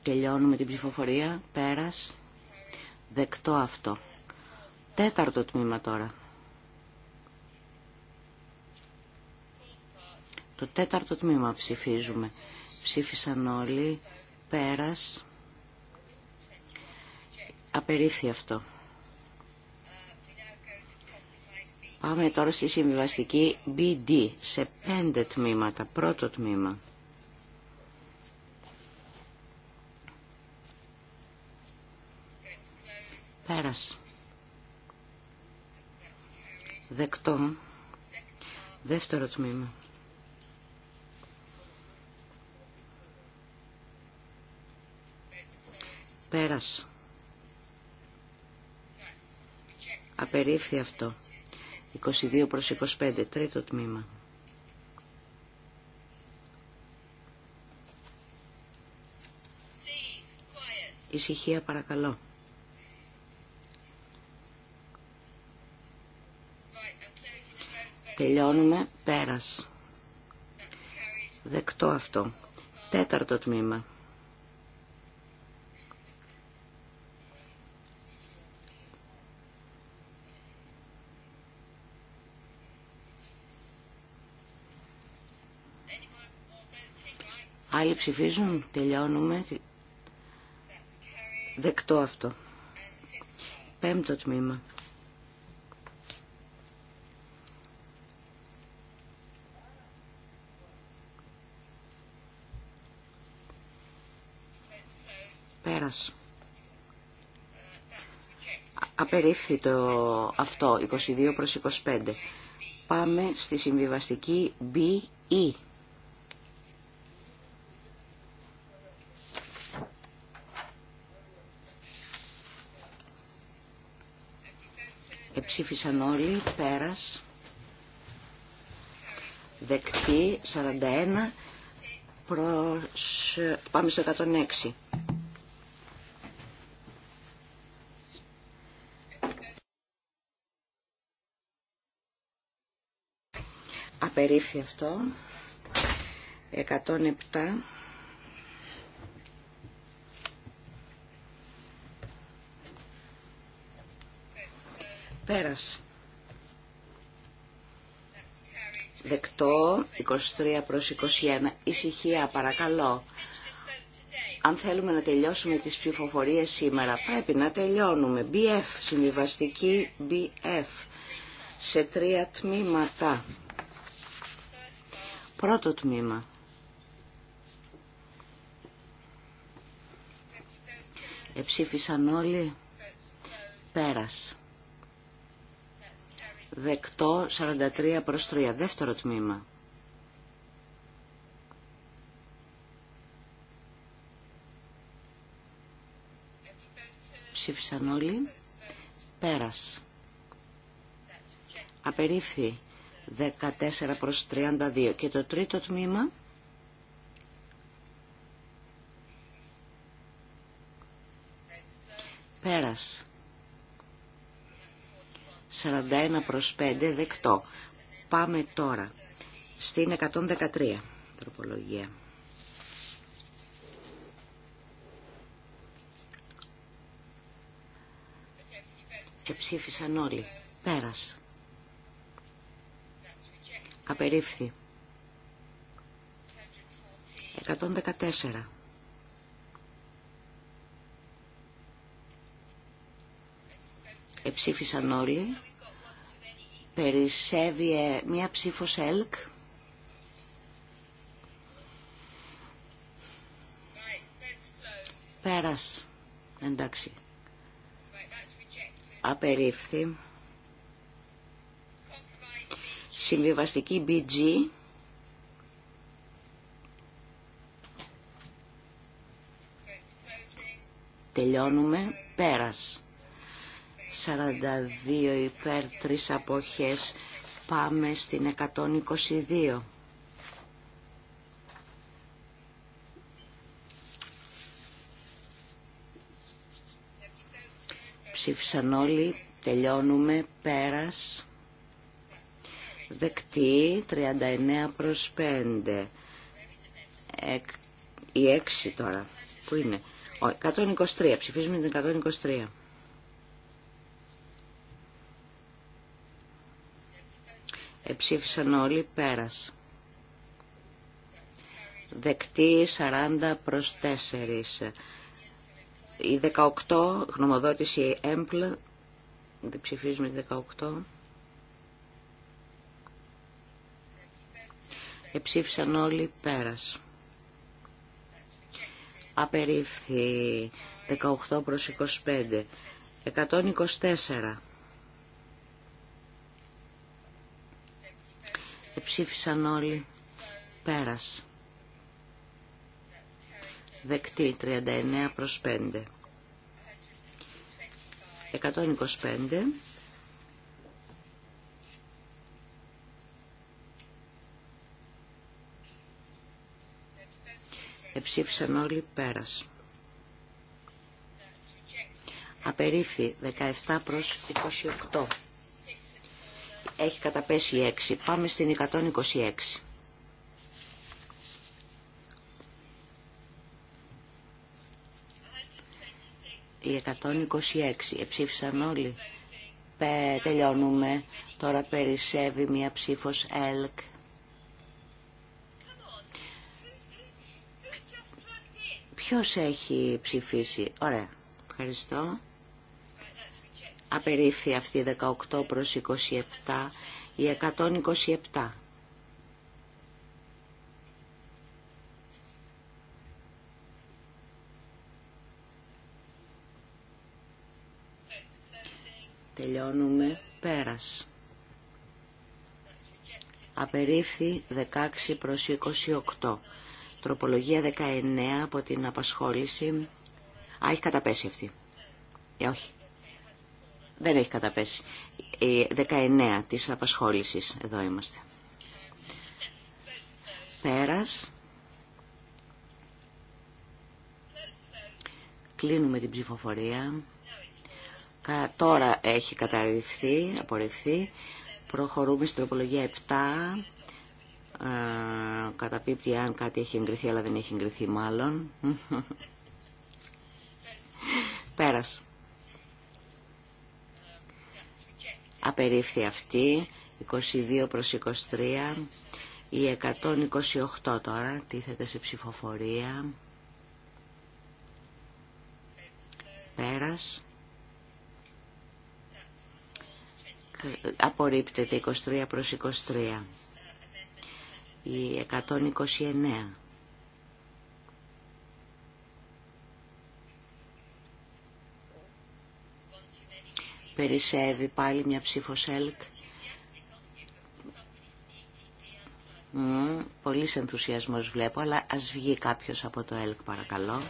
Τελειώνουμε την ψηφοφορία. Πέρας. Δεκτό αυτό. Τέταρτο τμήμα τώρα. Το τέταρτο τμήμα ψηφίζουμε. Ψήφισαν όλοι. Πέρας. Απερίφθη αυτό. Πάμε τώρα στη συμβιβαστική BD σε πέντε τμήματα. Πρώτο τμήμα. Πέρας. Δεκτό. Δεύτερο τμήμα. Πέρας. Απερίφθη αυτό. 22 προς 25, τρίτο τμήμα. Ησυχία παρακαλώ. Τελειώνουμε πέρας. Δεκτό αυτό. Τέταρτο τμήμα. Άλλοι ψηφίζουν. Τελειώνουμε. Δεκτό αυτό. Πέμπτο τμήμα. Πέρας. Απερίφθη το αυτό, 22 προς 25. Πάμε στη συμβιβαστική BE. Ψήφισαν όλοι, πέρας. Δεκτή, 41, προς... πάμε στο 106. Απερίφθη αυτό. 107 Πέρας. Δεκτό, 23 προς 21. Ησυχία, παρακαλώ. Αν θέλουμε να τελειώσουμε τις ψηφοφορίες σήμερα, πρέπει να τελειώνουμε. BF, συμβιβαστική BF, σε τρία τμήματα. Πρώτο τμήμα. Εψήφισαν όλοι. Πέρας. Δεκτό 43 προς 3. Δεύτερο τμήμα. Ψήφισαν όλοι. Πέρας. Απερίφθη 14 προς 32. Και το τρίτο τμήμα. Πέρας. 41 προς 5 δεκτό. Πάμε τώρα στην 113 τροπολογία. Και ψήφισαν όλοι. Πέρας. Απερίφθη. 114. Εψήφισαν όλοι. Περισσεύει ε, μία ψήφος ΕΛΚ. Πέρας. Εντάξει. Απερίφθη. Συμβιβαστική BG. Τελειώνουμε. Πέρας. 42 υπέρ 3 αποχές. Πάμε στην 122. Ψήφισαν όλοι, τελειώνουμε, πέρας, δεκτή, 39 προς 5, η 6 τώρα, που είναι, 123, ψηφίζουμε την 123. Εψήφισαν όλοι πέρας. Δεκτή 40 προς 4. Η 18, γνωμοδότηση ΕΜΠΛ, δεν ψηφίζουμε τη 18. Εψήφισαν όλοι πέρας. Απερίφθη 18 προς 25. 124. Εψήφισαν όλοι. Πέρας. Δεκτή 39 προς 5. 125. Εψήφισαν όλοι πέρας. Απερίφθη 17 προς 28 έχει καταπέσει 6. Πάμε στην 126. Η 126. Εψήφισαν όλοι. τελειώνουμε. Τώρα περισσεύει μία ψήφος ΕΛΚ. Ποιος έχει ψηφίσει. Ωραία. Ευχαριστώ απερίφθη αυτή 18 προς 27 ή 127. Τελειώνουμε πέρας. Απερίφθη 16 προς 28. Τροπολογία 19 από την απασχόληση. Α, έχει καταπέσει αυτή. Ε, όχι. Δεν έχει καταπέσει. 19 ε, της απασχόλησης. Εδώ είμαστε. Πέρας. Κλείνουμε την ψηφοφορία. Τώρα έχει καταρριφθεί, απορριφθεί. Προχωρούμε στην τροπολογία 7. Καταπίπτει αν κάτι έχει εγκριθεί, αλλά δεν έχει εγκριθεί μάλλον. Πέρας. Απερίφθη αυτή, 22 προς 23, η 128 τώρα τίθεται σε ψηφοφορία. Πέρας. Απορρίπτεται 23 προς 23. Η 129 Περισσεύει πάλι μια ψήφος ΕΛΚ. Mm, πολύς ενθουσιασμός βλέπω, αλλά ας βγει κάποιος από το ΕΛΚ παρακαλώ.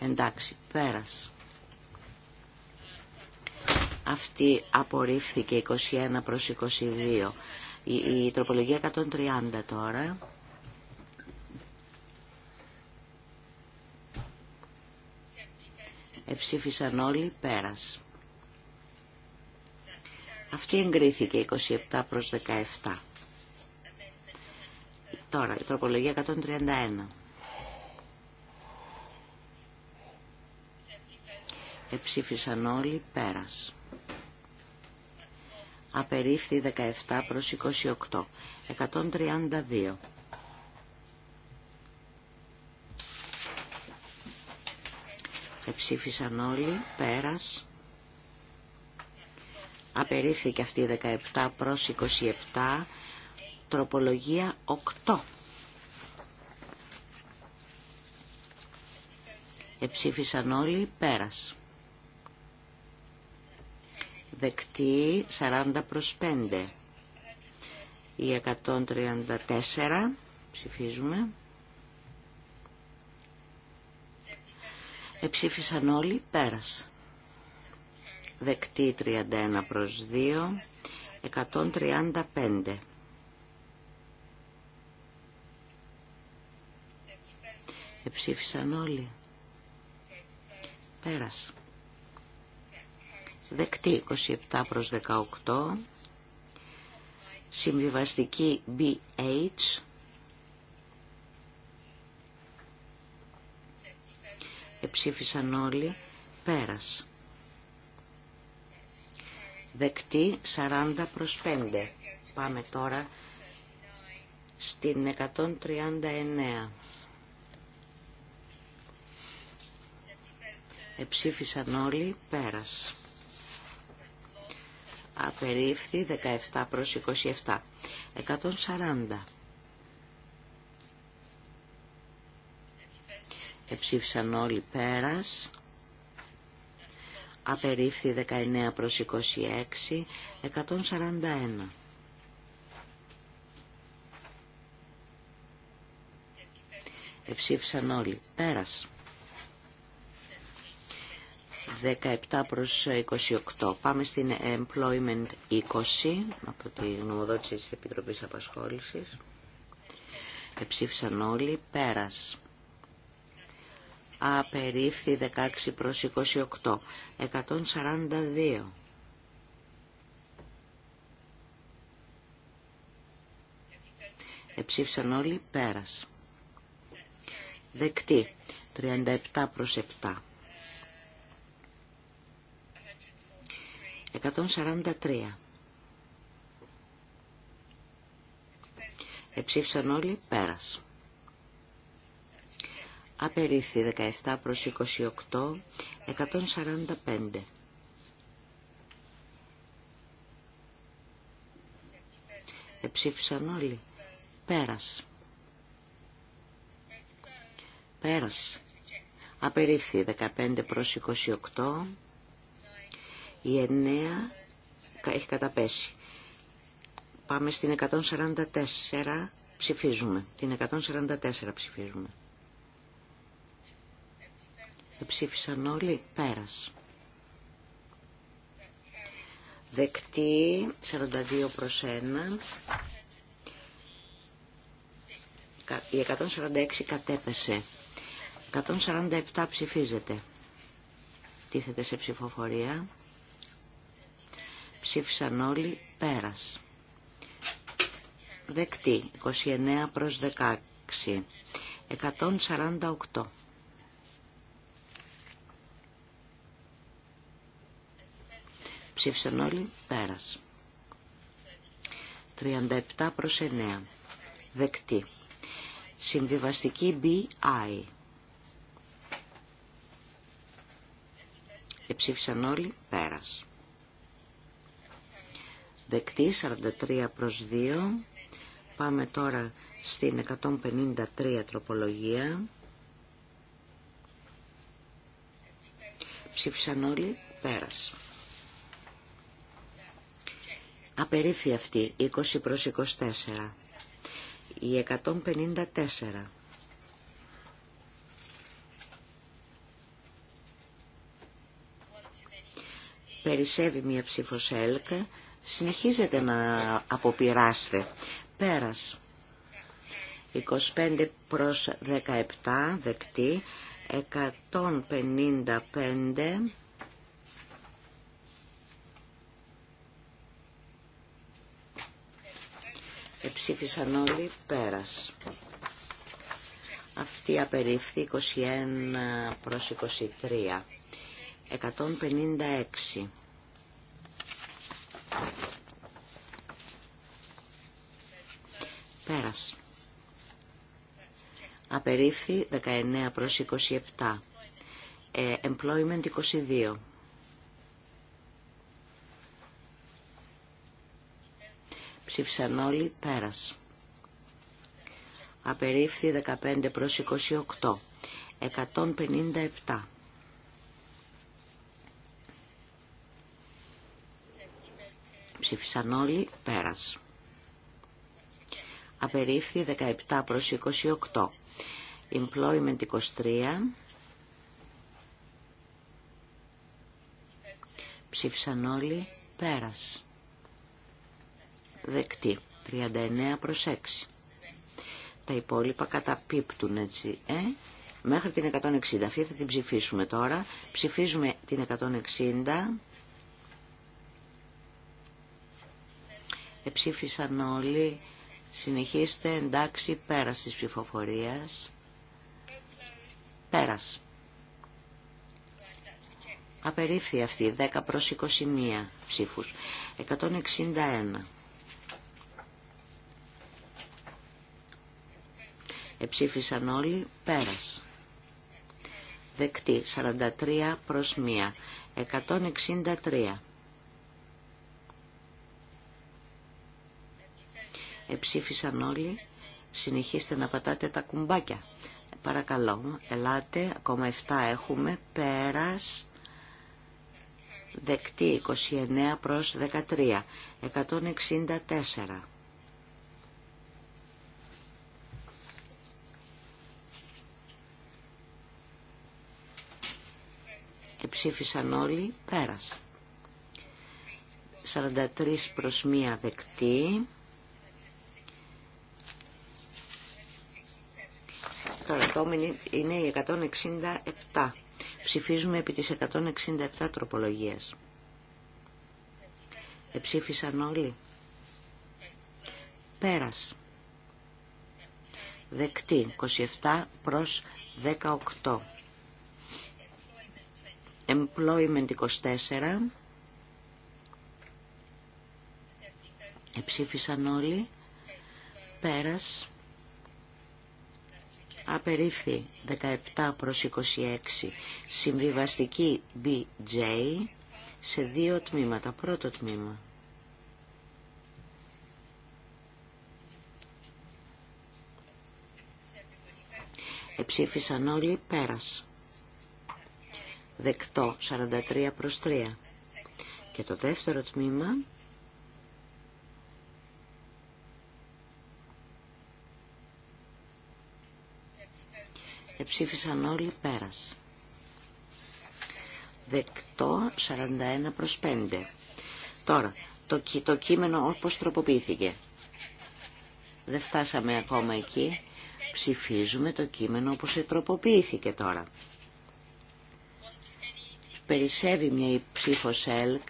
Εντάξει, πέρας. Αυτή απορρίφθηκε 21 προς 22. Η, η τροπολογία 130 τώρα. Εψήφισαν όλοι, πέρας. Αυτή εγκρίθηκε 27 προς 17. Τώρα, η τροπολογία 131. Εψήφισαν όλοι πέρας. Απερίφθη 17 προς 28. 132. Εψήφισαν όλοι, πέρας. Απερίφθηκε αυτή η 17 προς 27, τροπολογία 8. Εψήφισαν όλοι πέρας. Δεκτή 40 προς 5. Η 134 ψηφίζουμε. Εψήφισαν όλοι πέρας δεκτή 31 προς 2 135 Εψήφισαν όλοι. Πέρασε. Δεκτή 27 προς 18. Συμβιβαστική BH. Εψήφισαν όλοι. Πέρασε δεκτή 40 προς 5. Πάμε τώρα στην 139. Εψήφισαν όλοι, πέρας. Απερίφθη 17 προς 27. 140. Εψήφισαν όλοι πέρας απερίφθη 19 προς 26, 141. Εψήφισαν όλοι. Πέρας. 17 προς 28. Πάμε στην Employment 20, από τη γνωμοδότηση της Επιτροπής Απασχόλησης. Εψήφισαν όλοι. Πέρας απερίφθη 16 προς 28 142 Εψήφισαν όλοι πέρας. Δεκτή. 37 προς 7. 143. Εψήφισαν όλοι πέρας. Απερίφθη 17 προς 28, 145. Εψήφισαν όλοι. Πέρας. Πέρας. Απερίφθη 15 προς 28. Η 9 έχει καταπέσει. Πάμε στην 144. Ψηφίζουμε. Την 144 ψηφίζουμε. Ψήφισαν όλοι. Πέρας. Δεκτή 42 προς 1. Η 146 κατέπεσε. 147 ψηφίζεται. Τίθεται σε ψηφοφορία. Ψήφισαν όλοι. Πέρας. Δεκτή 29 προς 16. 148. Ψήφισαν όλοι. Πέρας. 37 προς 9. Δεκτή. Συμβιβαστική BI. Ψήφισαν όλοι. Πέρας. Δεκτή. 43 προς 2. Πάμε τώρα στην 153 τροπολογία. Ψήφισαν όλοι. Πέρας. Απερίφθει αυτή, 20 προς 24. Η 154. Περισσεύει μια ψήφος ΕΛΚΑ. Συνεχίζετε να αποπειράστε. Πέρας. 25 προς 17 δεκτή. 155 Εψήφισαν όλοι πέρας. Αυτή απερίφθη 21 προς 23. 156. Πέρας. Απερίφθη 19 προς 27. Ε, employment 22. Ψήφισαν όλοι πέρας. Απερίφθη 15 προς 28. 157. Ψήφισαν όλοι πέρας. Απερίφθη 17 προς 28. Employment 23. Ψήφισαν όλοι πέρας δεκτή. 39 προς 6. Τα υπόλοιπα καταπίπτουν έτσι, ε. Μέχρι την 160. Αυτή θα την ψηφίσουμε τώρα. Ψηφίζουμε την 160. Εψήφισαν όλοι. Συνεχίστε. Εντάξει, πέρας της ψηφοφορίας. Πέρας. Απερίφθη αυτή. 10 προς 21 ψήφους. 161. Εψήφισαν όλοι. Πέρας. Δεκτή. 43 προς 1. 163. Εψήφισαν όλοι. Συνεχίστε να πατάτε τα κουμπάκια. Παρακαλώ, ελάτε, ακόμα 7 έχουμε, πέρας, δεκτή 29 προς 13, 164. ψήφισαν όλοι. Πέρας. 43 προς 1 δεκτή. Τώρα, επόμενη είναι η 167. Ψηφίζουμε επί της 167 τροπολογίας. Εψήφισαν όλοι. Πέρας. Δεκτή. 27 προς 18. Employment 24. Εψήφισαν όλοι. Πέρας. Απερίφθη 17 προς 26. Συμβιβαστική BJ σε δύο τμήματα. Πρώτο τμήμα. Εψήφισαν όλοι πέρας δεκτό 43 προς 3 και το δεύτερο τμήμα εψήφισαν όλοι πέρας δεκτό 41 προς 5 τώρα το, το κείμενο όπως τροποποιήθηκε δεν φτάσαμε ακόμα εκεί ψηφίζουμε το κείμενο όπως τροποποιήθηκε τώρα περισσεύει μια ψήφος ΕΛΚ.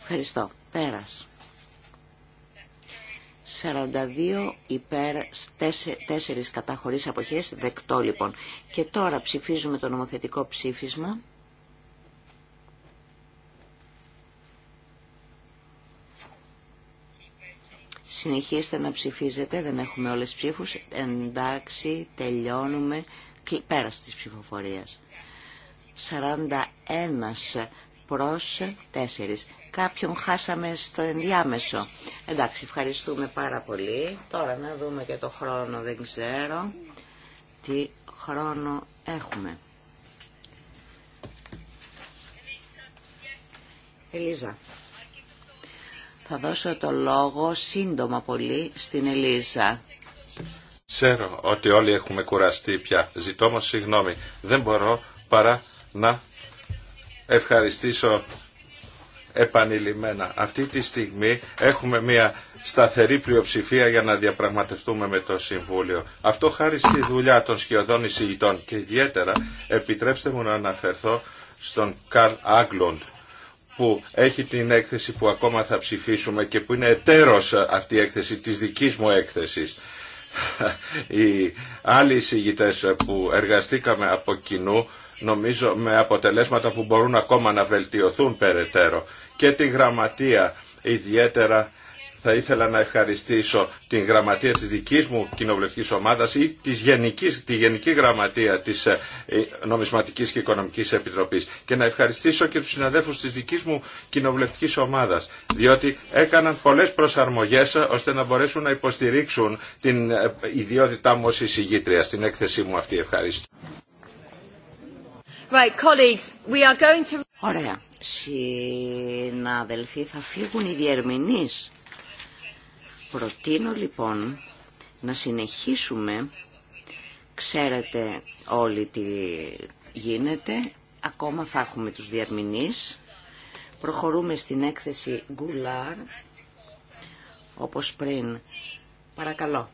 Ευχαριστώ. Πέρας. 42 υπέρ 4, 4 κατά αποχές δεκτό λοιπόν. Και τώρα ψηφίζουμε το νομοθετικό ψήφισμα. Συνεχίστε να ψηφίζετε, δεν έχουμε όλες τις ψήφους. Εντάξει, τελειώνουμε πέρας της ψηφοφορίας. 41 προς 4. Κάποιον χάσαμε στο ενδιάμεσο. Εντάξει, ευχαριστούμε πάρα πολύ. Τώρα να δούμε και το χρόνο, δεν ξέρω τι χρόνο έχουμε. Ελίζα. Θα δώσω το λόγο σύντομα πολύ στην Ελίζα.
Ξέρω ότι όλοι έχουμε κουραστεί πια. Ζητώ όμως συγγνώμη. Δεν μπορώ παρά να ευχαριστήσω επανειλημμένα. Αυτή τη στιγμή έχουμε μια σταθερή πλειοψηφία για να διαπραγματευτούμε με το Συμβούλιο. Αυτό χάρη στη δουλειά των σκιωδών εισηγητών και ιδιαίτερα επιτρέψτε μου να αναφερθώ στον Καρλ Άγκλοντ που έχει την έκθεση που ακόμα θα ψηφίσουμε και που είναι εταίρος αυτή η έκθεση της δικής μου έκθεσης. οι άλλοι εισηγητές που εργαστήκαμε από κοινού νομίζω με αποτελέσματα που μπορούν ακόμα να βελτιωθούν περαιτέρω και τη γραμματεία ιδιαίτερα θα ήθελα να ευχαριστήσω την γραμματεία της δικής μου κοινοβουλευτικής ομάδας ή της γενικής, τη Γενική Γραμματεία της ε, Νομισματικής και Οικονομικής Επιτροπής και να ευχαριστήσω και τους συναδέλφους της δικής μου κοινοβουλευτικής ομάδας διότι έκαναν πολλές προσαρμογές ε, ώστε να μπορέσουν να υποστηρίξουν την ε, ιδιότητά μου ως εισηγήτρια στην έκθεσή μου αυτή. Ευχαριστώ.
Right, colleagues, we are going to...
Ωραία. Συναδελφοί, θα φύγουν οι διερμηνείς. Προτείνω λοιπόν να συνεχίσουμε, ξέρετε όλοι τι γίνεται, ακόμα θα έχουμε τους διαρμηνείς. Προχωρούμε στην έκθεση Γκουλάρ, όπως πριν. Παρακαλώ.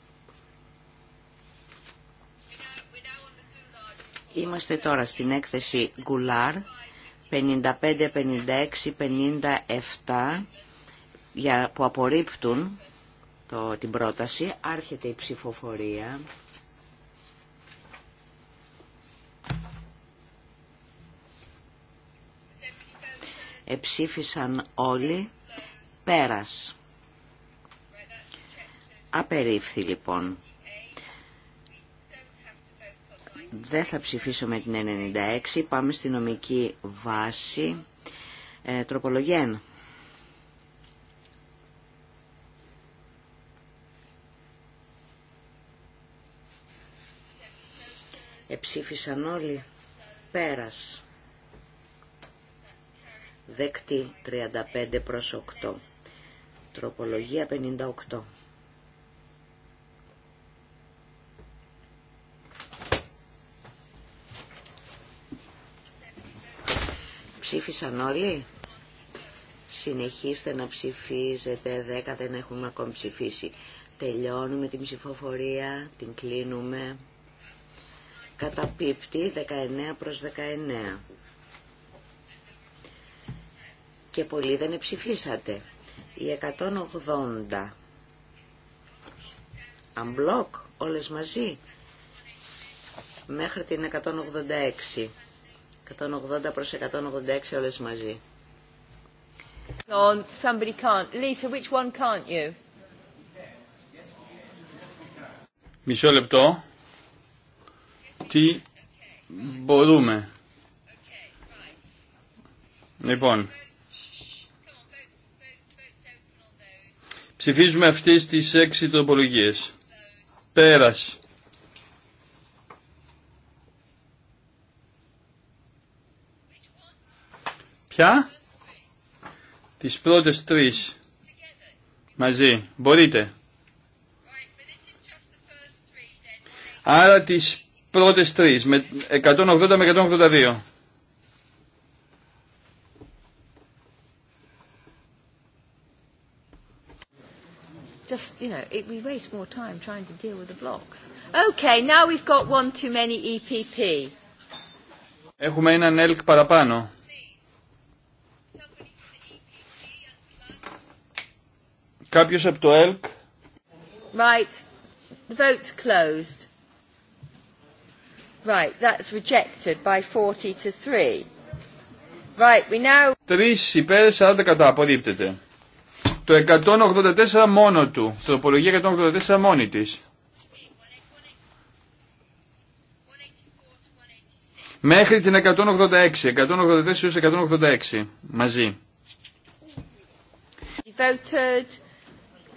Είμαστε τώρα στην έκθεση Γκουλάρ 55, 56, 57 που απορρίπτουν το, την πρόταση. Άρχεται η ψηφοφορία. Εψήφισαν όλοι. Πέρας. Απερίφθη λοιπόν. Δεν θα ψηφίσουμε την 96. Πάμε στη νομική βάση. Ε, τροπολογέν. Εψήφισαν όλοι. Πέρας. Δεκτή 35 προς 8. Τροπολογία 58. Ψήφισαν όλοι. Συνεχίστε να ψηφίζετε. 10 δεν έχουμε ακόμη ψηφίσει. Τελειώνουμε την ψηφοφορία. Την κλείνουμε καταπίπτει 19 προς 19. Και πολλοί δεν ψηφίσατε. Οι 180. Unblock. όλες μαζί. Μέχρι την 186. 180 προς 186 όλες μαζί.
somebody can't. which one can't you?
Μισό λεπτό. Τι μπορούμε. Λοιπόν, ψηφίζουμε αυτές τις έξι τροπολογίες. Πέρας. Ποια? Τις πρώτες τρεις. Μαζί. Μπορείτε. Άρα τις πρώτες τρεις, με 180 με 182.
just you know it, we waste more time trying to deal with the blocks. Okay, now we've got one too many EPP.
Έχουμε έναν ELK παραπάνω. Κάποιος από το ELK.
Right. The vote's closed. Right, that's rejected by 40 to 3. Right, we now...
3 υπέρ 40 κατά απορρίπτεται. Το 184 μόνο του. Το Τροπολογία 184 μόνη τη. Μέχρι την 186. 184 186. Μαζί.
Voted.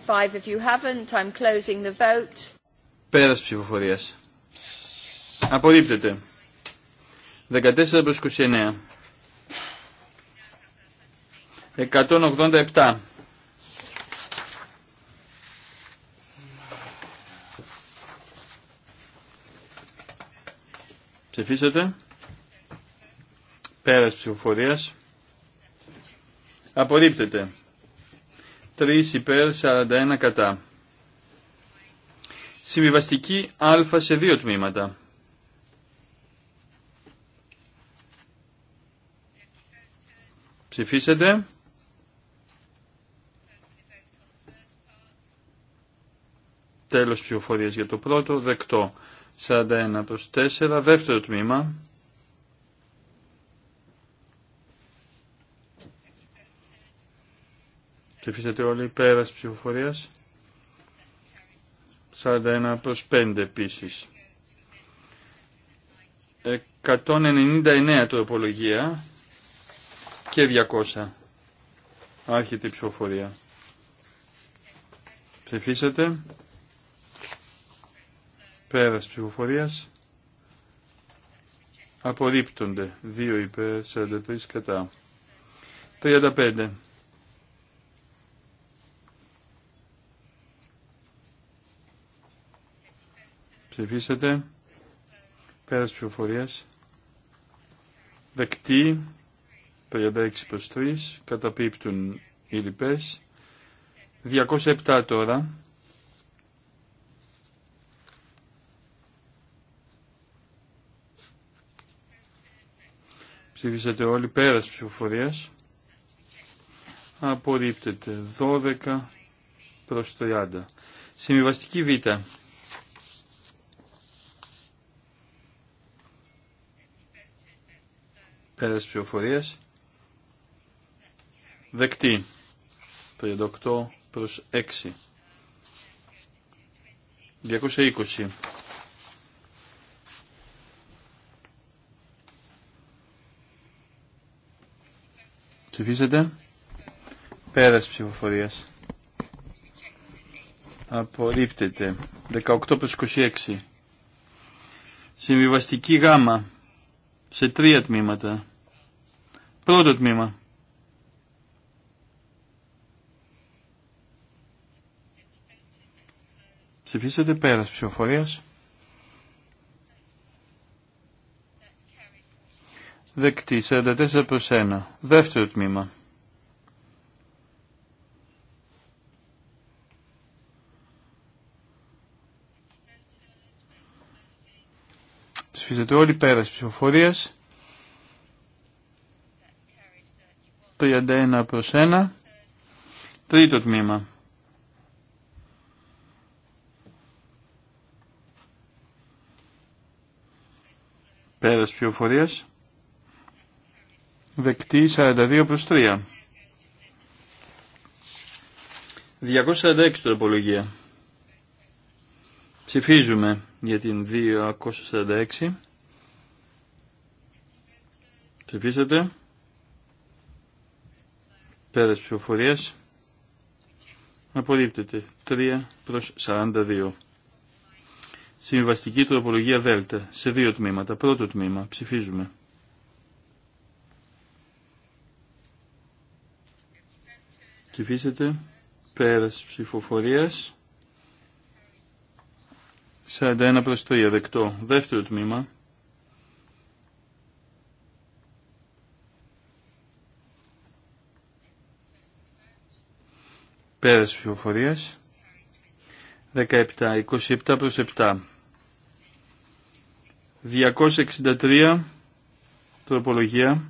Five if you haven't. I'm closing the vote.
Πέρας ψηφοφορίας. Απορρίπτεται. 14 προς 29. 187. Ψηφίσατε. Πέρας ψηφοφορίας. Απορρίπτεται. 3 υπέρ 41 κατά. Συμβιβαστική α σε δύο τμήματα. Ψηφίσετε. Τέλος ψηφοφορίας για το πρώτο. Δεκτό. 41 προς 4. Δεύτερο τμήμα. Ψηφίσετε όλοι πέρας ψηφοφορίας. 41 προς 5 επίσης. 199 τροπολογία και 200. Άρχεται η ψηφοφορία. Ψηφίσετε. Πέρας ψηφοφορίας. Απορρίπτονται. 2 υπέρ, 43 κατά. 35. Ψηφίσετε. Πέρας ψηφοφορίας. Δεκτή. 36 προς 3, καταπίπτουν οι λοιπές. 207 τώρα. Ψήφισατε όλοι πέρας ψηφοφορίας. Απορρίπτεται 12 προς 30. Συμβιβαστική Β. Πέρας ψηφοφορίας. Δεκτή. 38 προς 6. 220. Ψηφίσετε. Πέρας ψηφοφορίας. Απορρίπτεται. 18 προς 26. Συμβιβαστική γάμα. Σε τρία τμήματα. Πρώτο τμήμα. Ψηφίσατε πέρας ψηφοφορίας. Δεκτή, 44 προς 1. Δεύτερο τμήμα. Ψηφίσατε όλοι πέρας ψηφοφορίας. 31 προς 1. Τρίτο τμήμα. Πέρας ψηφοφορίας. Δεκτή 42 προς 3. 246 τροπολογία. Ψηφίζουμε για την 246. Ψηφίσατε. Πέρας ψηφοφορίας. Απορρίπτεται. 3 προς 42. Συμβαστική τροπολογία Δέλτα σε δύο τμήματα. Πρώτο τμήμα. Ψηφίζουμε. Ψηφίσετε. Πέρας ψηφοφορίας. 41 προς 3. Δεκτό. Δεύτερο τμήμα. Πέρας ψηφοφορίας. 17. 27 προς 7. 263 τροπολογία.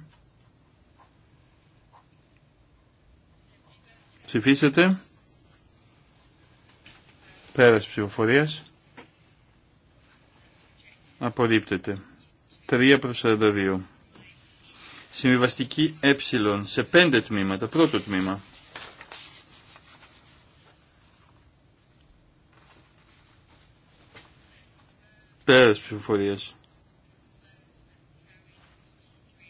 Ψηφίσετε. Πέρας ψηφοφορίας. Απορρίπτεται. 3 προς 42. Συμβιβαστική ε σε 5 τμήματα. Πρώτο τμήμα. Πέρας ψηφοφορίας.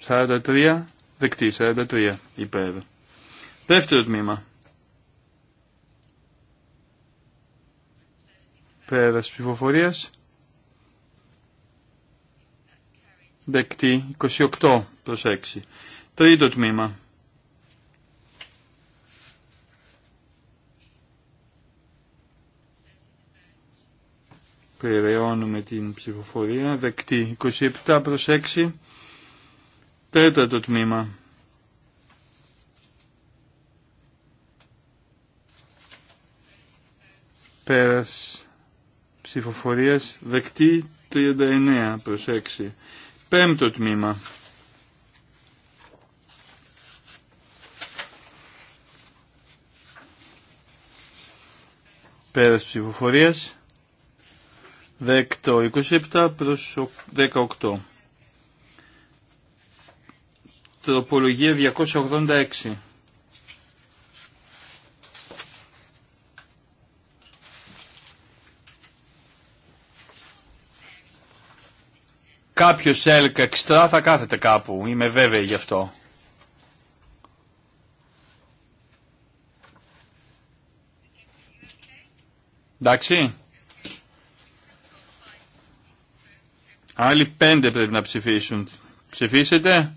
43 δεκτή. 43 εδώ. Δεύτερο τμήμα. Πέρας ψηφοφορίας. Δεκτή 28 προς 6. Τρίτο τμήμα. Περαιώνουμε την ψηφοφορία. Δεκτή 27 προς 6. Τέταρτο τμήμα. Πέρας ψηφοφορίας δεκτή 39 προς 6. Πέμπτο τμήμα. Πέρας ψηφοφορίας δεκτό 27 προς 18. Τροπολογία 286. Κάποιος έλκα εξτρά θα κάθεται κάπου, είμαι βέβαιη γι' αυτό. Εντάξει. Άλλοι πέντε πρέπει να ψηφίσουν. Ψηφίσετε.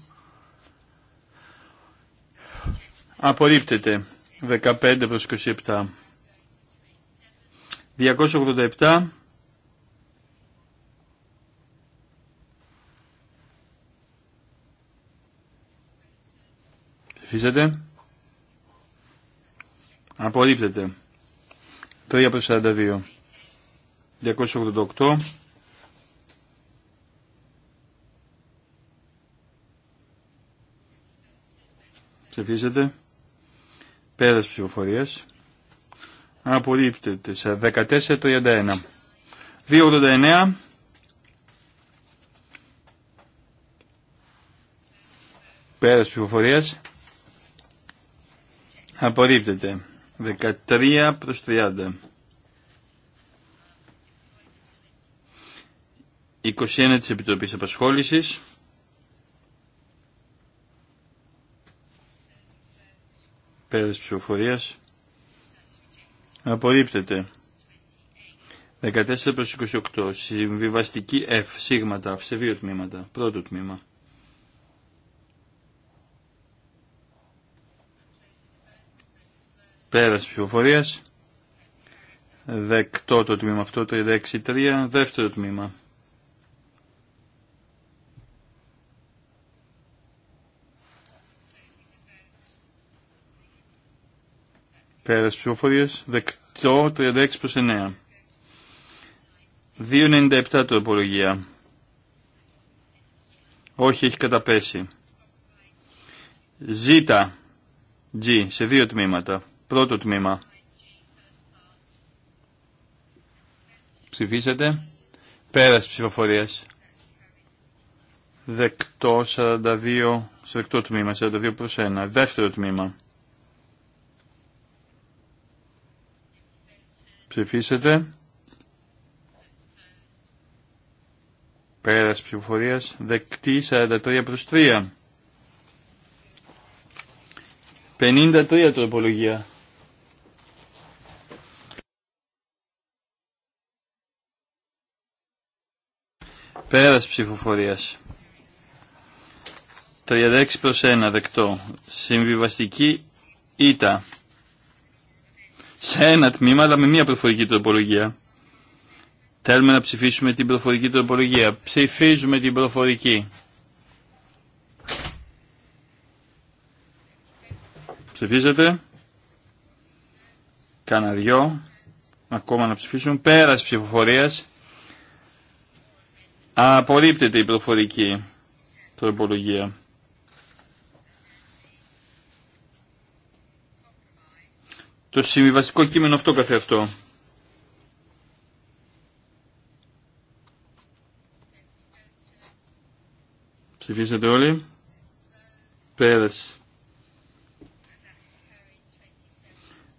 Απορρίπτεται. 15 προς 27. 287. Ψηφίσατε. Απορρίπτεται. 3 προς 42. 288. Ψηφίσετε. Πέρας ψηφοφορίας. Απορρίπτεται σε 14.31. 2.89. Πέρας ψηφοφορίας. Απορρίπτεται. 13 προς 30. 21 της Επιτροπής Απασχόλησης. Πέρας ψηφοφορίας. Απορρίπτεται. 14 προς 28. Συμβιβαστική F. Σίγματα. Σε δύο τμήματα. Πρώτο τμήμα. Πέρας ψηφοφορίας. Δεκτό το τμήμα το 36-3. Δεύτερο τμήμα. Πέρας ψηφοφορία Δεκτό 36 προς 9. 2.97 το απολογία. Όχι, έχει καταπέσει. Ζήτα. G σε δύο τμήματα. Πρώτο τμήμα. Ψηφίσατε. Πέρας ψηφοφορίας. Δεκτό 42, σε δεκτό τμήμα, 42 προς 1. Δεύτερο τμήμα. Ψηφίσετε. Πέρας ψηφοφορίας. Δεκτή 43 προς 3. 53 τροπολογία. Πέρας ψηφοφορίας. 36 προς 1 δεκτό. Συμβιβαστική ήττα σε ένα τμήμα αλλά με μία προφορική τροπολογία. Θέλουμε να ψηφίσουμε την προφορική τροπολογία. Ψηφίζουμε την προφορική. Ψηφίζετε. Κάνα δυο. Ακόμα να ψηφίσουν. Πέρας ψηφοφορίας. Απορρίπτεται η προφορική τροπολογία. το συμβιβαστικό κείμενο αυτό καθεαυτό. Ψηφίσατε όλοι. Πέρες.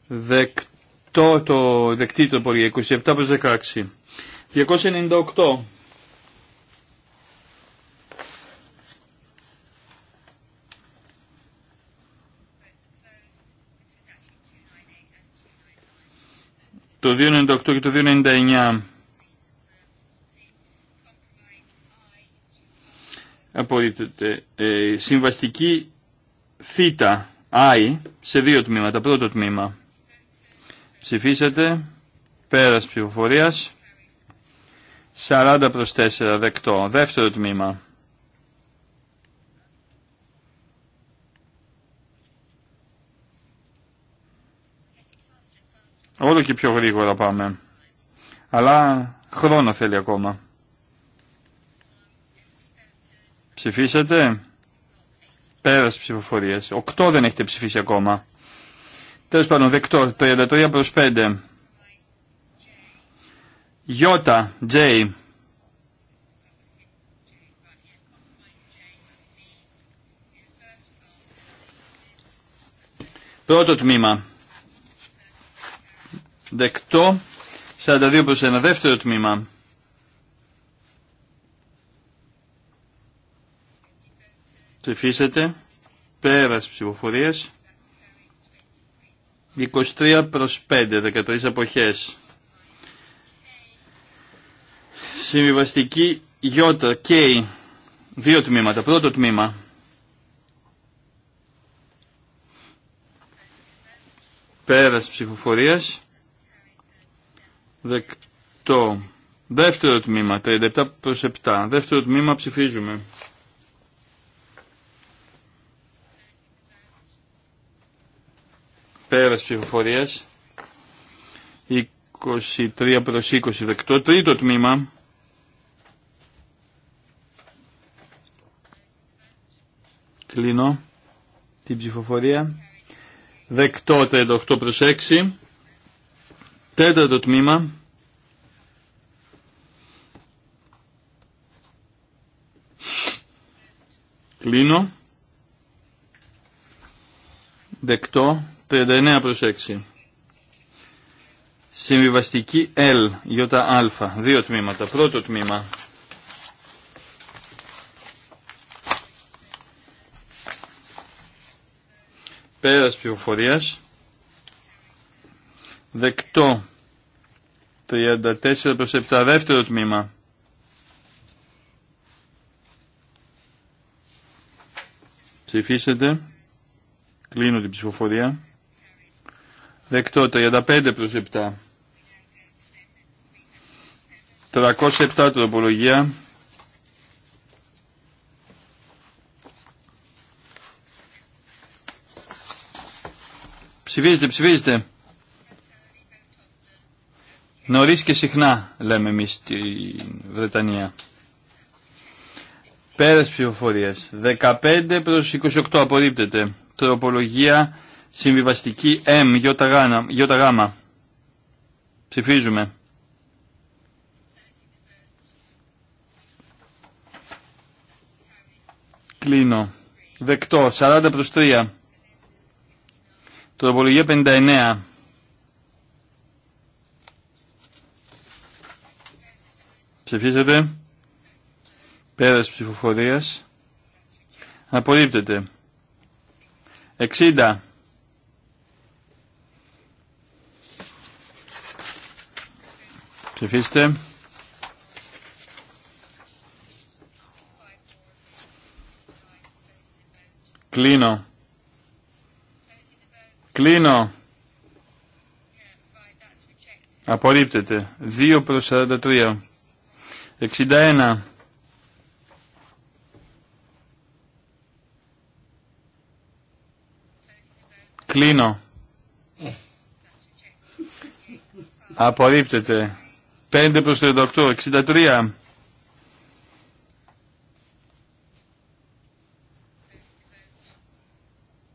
Δεκτό το, δεκτή 27 προς 16. 298. το 298 και το 299 απορρίπτεται. Ε, συμβαστική θήτα I, σε δύο τμήματα. Πρώτο τμήμα. Ψηφίσατε. Πέρας ψηφοφορίας. 40 προς 4 δεκτό. Δεύτερο τμήμα. Όλο και πιο γρήγορα πάμε. Αλλά χρόνο θέλει ακόμα. Ψηφίσατε. Πέρασε ψηφοφορίε. Οκτώ δεν έχετε ψηφίσει ακόμα. Τέλο πάντων, δεκτό. 33 προ 5. Γιώτα, Τζέι. Πρώτο τμήμα. Δεκτό. 42 προς ένα Δεύτερο τμήμα. Ψηφίσετε. Πέρας ψηφοφορίας. 23 προς 5. 13 αποχές. Συμβιβαστική Ι και δύο τμήματα. Πρώτο τμήμα. Πέρας ψηφοφορίας. Δεκτό. Δεύτερο τμήμα, 37 προς 7. Δεύτερο τμήμα ψηφίζουμε. Πέρας ψηφοφορίας. 23 προς 20 δεκτό. Τρίτο τμήμα. Κλείνω την ψηφοφορία. Δεκτό 38 προς 6. Τέταρτο τμήμα. Κλείνω. Δεκτό. 39 προς 6. Συμβιβαστική L, Α. δύο τμήματα. Πρώτο τμήμα. Πέρας πληροφορίας. Δεκτό. 34 προς 7. Δεύτερο τμήμα. Ψηφίσετε. Κλείνω την ψηφοφορία. Δεκτό. 35 προς 7. 307 τροπολογία. Ψηφίζετε, ψηφίζετε. Νωρίς και συχνά, λέμε εμείς στη Βρετανία. Πέρας ψηφοφορίας. 15 προς 28 απορρίπτεται. Τροπολογία συμβιβαστική M, ΙΓ. Ψηφίζουμε. Κλείνω. Δεκτό. 40 προς 3. Τροπολογία 59. Ψηφίζεται. Πέρας ψηφοφορίας. Απορρίπτεται. 60. Ψηφίστε. Κλείνω. Κλείνω. Απορρίπτεται. 2 προς 43. 61. Κλείνω. Απορρίπτεται. 5 προς 38. 63.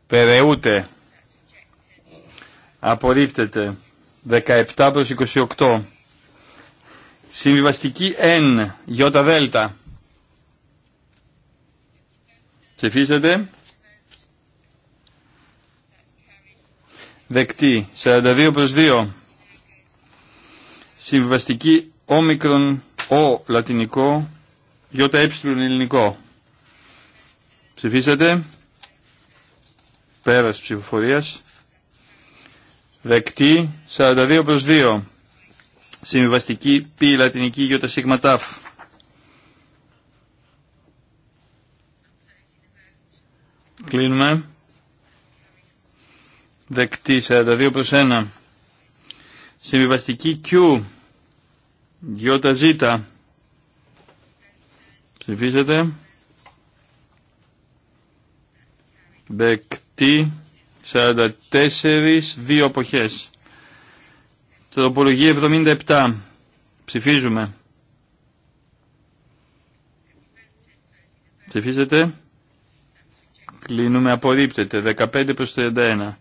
Περαιούται. Απορρίπτεται. 17 προς 28. Συμβιβαστική N, γιώτα Ψηφίσατε. Δεκτή. 42 προς 2. Συμβιβαστική όμικρον ο λατινικό, γιώτα ελληνικό. Ψηφίσατε. Πέρας ψηφοφορίας. Δεκτή. 42 προς 2. Συμβιβαστική πι λατινική γιώτα σίγμα τάφ. Κλείνουμε. Δεκτή 42 προς 1. Συμβιβαστική Q. Γιώτα Ζ. Ψηφίσετε. Δεκτή 44 δύο εποχές. Τροπολογία 77. Ψηφίζουμε. Ψηφίζετε. Κλείνουμε. Απορρίπτεται. 15 προς 31.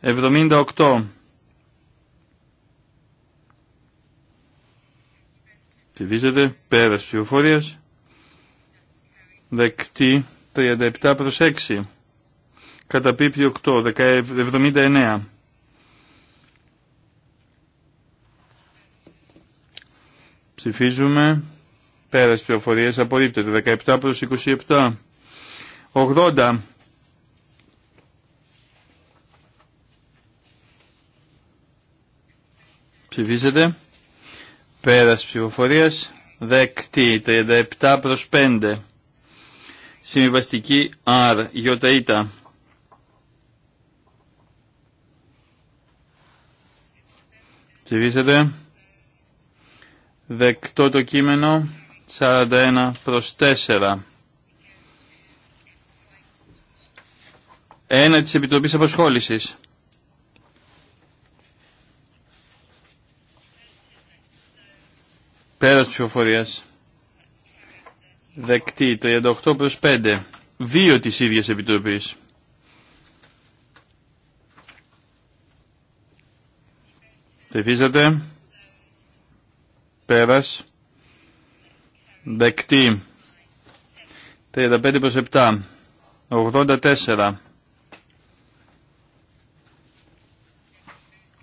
78. Ψηφίζετε. Πέρας ψηφοφορίας. Δεκτή. 37 προς 6. Καταπίπτει 8. 79. Ψηφίζουμε. Πέρας πληροφορίες απορρίπτεται. 17 προ 27. 80. Ψηφίσετε. Πέρας ψηφοφορίας δεκτή. 37 προ 5. Συμβιβαστική R. Ιωταΐτα. Ψηφίσετε. Δεκτό το κείμενο 41 προς 4. Ένα της Επιτροπής Αποσχόλησης. Πέρα της ψηφοφορίας. Δεκτή 38 προς 5. Δύο της ίδιας Επιτροπής. Ψηφίσατε. Πέρας. Δεκτή. 35 προς 7. 84.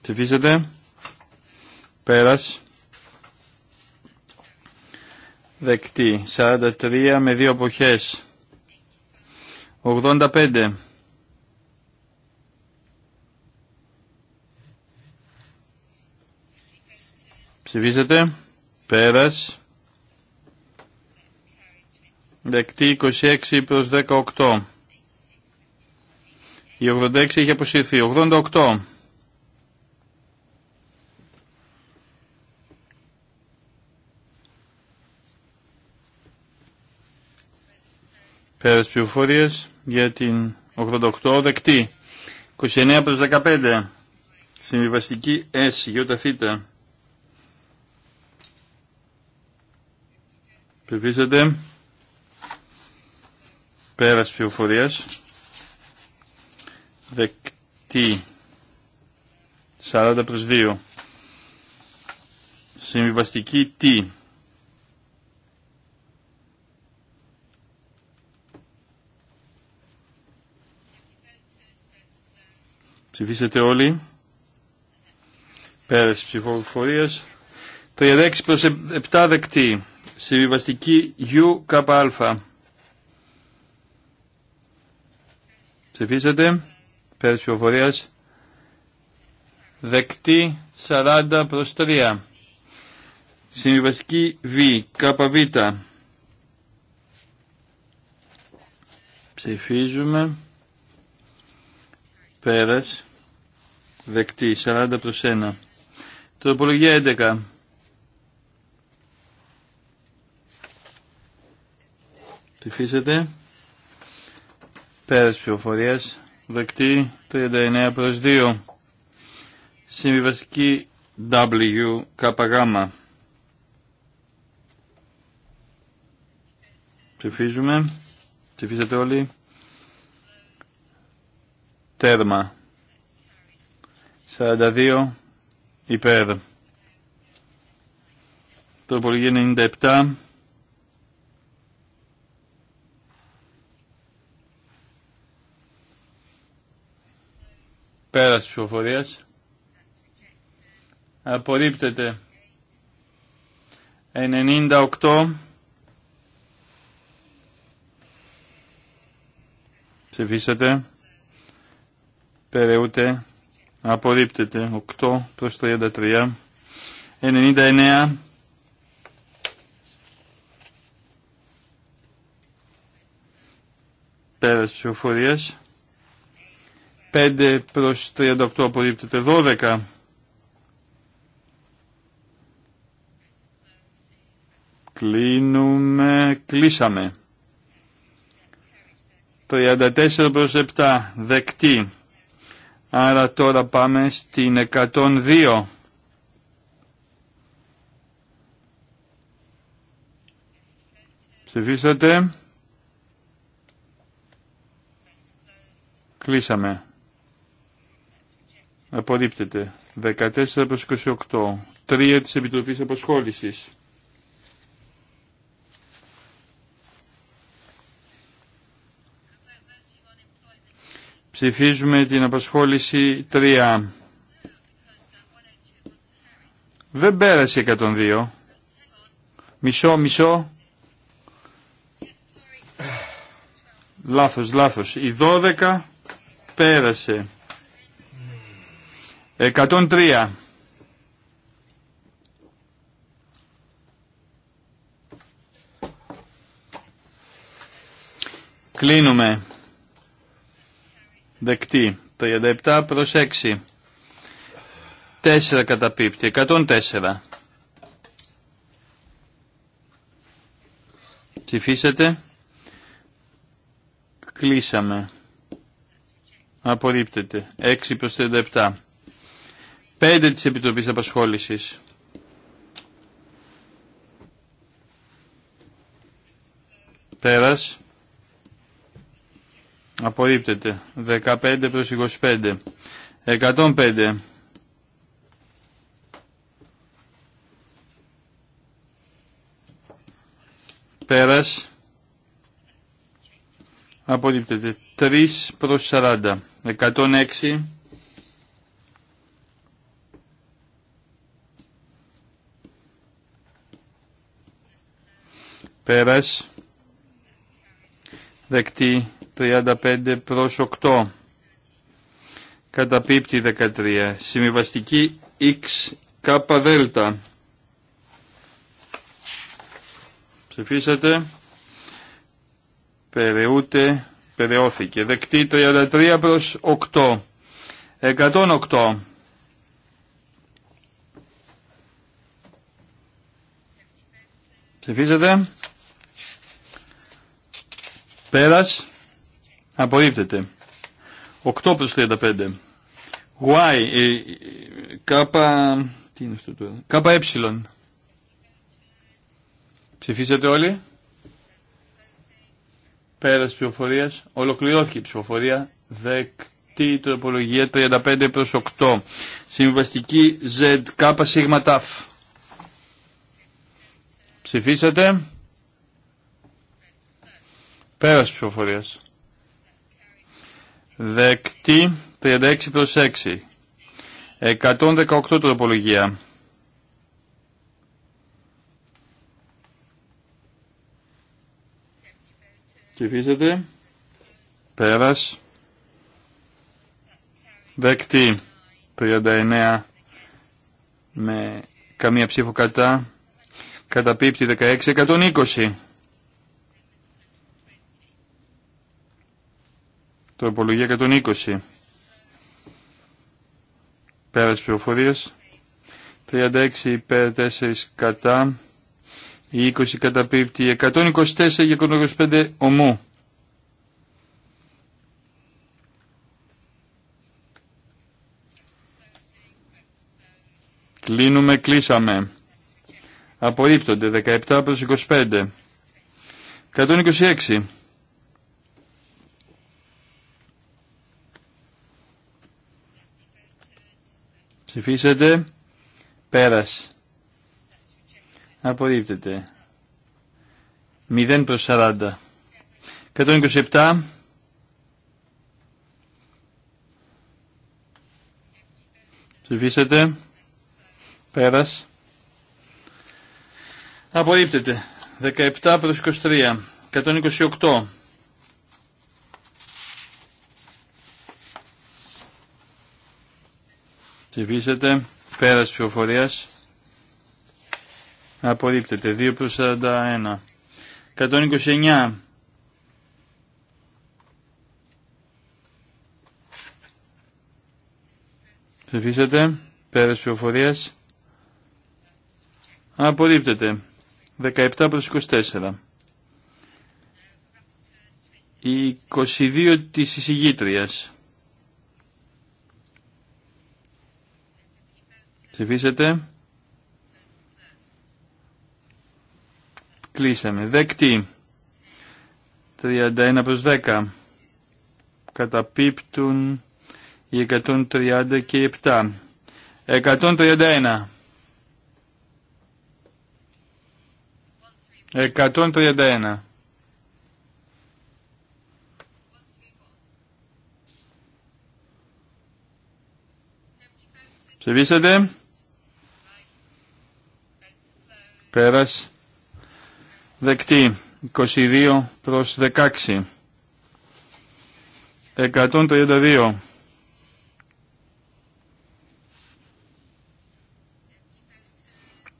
Ψηφίσετε. Πέρας. Δεκτή. 43 με 2 αποχές. 85. Ψηφίσετε. Πέρας. Δεκτή 26 προς 18. Η 86 έχει αποσυρθεί. 88. Πέρας πληροφορίες για την 88 δεκτή. 29 προς 15. Συμβιβαστική S, γιώτα θήτα. Ψηφίσετε Πέρας ψηφοφορίας. Δεκτή. 40 προς 2. Συμβιβαστική τι. Ψηφίσετε όλοι. Πέρας ψηφοφορίας. 36 προς 7 δεκτή. Συμβιβαστική UKα. Ψηφίσατε. Πέρας πληροφορία. Δεκτή 40 προς 3. Συμβιβαστική Β, ΚΒ. Ψηφίζουμε. Πέρας. Δεκτή 40 προς 1. Τροπολογία 11. Ψηφίσετε. Πέρας ψηφοφορίας. Δεκτή 39 προς 2. Συμβιβαστική W Γ. Ψηφίζουμε. Ψηφίσατε όλοι. Τέρμα. 42 υπέρ. Τροπολογία 97 Πέρας ψηφοφορίας. Απορρίπτεται. 98. Ψηφίσατε. Περαιούται. Απορρίπτεται. 8 προς 33. 99. Πέρας ψηφοφορία. 5 προς 38 απορρίπτεται. 12 Κλείνουμε, κλείσαμε. 34 προς 7, δεκτή. Άρα τώρα πάμε στην 102. Ψηφίσατε. Κλείσαμε. Απορρίπτεται. 14 προς 28. 3 της Επιτροπής Αποσχόλησης. Ψηφίζουμε την απασχόληση 3. Δεν πέρασε 102. Μισό, μισό. Λάθος, λάθος. Η 12 πέρασε. 103. Κλείνουμε. Δεκτή. 37 προς 6. 4 καταπίπτει. 104. Ψηφίσετε. Κλείσαμε. Απορρίπτεται. 6 προς 37. 5 της Επιτροπής Απασχόλησης. Πέρας. Απορρίπτεται. 15 προς 25. 105. Πέρας. Απορρίπτεται. 3 προς 40. 106. Πέρας. Δεκτή 35 προς 8. Καταπίπτει 13. Συμβιβαστική X δέλτα. Ψηφίσατε. Περαιούται. Περαιώθηκε. Δεκτή 33 προς 8. 108. Ψηφίσατε. Πέρας. Απορρίπτεται. 8 προς 35. Y, ε, ε, κάπα, τι είναι αυτό τώρα, κάπα ε. Ψηφίσατε όλοι. Πέρας ψηφοφορίας. Ολοκληρώθηκε η ψηφοφορία. Δεκτή τροπολογία 35 προς 8. Συμβαστική Z, κάπα σίγμα ταφ. Ψηφίσατε. Πέρας ψηφοφορίας. Δεκτή 36 προς 6. 118 τροπολογία. Ψηφίσατε. Πέρας. Δεκτή 39 με καμία ψήφο κατά. Καταπίπτει 16. 120. Το Απολογία 120. Πέρας πληροφορίας. 36 υπέρ 4 κατά. 20 καταπίπτει. 124 για 125 ομού. Κλείνουμε, κλείσαμε. Απορρίπτονται 17 προς 25. 126. Ψηφίσετε. Πέρας. Απορρίπτεται. 0 προς 40. 127. Ψηφίσετε. Πέρας. Απορρίπτεται. 17 προς 23. 128. Ψηφίσετε. Πέρας πληροφορίας. Απορρίπτεται. 2 προς 41. 129. Ψηφίσετε. Πέρας πληροφορίας. Απορρίπτεται. 17 προς 24. 22 της εισηγήτριας. Ψηφίσετε. Κλείσαμε. Δεκτή. 31 προς 10. Καταπίπτουν οι 130 και 7. 131. 131. Ψηφίσατε. Πέρας. Δεκτή. 22 προς 16. 132.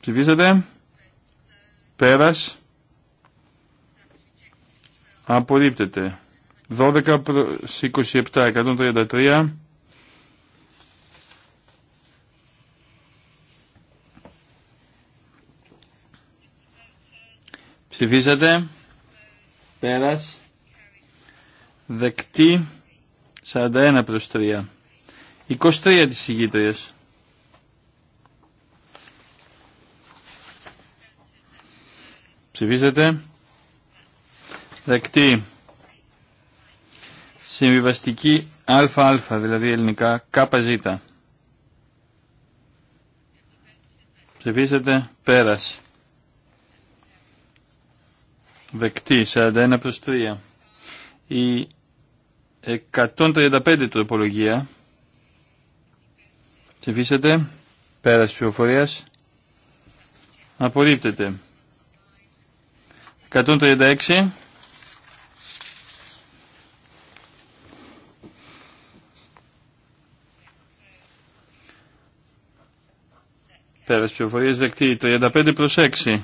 Ψηφίσατε. Πέρας. Απορρίπτεται. 12 προς 27. 133. Ψηφίσατε. Πέρας. Δεκτή. 41 προς 3. 23 της ηγήτριας. Ψηφίσατε. Δεκτή. Συμβιβαστική αλφα-αλφα, δηλαδή ελληνικά ΚΖ. Ψηφίσατε. Πέρας. Δεκτή 41 προς 3. Η 135 τροπολογία. Ψηφίσατε. Πέρας πληροφορίας. Απορρίπτεται. 136. Πέρας πληροφορίας δεκτή. 35 προς 6.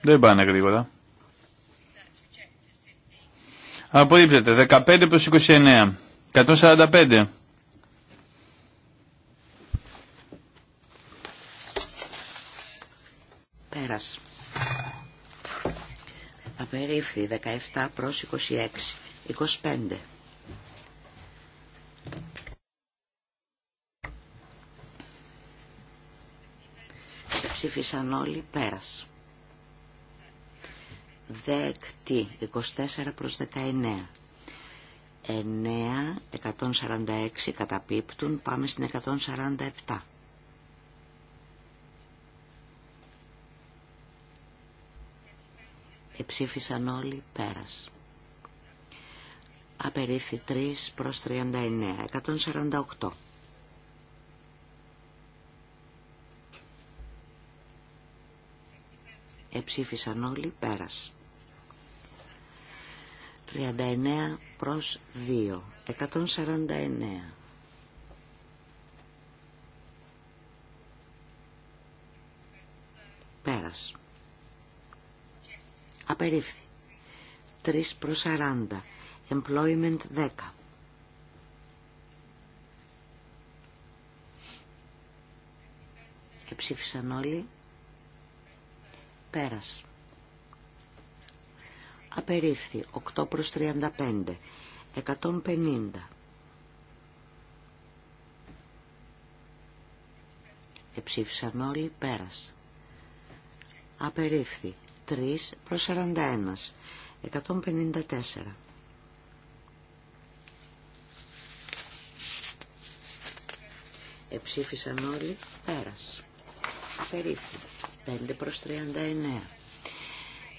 Δεν πάνε γρήγορα. Απορρίπτεται. 15 προς 29. 145.
Πέρας. Απερίφθη 17 προς 26. 25. Ψήφισαν όλοι πέρας δεκτή 24 προς 19 9 146 καταπίπτουν πάμε στην 147 Εψήφισαν όλοι πέρας. Απερίφθη 3 προς 39. 148. Εψήφισαν όλοι πέρας. 39 προς 2. 149. Πέρας. Απερίφθη. 3 προς 40. Employment 10. Και ψήφισαν όλοι. Πέρας. Απερίφθη 8 προς 35 150 Εψήφισαν όλοι πέρας Απερίφθη 3 προς 41 154 Εψήφισαν όλοι πέρας Απερίφθη 5 προς 39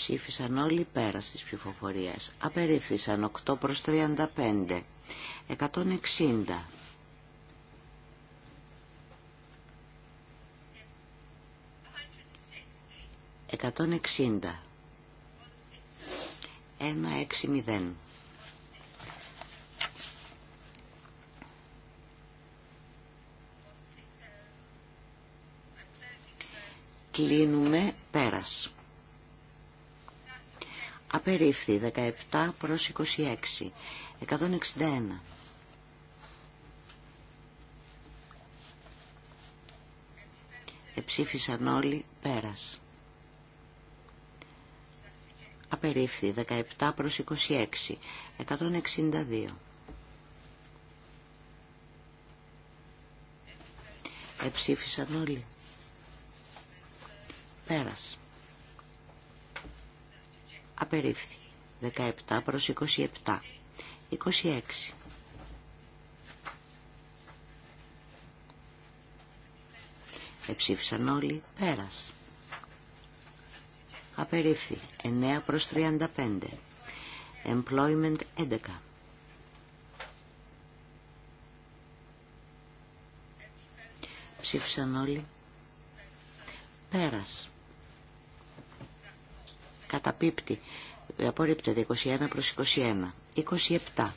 Ψήφισαν όλοι πέρα στις ψηφοφορίες. Απερίφθησαν 8 προς 35. 160. Εκατόν εξήντα. Ένα έξι Κλείνουμε πέρας. Απερίφθη 17 προς 26. 161. Εψήφισαν όλοι πέρας. Απερίφθη 17 προς 26. 162. Εψήφισαν όλοι. Πέρας. Απερίφθη. 17 προς 27. 26. Εψήφισαν όλοι. Πέρας. Απερίφθη. 9 προς 35. Employment 11. Ψήφισαν όλοι. Πέρας. Καταπίπτει. Απορρίπτεται. 21 προς 21. 27.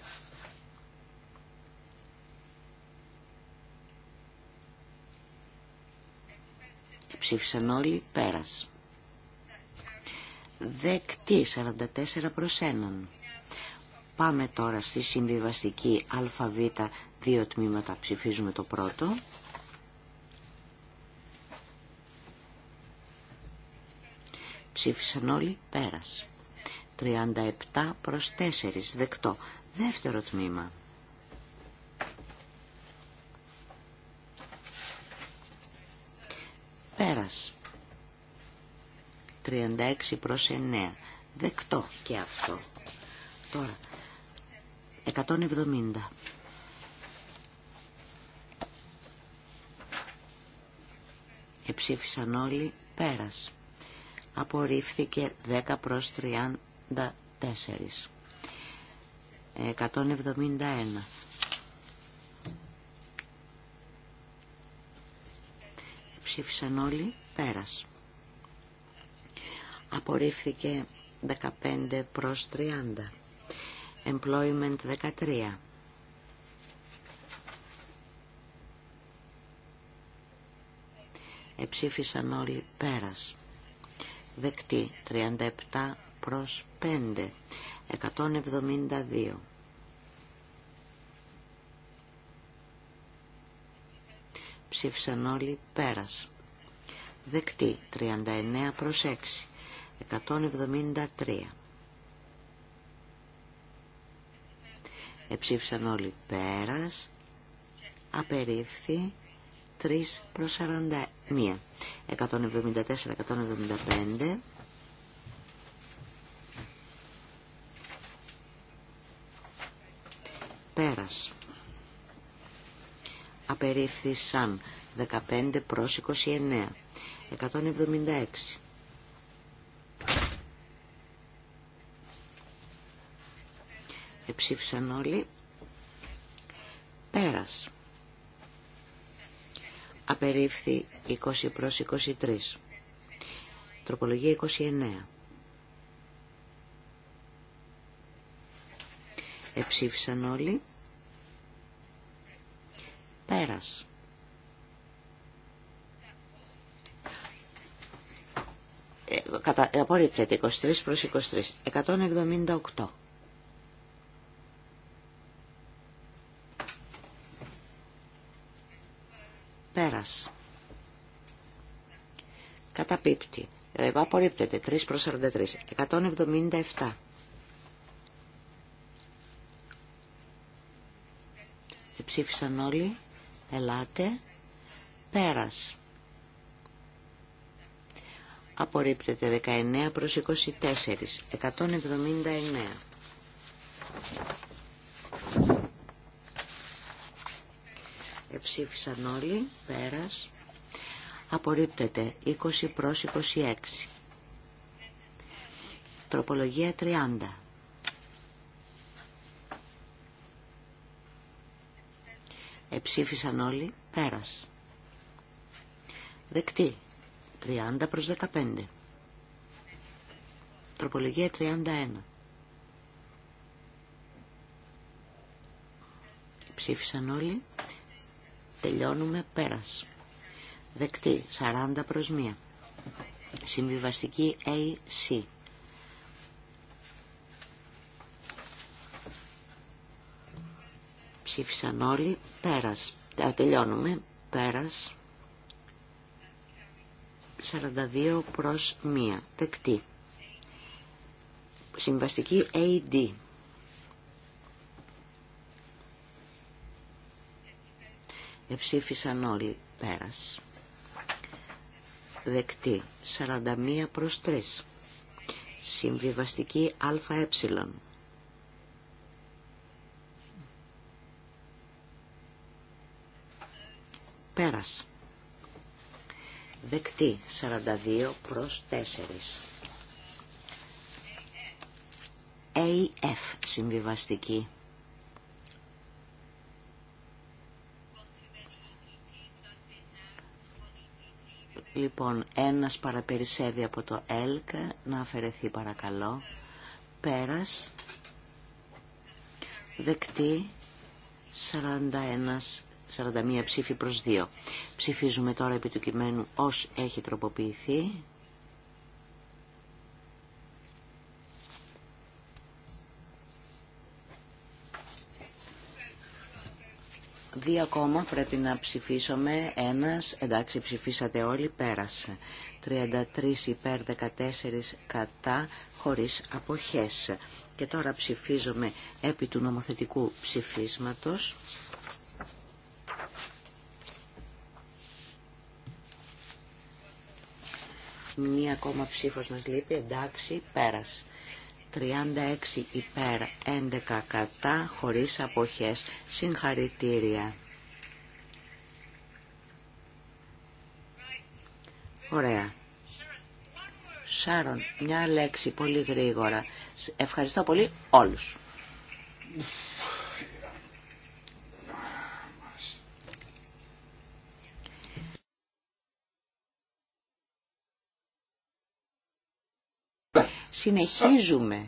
Ψήφισαν όλοι πέρας. Δεκτή 44 προς 1. Πάμε τώρα στη συμβιβαστική Αλφαβήτα. δύο τμήματα. Ψηφίζουμε το πρώτο. Ψήφισαν όλοι πέρας. 37 προς 4 δεκτό. Δεύτερο τμήμα. Πέρας. 36 προς 9. Δεκτό και αυτό. Τώρα. 170. Εψήφισαν όλοι πέρας απορρίφθηκε 10 προς 34. 171. Ψήφισαν όλοι, πέρας. Απορρίφθηκε 15 προς 30. Employment 13. Εψήφισαν όλοι πέρας δεκτή 37 προς 5 172 ψήφισαν όλοι πέρας δεκτή 39 προς 6 173 Εψήφισαν όλοι πέρας, απερίφθη 3 προς 41. 174-175. Πέρας. Απερίφθησαν 15 προς 29. 176. Εψήφισαν όλοι. Πέρας. Απερίφθη 20 προς 23. Τροπολογία 29. Εψήφισαν όλοι. Πέρας. Ε, κατα, απορρίπτεται 23 προς 23. 178. Πέρας. Καταπίπτει. Ε, απορρίπτεται. 3 προς 43. 177. ψήφισαν όλοι. Ελάτε. Πέρας. Απορρίπτεται 19 προς 24. 179. Εψήφισαν όλοι. Πέρας. Απορρίπτεται. 20 προς 26. Τροπολογία 30. Εψήφισαν όλοι. Πέρας. Δεκτή. 30 προς 15. Τροπολογία 31. Ψήφισαν όλοι. Τελειώνουμε πέρας. Δεκτή 40 προς 1. Συμβιβαστική AC. Ψήφισαν όλοι. Πέρας. τελειώνουμε. Πέρας. 42 προς 1. Δεκτή. Συμβαστική AD. Εψήφισαν όλοι. Πέρας. Δεκτή. 41 προς 3. Συμβιβαστική ΑΕ. Πέρας. Δεκτή. 42 προς 4. AF ε συμβιβαστική. Λοιπόν, ένας παραπερισσεύει από το ΕΛΚ, να αφαιρεθεί παρακαλώ. Πέρας, δεκτή, 41, 41 ψήφι προς 2. Ψηφίζουμε τώρα επί του κειμένου ως έχει τροποποιηθεί. Δύο ακόμα πρέπει να ψηφίσουμε. Ένας, εντάξει ψηφίσατε όλοι, πέρασε. 33 υπέρ 14 κατά χωρίς αποχές. Και τώρα ψηφίζουμε επί του νομοθετικού ψηφίσματος. Μία ακόμα ψήφος μας λείπει, εντάξει, πέρασε. 36 υπέρ 11 κατά χωρίς αποχές. Συγχαρητήρια. Ωραία. Σάρον, μια λέξη πολύ γρήγορα. Ευχαριστώ πολύ όλους. Συνεχίζουμε.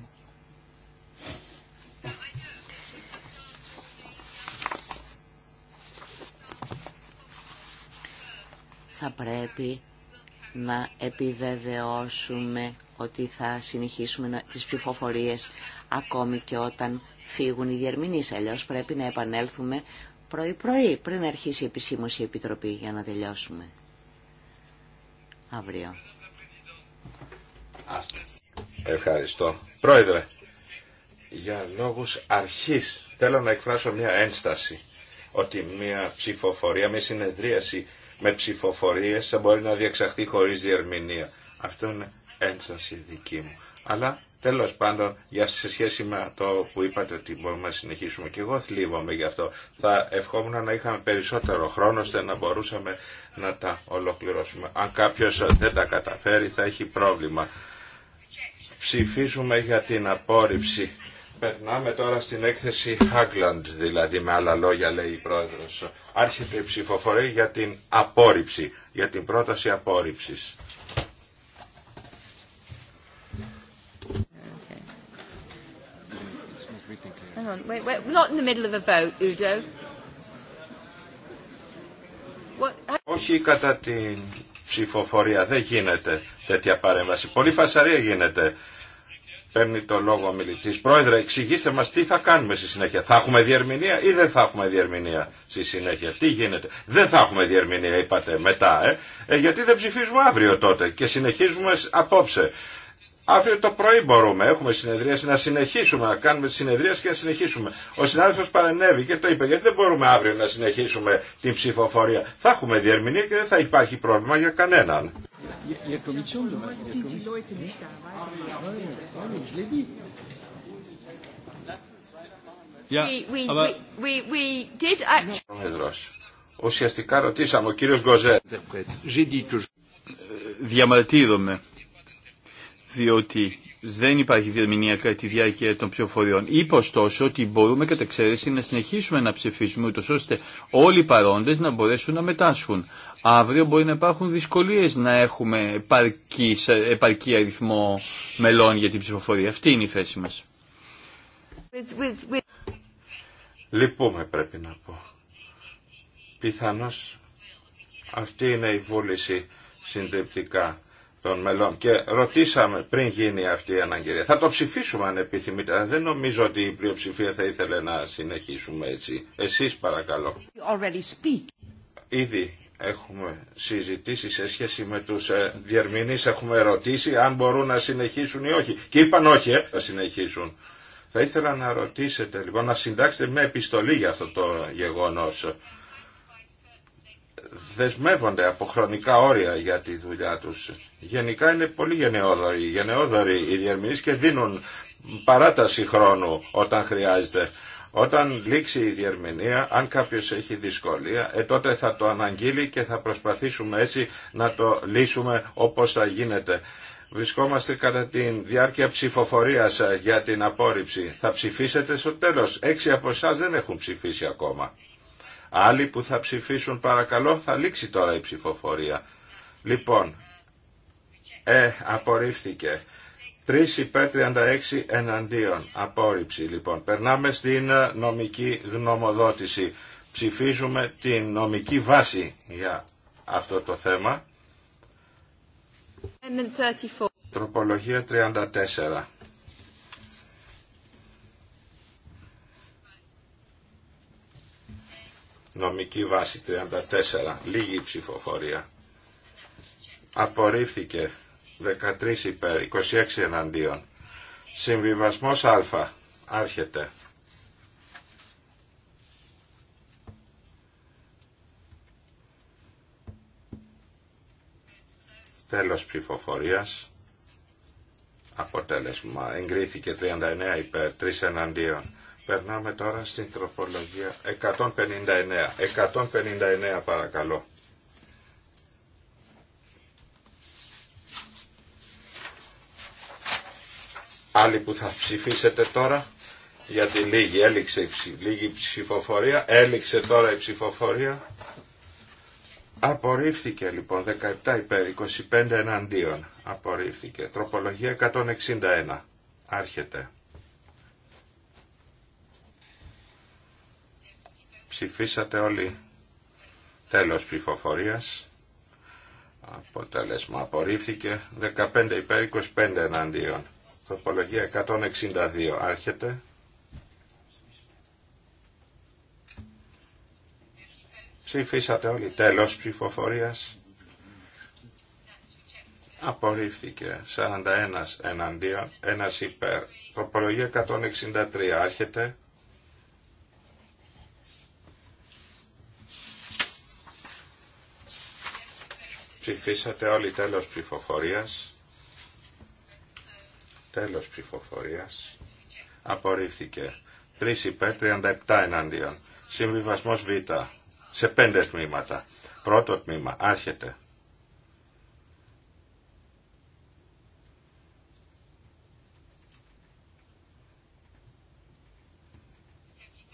Θα πρέπει να επιβεβαιώσουμε ότι θα συνεχίσουμε τις ψηφοφορίες ακόμη και όταν φύγουν οι διερμηνείς. Αλλιώς πρέπει να επανέλθουμε πρωί-πρωί πριν αρχίσει η επισήμωση Επιτροπή για να τελειώσουμε. Αύριο.
Ευχαριστώ. Πρόεδρε, για λόγους αρχής θέλω να εκφράσω μια ένσταση ότι μια ψηφοφορία, μια συνεδρίαση με ψηφοφορίες θα μπορεί να διεξαχθεί χωρίς διερμηνία. Αυτό είναι ένσταση δική μου. Αλλά τέλος πάντων, για σε σχέση με το που είπατε ότι μπορούμε να συνεχίσουμε και εγώ θλίβομαι γι' αυτό. Θα ευχόμουν να είχαμε περισσότερο χρόνο ώστε να μπορούσαμε να τα ολοκληρώσουμε. Αν κάποιος δεν τα καταφέρει θα έχει πρόβλημα. Ψηφίζουμε για την απόρριψη. Περνάμε τώρα στην έκθεση Hagland, δηλαδή με άλλα λόγια λέει η πρόεδρος. Άρχεται η ψηφοφορία για την απόρριψη, για την πρόταση απόρριψης. Όχι κατά την ψηφοφορία, δεν γίνεται τέτοια παρέμβαση. Πολύ φασαρία γίνεται παίρνει το λόγο ο μιλητή. Πρόεδρε, εξηγήστε μας τι θα κάνουμε στη συνέχεια. Θα έχουμε διερμηνία ή δεν θα έχουμε διερμηνία στη συνέχεια. Τι γίνεται. Δεν θα έχουμε διερμηνία είπατε μετά. Ε. Ε, γιατί δεν ψηφίζουμε αύριο τότε και συνεχίζουμε απόψε. Αύριο το πρωί μπορούμε, έχουμε συνεδρίαση, να συνεχίσουμε, να κάνουμε συνεδρίαση και να συνεχίσουμε. Ο συνάδελφος παρενέβη και το είπε, γιατί δεν μπορούμε αύριο να συνεχίσουμε την ψηφοφορία. Θα έχουμε διερμηνία και δεν θα υπάρχει πρόβλημα για κανέναν. Ουσιαστικά ρωτήσαμε, ο κύριος Γκοζέ. Διαμαρτύρομαι
διότι δεν υπάρχει διερμηνία κατά τη διάρκεια των ψηφοφοριών. Είπα ωστόσο ότι μπορούμε κατά εξαίρεση να συνεχίσουμε να ψηφίσουμε, ούτως ώστε όλοι οι παρόντες να μπορέσουν να μετάσχουν. Αύριο μπορεί να υπάρχουν δυσκολίες να έχουμε επαρκή, επαρκή αριθμό μελών για την ψηφοφορία. Αυτή είναι η θέση μας.
Λυπούμε
λοιπόν, πρέπει να πω. Πιθανώς αυτή είναι η βούληση συντριπτικά των μελών και ρωτήσαμε πριν γίνει αυτή η αναγκαιρία. Θα το ψηφίσουμε αν επιθυμείτε, αλλά δεν νομίζω ότι η πλειοψηφία θα ήθελε να συνεχίσουμε έτσι. Εσείς παρακαλώ. Ήδη έχουμε συζητήσει σε σχέση με τους ε, διερμηνείς, έχουμε ρωτήσει αν μπορούν να συνεχίσουν ή όχι. Και είπαν όχι, ε, θα συνεχίσουν. Θα ήθελα να ρωτήσετε λοιπόν, να συντάξετε μια επιστολή για αυτό το γεγονός δεσμεύονται από χρονικά όρια για τη δουλειά τους Γενικά είναι πολύ γενναιόδοροι, γενναιόδοροι οι διερμηνείς και δίνουν παράταση χρόνου όταν χρειάζεται. Όταν λήξει η διερμηνία, αν κάποιος έχει δυσκολία, ε, τότε θα το αναγγείλει και θα προσπαθήσουμε έτσι να το λύσουμε όπως θα γίνεται. Βρισκόμαστε κατά τη διάρκεια ψηφοφορίας ε, για την απόρριψη. Θα ψηφίσετε στο τέλος. Έξι από εσά δεν έχουν ψηφίσει ακόμα. Άλλοι που θα ψηφίσουν παρακαλώ θα λήξει τώρα η ψηφοφορία. Λοιπόν, ε, απορρίφθηκε. 3 υπέρ 36 εναντίον. Απόρριψη λοιπόν. Περνάμε στην ε, νομική γνωμοδότηση. Ψηφίζουμε την νομική βάση για αυτό το θέμα. Τροπολογία 34. Νομική βάση 34. Λίγη ψηφοφορία. Απορρίφθηκε. 13 υπέρ, 26 εναντίον. Συμβιβασμός α, άρχεται. Τέλος ψηφοφορίας. Αποτέλεσμα. Εγκρίθηκε 39 υπέρ, 3 εναντίον. Περνάμε τώρα στην τροπολογία 159. 159 παρακαλώ. Άλλοι που θα ψηφίσετε τώρα για τη λίγη, έληξε λίγη ψηφοφορία, έληξε τώρα η ψηφοφορία. Απορρίφθηκε λοιπόν 17 υπέρ 25 εναντίον. Απορρίφθηκε. Τροπολογία 161. Άρχεται. Ψηφίσατε όλοι. Τέλος ψηφοφορίας. Αποτέλεσμα απορρίφθηκε 15 υπέρ 25 εναντίον. Τροπολογία 162. Άρχεται. Ψηφίσατε όλοι. Τέλος ψηφοφορίας. Απορρίφθηκε. 41 εναντίον, 1 υπέρ. Τροπολογία 163. Άρχεται. Ψηφίσατε όλοι τέλος ψηφοφορίας. Τέλος ψηφοφορίας. Απορρίφθηκε. 3 υπέρ, 37 εναντίον. Συμβιβασμός Β. Σε πέντε τμήματα. Πρώτο τμήμα. Άρχεται.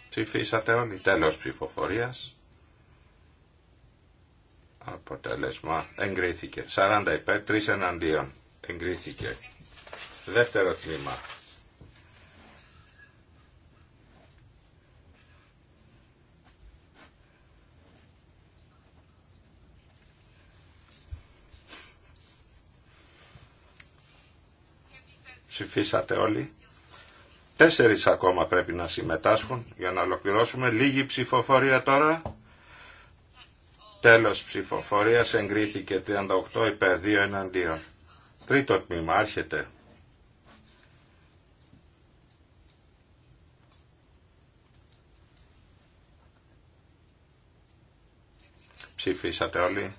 Ψηφίσατε όλοι. Τέλος ψηφοφορίας. Αποτέλεσμα. Εγκρίθηκε. 40 υπέρ, 3 εναντίον. Εγκρίθηκε. Δεύτερο τμήμα. Ψηφίσατε όλοι. Τέσσερις ακόμα πρέπει να συμμετάσχουν για να ολοκληρώσουμε. Λίγη ψηφοφορία τώρα. Τέλος ψηφοφορίας εγκρίθηκε 38 υπέρ 2 εναντίον. Τρίτο τμήμα άρχεται. Ψηφίσατε όλοι.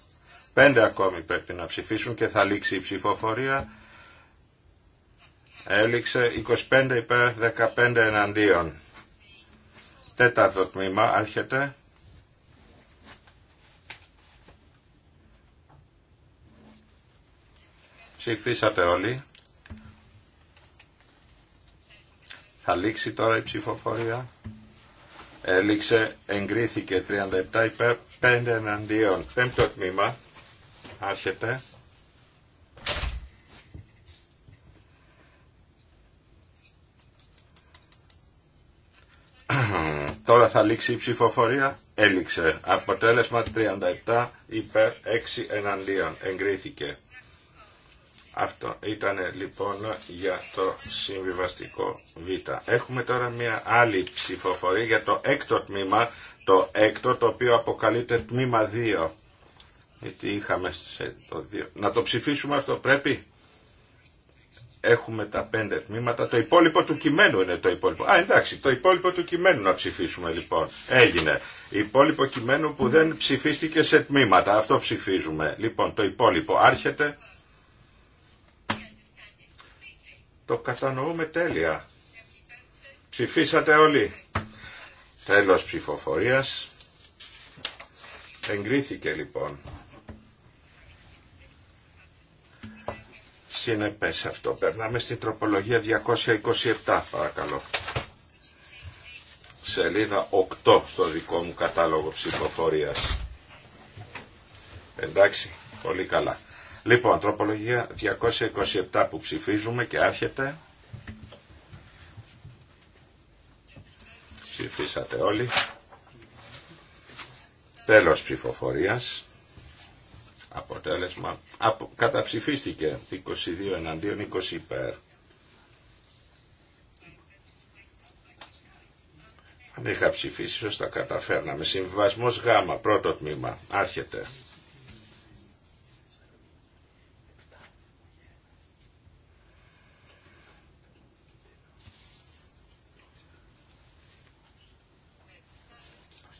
Πέντε ακόμη πρέπει να ψηφίσουν και θα λήξει η ψηφοφορία. Έληξε 25 υπέρ 15 εναντίον. Τέταρτο τμήμα άρχεται. Ψηφίσατε όλοι. Θα λήξει τώρα η ψηφοφορία. Έληξε, εγκρίθηκε 37 υπέρ 5 εναντίον. Πέμπτο τμήμα. Άρχεται. Τώρα θα λήξει η ψηφοφορία. Έληξε. Αποτέλεσμα 37 υπέρ 6 εναντίον. Εγκρίθηκε. Αυτό ήταν λοιπόν για το συμβιβαστικό Β. Έχουμε τώρα μια άλλη ψηφοφορία για το έκτο τμήμα το έκτο το οποίο αποκαλείται τμήμα 2 γιατί είχαμε σε το 2 να το ψηφίσουμε αυτό πρέπει έχουμε τα πέντε τμήματα το υπόλοιπο του κειμένου είναι το υπόλοιπο α εντάξει το υπόλοιπο του κειμένου να ψηφίσουμε λοιπόν έγινε υπόλοιπο κειμένου που δεν ψηφίστηκε σε τμήματα αυτό ψηφίζουμε λοιπόν το υπόλοιπο άρχεται το κατανοούμε τέλεια ψηφίσατε όλοι Τέλος ψηφοφορίας. Εγκρίθηκε λοιπόν. Συνεπές αυτό. Περνάμε στην τροπολογία 227 παρακαλώ. Σελίδα 8 στο δικό μου κατάλογο ψηφοφορίας. Εντάξει, πολύ καλά. Λοιπόν, τροπολογία 227 που ψηφίζουμε και άρχεται. Ψηφίσατε όλοι. Τέλος ψηφοφορίας. Αποτέλεσμα. Απο... Καταψηφίστηκε 22 εναντίον 20 υπέρ. Αν είχα ψηφίσει, σωστά καταφέρναμε. Συμβασμός γάμα πρώτο τμήμα. Άρχεται.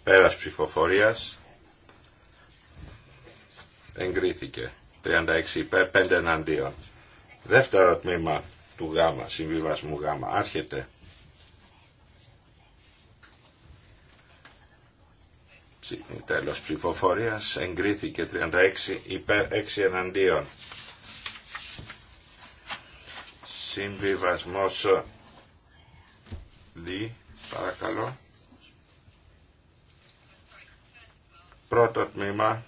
Πέρας ψηφοφορίας. Εγκρίθηκε. 36 υπέρ, 5 εναντίον. Δεύτερο τμήμα του γάμα, συμβιβασμού γάμα. Άρχεται. Τέλος ψηφοφορίας εγκρίθηκε 36 υπέρ 6 εναντίον. Συμβιβασμός Λι, παρακαλώ. Πρώτο τμήμα.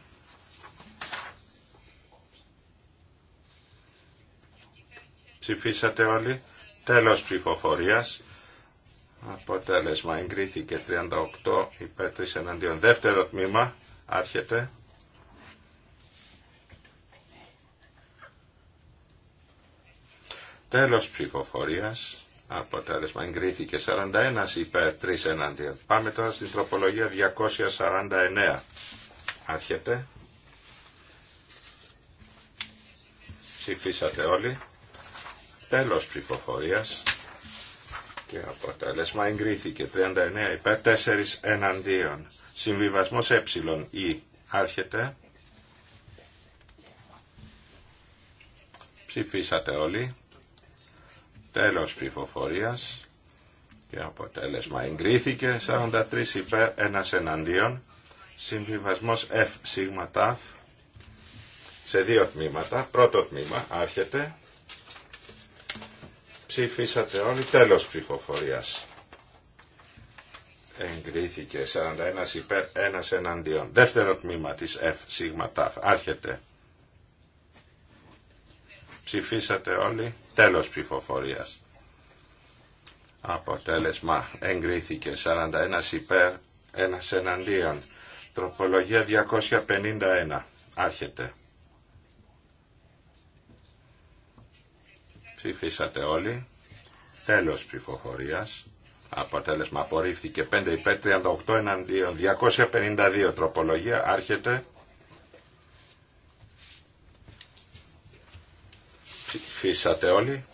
Ψηφίσατε όλοι. Τέλος ψηφοφορίας. Αποτέλεσμα εγκρίθηκε 38 υπέρ 3 εναντίον. Δεύτερο τμήμα. Άρχεται. Τέλος ψηφοφορίας. Αποτέλεσμα εγκρίθηκε. 41 υπέρ, 3 εναντίον. Πάμε τώρα στην τροπολογία 249. Άρχεται. Ψηφίσατε όλοι. Τέλος ψηφοφορίας. Και αποτέλεσμα εγκρίθηκε. 39 υπέρ, 4 εναντίον. Συμβιβασμός ε ή άρχεται. Ψηφίσατε όλοι. Τέλος ψηφοφορίας και αποτέλεσμα εγκρίθηκε 43 υπέρ 1 εναντίον συμβιβασμός F σίγμα ταφ σε δύο τμήματα πρώτο τμήμα άρχεται ψηφίσατε όλοι τέλος ψηφοφορίας εγκρίθηκε 41 υπέρ 1 εναντίον δεύτερο τμήμα της F σίγμα ταφ άρχεται Ψηφίσατε όλοι. Τέλος ψηφοφορίας. Αποτέλεσμα εγκρίθηκε 41 υπέρ, 1 εναντίον. Τροπολογία 251. Άρχεται. Ψηφίσατε όλοι. Τέλος ψηφοφορίας. Αποτέλεσμα απορρίφθηκε 5 υπέρ 38 εναντίον. 252 τροπολογία άρχεται. Ψηφίσατε όλοι.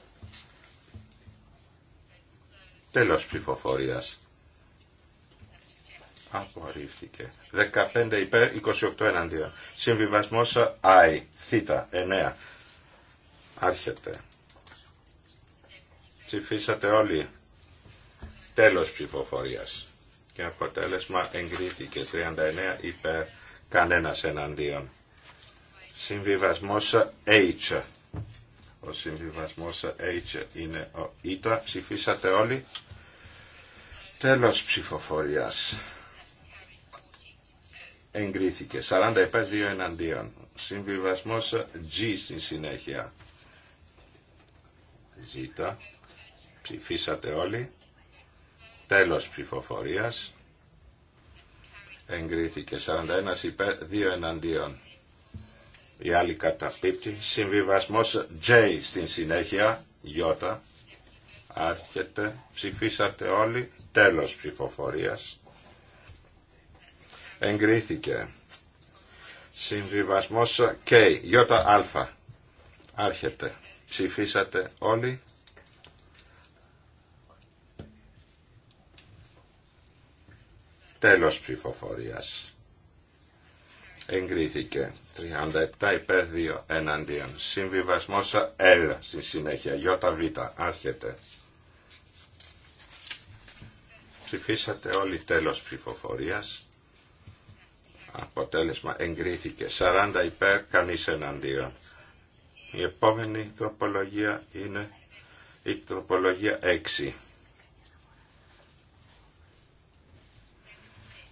Τέλος ψηφοφορίας. Απορρίφθηκε. 15 υπέρ, 28 εναντίον. Συμβιβασμός I, θ, 9. Άρχεται. Ψηφίσατε όλοι. Τέλος ψηφοφορίας. Και αποτέλεσμα εγκρίθηκε. 39 υπέρ, κανένας εναντίον. Συμβιβασμός H, ο συμβιβασμός H είναι ο ΙΤΑ. Ψηφίσατε όλοι. Τέλος ψηφοφορίας. Εγκρίθηκε. 40 υπέρ 2 εναντίον. Συμβιβασμός G στη συνέχεια. Ζ. Ψηφίσατε όλοι. Τέλος ψηφοφορίας. Εγκρίθηκε. 41 υπέρ 2 εναντίον η άλλη καταπίπτει. Συμβιβασμός J στην συνέχεια, J, άρχεται, ψηφίσατε όλοι, τέλος ψηφοφορίας. Εγκρίθηκε. Συμβιβασμός K, J, α, άρχεται, ψηφίσατε όλοι, τέλος ψηφοφορίας. Εγκρίθηκε. 37 υπέρ 2 εναντίον. Συμβιβασμός L στη συνέχεια. ΙΒ άρχεται. Ψηφίσατε όλοι τέλος ψηφοφορίας. Αποτέλεσμα εγκρίθηκε. 40 υπέρ κανείς εναντίον. Η επόμενη τροπολογία είναι η τροπολογία 6.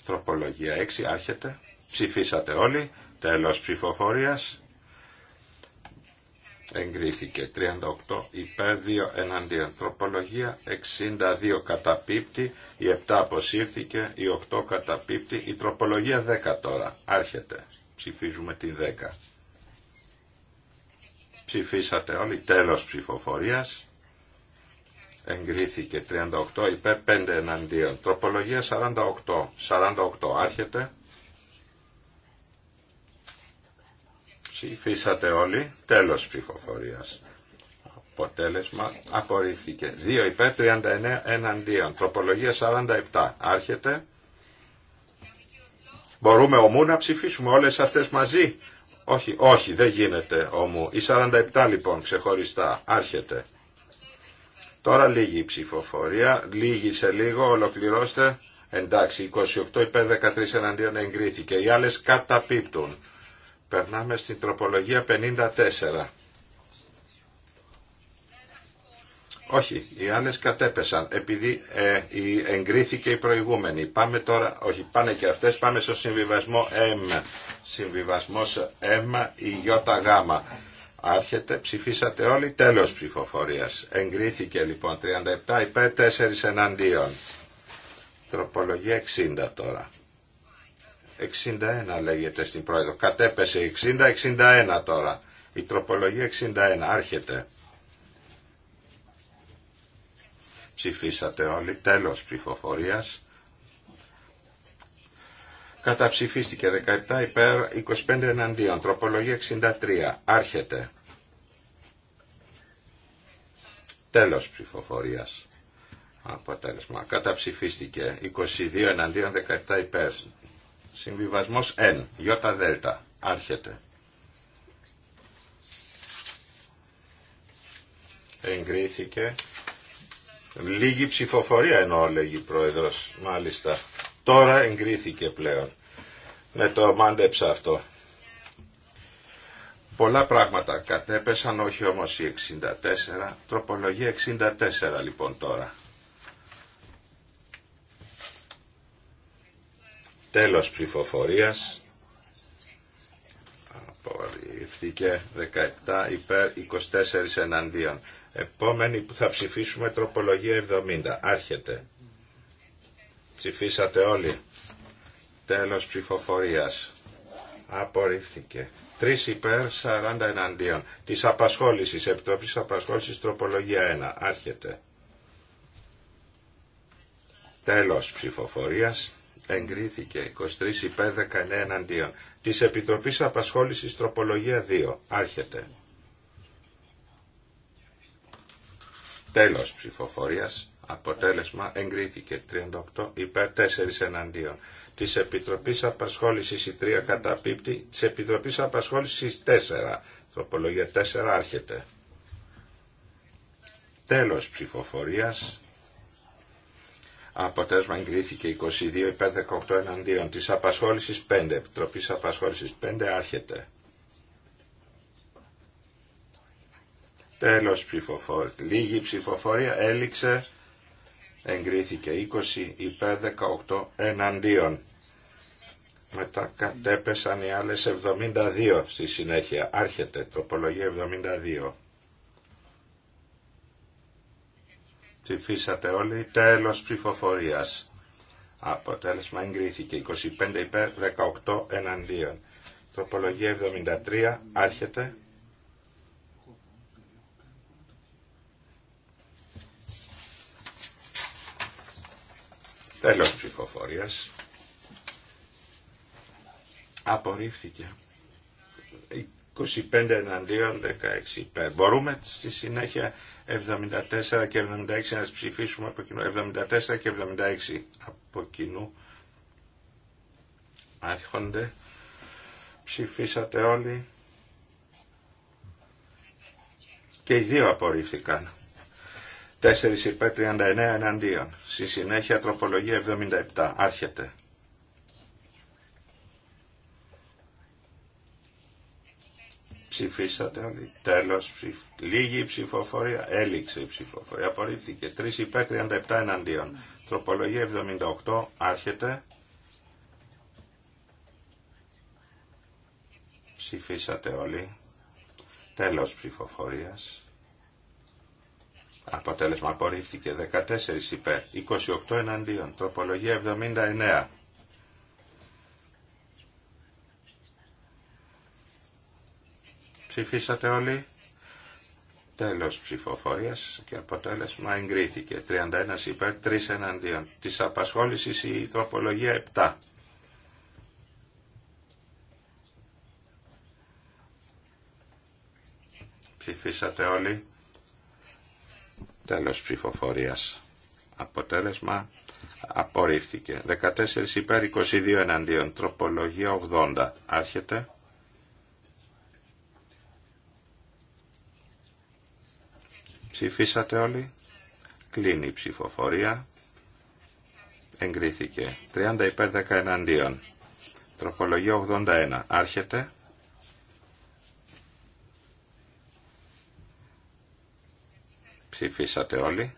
Τροπολογία 6 άρχεται. Ψηφίσατε όλοι. Τέλος ψηφοφορίας. Εγκρίθηκε 38 υπέρ 2 εναντίον. Τροπολογία 62 καταπίπτει, η 7 αποσύρθηκε, η 8 καταπίπτει, η τροπολογία 10 τώρα. Άρχεται. Ψηφίζουμε την 10. Ψηφίσατε όλοι. Τέλος ψηφοφορίας. Εγκρίθηκε 38 υπέρ 5 εναντίον. Τροπολογία 48. 48 άρχεται. Ψηφίσατε όλοι. Τέλος ψηφοφορίας. Αποτέλεσμα απορρίφθηκε. 2 υπέρ 39 εναντίον. Τροπολογία 47. Άρχεται. Μπορούμε ομού να ψηφίσουμε όλες αυτές μαζί. Όχι, όχι, δεν γίνεται ομού. Η 47 λοιπόν ξεχωριστά. Άρχεται. Τώρα λίγη ψηφοφορία. Λίγη σε λίγο. Ολοκληρώστε. Εντάξει, 28 υπέρ 13 εναντίον εγκρίθηκε. Οι άλλες καταπίπτουν. Περνάμε στην τροπολογία 54. Όχι, οι άλλες κατέπεσαν επειδή ε, εγκρίθηκε η προηγούμενη. Πάμε τώρα, όχι πάνε και αυτές, πάμε στο συμβιβασμό M. Συμβιβασμός M ή ΙΓ. Άρχεται, ψηφίσατε όλοι, τέλος ψηφοφορίας. Εγκρίθηκε λοιπόν 37 υπέρ 4 εναντίον. Τροπολογία 60 τώρα. 61 λέγεται στην πρόεδρο. Κατέπεσε 60, 61 τώρα. Η τροπολογία 61 άρχεται. Ψηφίσατε όλοι. Τέλος ψηφοφορίας. Καταψηφίστηκε 17 υπέρ 25 εναντίον. Τροπολογία 63. Άρχεται. Τέλος ψηφοφορίας. Αποτέλεσμα. Καταψηφίστηκε 22 εναντίον 17 υπέρ. Συμβιβασμός N, δέλτα άρχεται. Εγκρίθηκε. Λίγη ψηφοφορία εννοώ, λέγει η Πρόεδρος, μάλιστα. Τώρα εγκρίθηκε πλέον. Ναι, το μάντεψα αυτό. Πολλά πράγματα κατέπεσαν, όχι όμως η 64. Τροπολογία 64 λοιπόν τώρα. Τέλος ψηφοφορίας. Απορριφθήκε 17 υπέρ 24 εναντίον. Επόμενη που θα ψηφίσουμε τροπολογία 70. Άρχεται. Ψηφίσατε όλοι. Τέλος ψηφοφορίας. Απορρίφθηκε. 3 υπέρ 40 εναντίον. Της απασχόλησης, Επιτροπής Απασχόλησης, τροπολογία 1. Άρχεται. Τέλος ψηφοφορίας εγκρίθηκε 23 υπέρ 19 εναντίον. Τη επιτροπή απασχόληση τροπολογία 2. Άρχεται. Τέλος ψηφοφορία. Αποτέλεσμα εγκρίθηκε 38 υπέρ 4 εναντίον. Τη επιτροπή απασχόληση η 3 καταπίπτει. τη επιτροπή απασχόληση 4. Τροπολογία 4 άρχεται. Τέλος ψηφοφορίας Αποτέλεσμα εγκρίθηκε 22 υπέρ 18 εναντίον της απασχόλησης 5, Επιτροπής Απασχόλησης 5 άρχεται. Τέλος ψηφοφορία. Λίγη ψηφοφορία έληξε, εγκρίθηκε 20 υπέρ 18 εναντίον. Μετά κατέπεσαν οι άλλες 72 στη συνέχεια. Άρχεται τροπολογία 72. Ψηφίσατε όλοι. Τέλος ψηφοφορίας. Αποτέλεσμα εγκρίθηκε. 25 υπέρ, 18 εναντίον. Τροπολογία 73. Άρχεται. Τέλος ψηφοφορίας. Απορρίφθηκε. 25 εναντίον 16 υπέρ. Μπορούμε στη συνέχεια 74 και 76 να ψηφίσουμε από κοινού. 74 και 76 από κοινού. Άρχονται. Ψηφίσατε όλοι. Και οι δύο απορρίφθηκαν. 4 υπέρ 39 εναντίον. Στη συνέχεια τροπολογία 77. Άρχεται. Ψηφίσατε όλοι. Τέλος. Ψηφ... Λίγη ψηφοφορία. Έληξε η ψηφοφορία. Απορρίφθηκε. 3 υπέρ 37 εναντίον. Τροπολογία 78. Άρχεται. Ψηφίσατε όλοι. Τέλος ψηφοφορίας. Αποτέλεσμα απορρίφθηκε 14 υπέρ, 28 εναντίον, τροπολογία 79. Ψηφίσατε όλοι. Τέλος ψηφοφορίας και αποτέλεσμα εγκρίθηκε. 31 υπέρ, 3 εναντίον. Της απασχόλησης η τροπολογία 7. Ψηφίσατε όλοι. Τέλος ψηφοφορίας. Αποτέλεσμα απορρίφθηκε. 14 υπέρ, 22 εναντίον. Τροπολογία 80. Άρχεται. Ψηφίσατε όλοι. Κλείνει η ψηφοφορία. Εγκρίθηκε. 30 υπέρ 10 εναντίον. Τροπολογία 81. Άρχεται. Ψηφίσατε όλοι.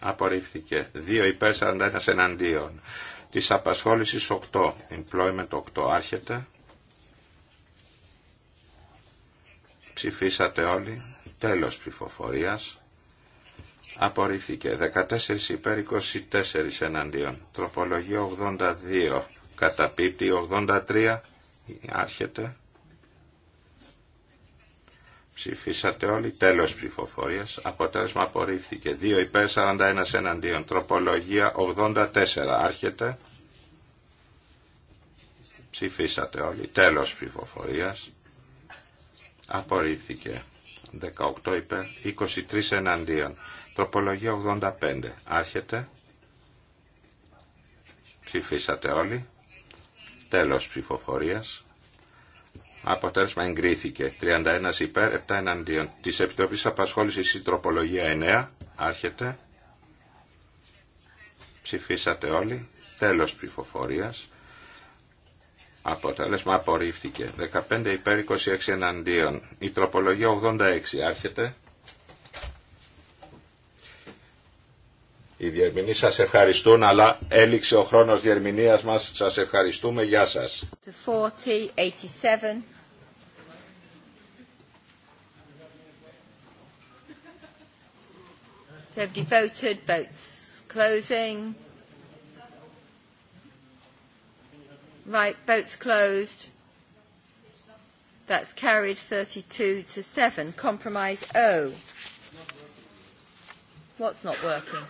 Απορρίφθηκε. 2 υπέρ 41 εναντίον. τη απασχόληση 8. Employment 8. Άρχεται. Ψηφίσατε όλοι. Τέλος ψηφοφορίας απορρίφθηκε 14 υπέρ 24 εναντίον τροπολογία 82 καταπίπτει 83 άρχεται ψηφίσατε όλοι τέλος ψηφοφορίας αποτέλεσμα απορρίφθηκε 2 υπέρ 41 εναντίον τροπολογία 84 άρχεται ψηφίσατε όλοι τέλος ψηφοφορίας απορρίφθηκε 18 υπέρ 23 εναντίον Τροπολογία 85. Άρχεται. Ψηφίσατε όλοι. Τέλος ψηφοφορίας. Αποτέλεσμα εγκρίθηκε. 31 υπέρ, 7 εναντίον. Της Επιτροπής Απασχόλησης η τροπολογία 9. Άρχεται. Ψηφίσατε όλοι. Τέλος ψηφοφορίας. Αποτέλεσμα απορρίφθηκε. 15 υπέρ, 26 εναντίον. Η τροπολογία 86. Άρχεται. Οι Διερμηνή. Σα ευχαριστούν, αλλά έληξε ο χρόνος διερμηνία μας. Σας ευχαριστούμε. Γεια σας.
voted? Votes closing. Right, votes closed. That's carried 32 to 7. Compromise O. What's not working?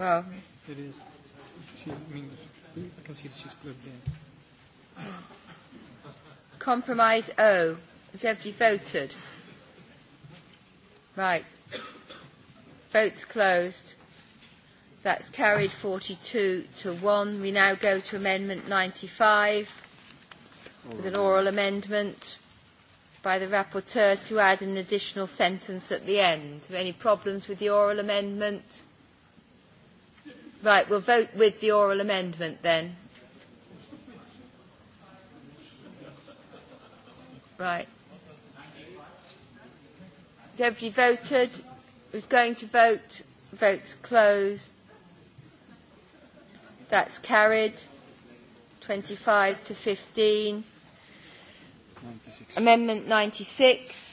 Well, it is. I mean, I can see that she's in.
Compromise O. Has everybody voted? Right. Votes closed. That's carried 42 to 1. We now go to Amendment 95 with an oral amendment by the rapporteur to add an additional sentence at the end. Any problems with the oral amendment? Right, we'll vote with the oral amendment then. Right. Has everybody voted? Who's going to vote? Votes closed. That's carried. 25 to 15. Amendment 96.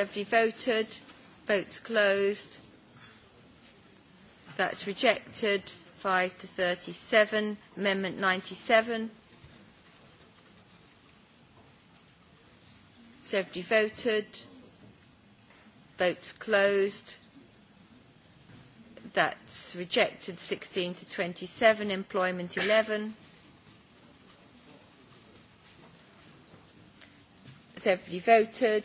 everybody voted? Votes closed. That's rejected. 5 to 37. Amendment 97. Everybody voted. Votes closed. That's rejected. 16 to 27. Employment 11. Has everybody voted?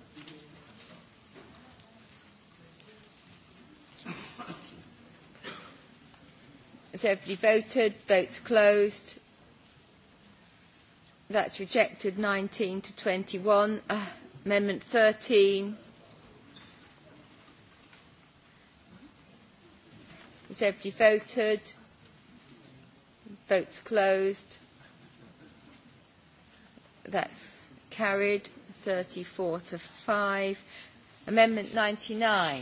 Has everybody voted? Votes closed. That's rejected. 19 to 21. Amendment 13. Has everybody voted? Votes closed. That's carried. 34 to 5. Amendment 99.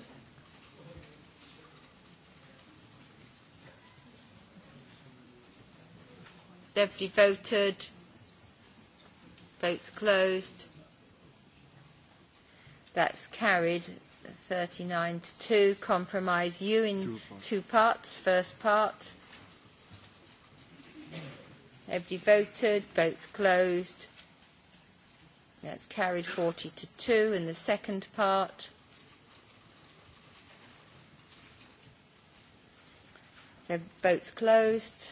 Deputy voted. Votes closed. That's carried 39 to 2. Compromise you in two parts. First part. Everybody voted. Votes closed. That's carried 40 to 2. In the second part. Votes closed.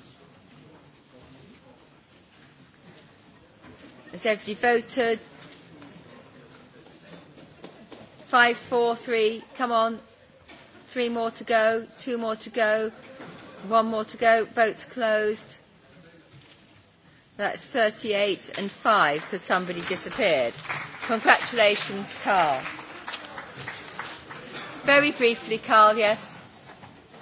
Has everybody voted? Five, four, three. Come on. Three more to go. Two more to go. One more to go. Votes closed. That's 38 and five because somebody disappeared. Congratulations, Carl. Very briefly, Carl, yes.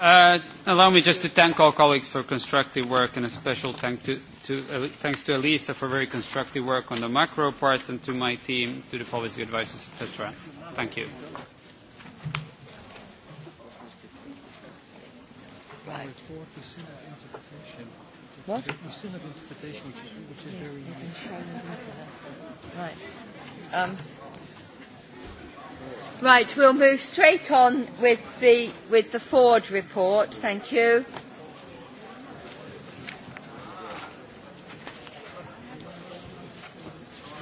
Allow me just to thank
all colleagues for constructive work and a special thank to thanks to Elisa for very constructive work on the macro part and to my team, to the policy advisors, etc. Thank you.
Right. What? Right. right,
we'll move straight on with the, with the Ford report. Thank you.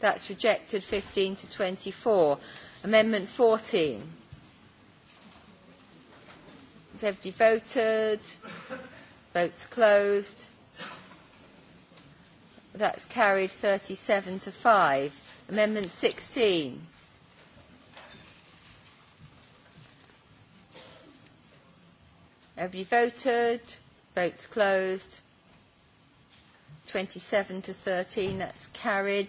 That's rejected. 15 to 24. Amendment 14. Has everybody voted? Votes closed. That's carried 37 to 5. Amendment 16. Have you voted? Votes closed. 27 to 13. That's carried.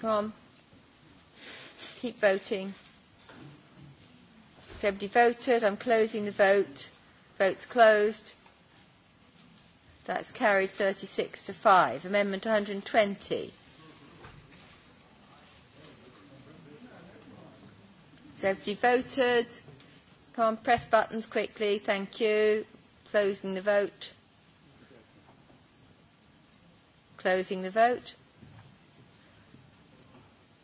Come on. Keep voting. Has everybody voted? I'm closing the vote. Vote's closed. That's carried 36 to 5. Amendment 120. hundred everybody voted? Come on, press buttons quickly. Thank you. Closing the vote. Closing the vote.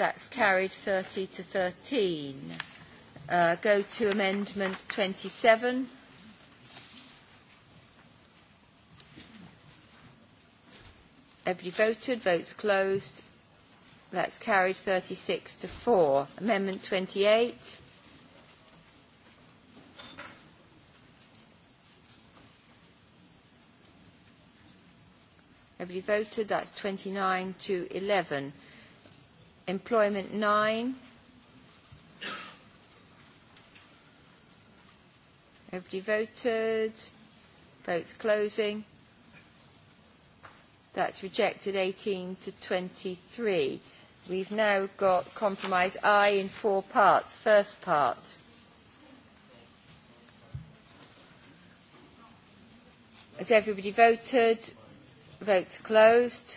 That's carried 30 to 13. Go to Amendment 27. Everybody voted. Votes closed. That's carried 36 to 4. Amendment 28. Everybody voted. That's 29 to 11. Employment nine. Everybody voted. Votes closing. That's rejected 18 to 23. We've now got compromise I in four parts. First part. Has everybody voted? Votes closed.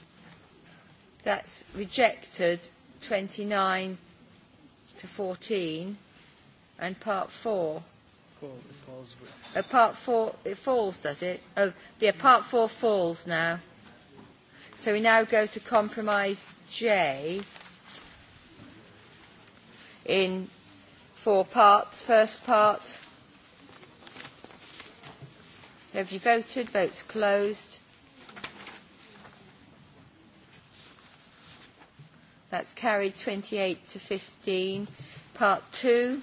That's rejected 29 to 14 and part 4. Uh, part 4, it falls, does it? Oh, yeah, part 4 falls now. So we now go to compromise J in four parts. First part. Have you voted? Votes closed. That's carried 28 to 15. Part 2.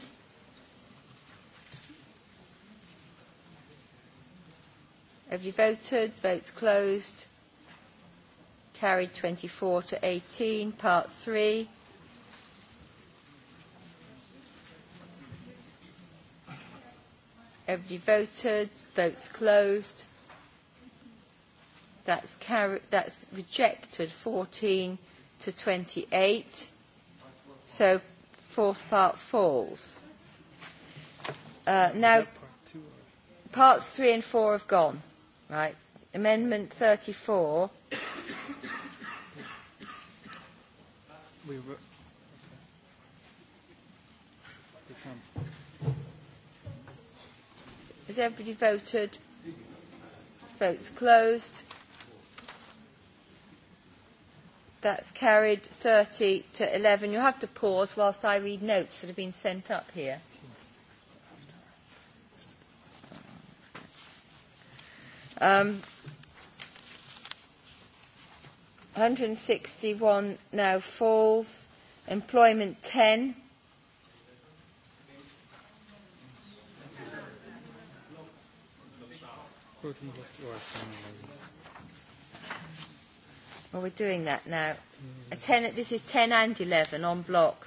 Have you voted? Votes closed. Carried 24 to 18. Part 3. Everybody voted. Votes closed. That's, that's rejected 14 to 28. So fourth part falls. Now, parts three and four have gone. Right. Amendment 34. Has everybody voted? Votes closed. That's carried 30 to 11. You'll have to pause whilst I read notes that have been sent up here. Um, 161 now falls. Employment 10. Well, we're doing that now. A ten, this is 10 and 11 on block.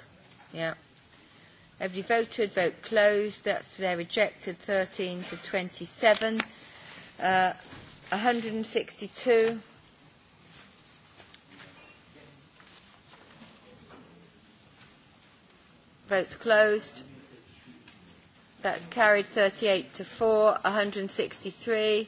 Yeah. Every voted, vote closed. That's they rejected. 13 to 27. Uh, 162. Votes closed. That's carried 38 to 4. 163.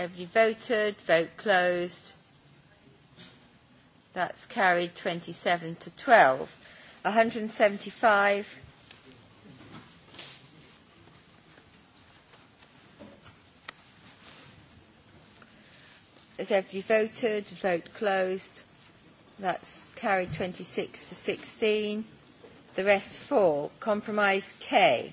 Have you voted. Vote closed. That's carried 27 to 12. 175. Has everybody voted? Vote closed. That's carried 26 to 16. The rest fall. Compromise K.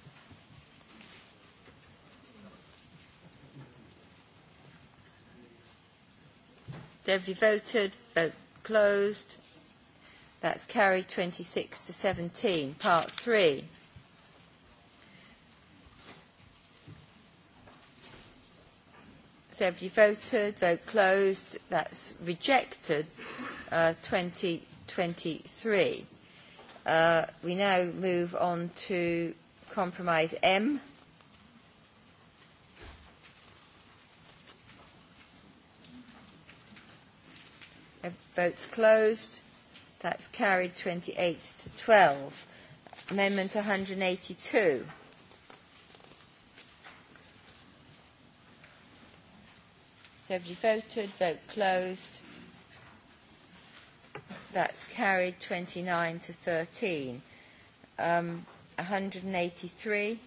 Deputy voted. Vote closed. That's carried 26 to 17. Part 3. you voted. Vote closed. That's rejected. 2023. We now move on to compromise M. Votes closed. That's carried 28 to 12. Amendment 182. So everybody voted. Vote closed. That's carried 29 to 13. Um, 183.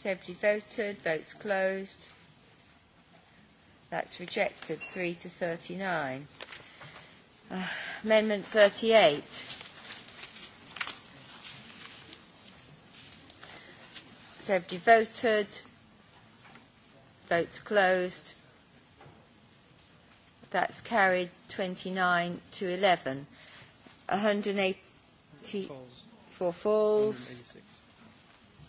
70 voted. Votes closed. That's rejected. 3 to 39. Amendment 38. seventy voted. Votes closed. That's carried 29 to 11. 184 falls.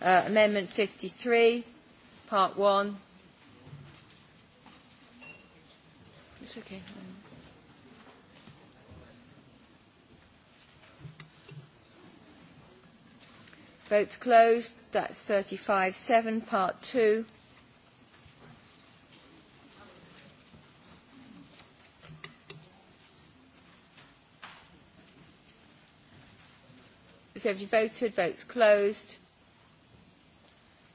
Amendment 53, Part 1. It's okay. Votes closed. That's 35-7, Part 2. So if you voted? Votes closed.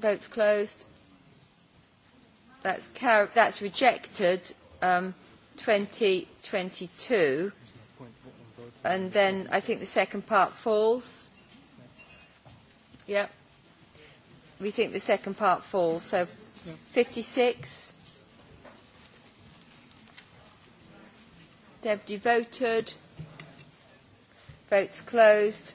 Votes closed. That's that's rejected. 2022. And then I think the second part falls. Yep. We think the second part falls. So 56. Deputy voted. Votes closed.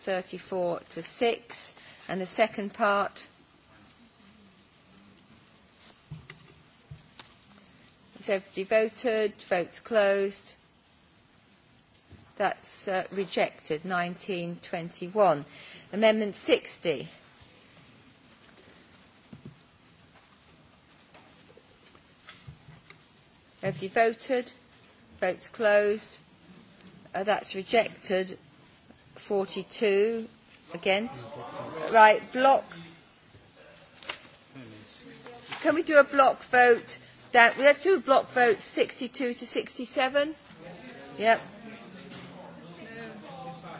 34 to 6. And the second part. So, everybody voted? Votes closed. That's rejected. 1921. Amendment 60. Have you voted? Votes closed. That's rejected. 42 against. Right, block. Can we do a block vote? that let's do a block vote 62 to 67. Yep.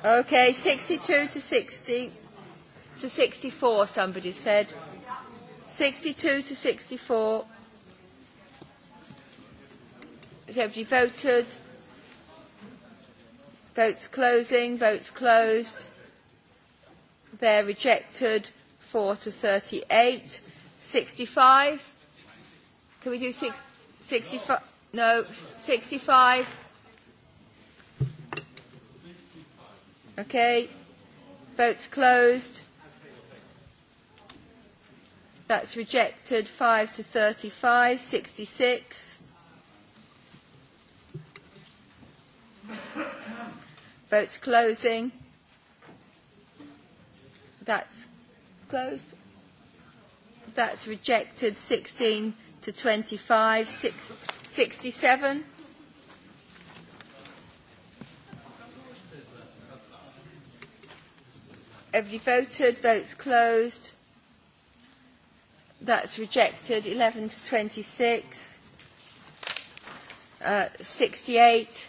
Okay, 62 to 60 to 64, somebody said. 62 to 64. Has everybody voted? Votes closing. Votes closed. They're rejected. 4 to 38. 65. Can we do 65? No. 65. Okay. Votes closed. That's rejected. 5 to 35. 66. Votes closing. That's closed. That's rejected. 16 to 25. 67. Everybody voted. Votes closed. That's rejected. 11 to 26. 68.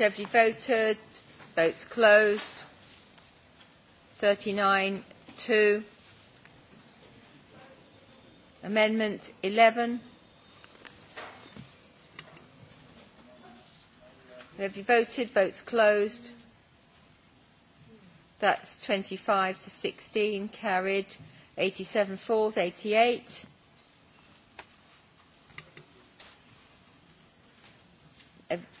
everybody voted? Votes closed. 39, 2. Amendment 11. you voted? Votes closed. That's 25 to 16. Carried. 87 falls. 88.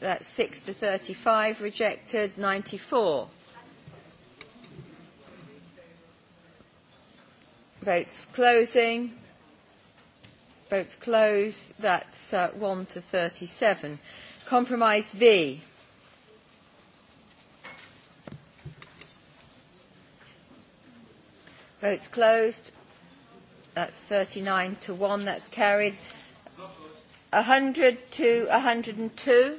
That's 6 to 35 rejected. 94. Votes closing. Votes close. That's 1 to 37. Compromise V. Votes closed. That's 39 to 1. That's carried. 100 to 102.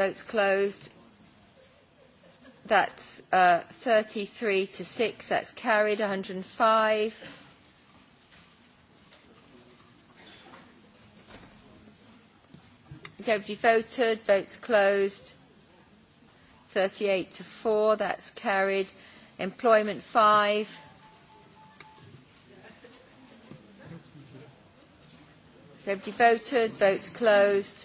Votes closed. That's 33 to 6. That's carried. 105. Has everybody voted? Votes closed. 38 to 4. That's carried. Employment 5. everybody voted. Votes closed.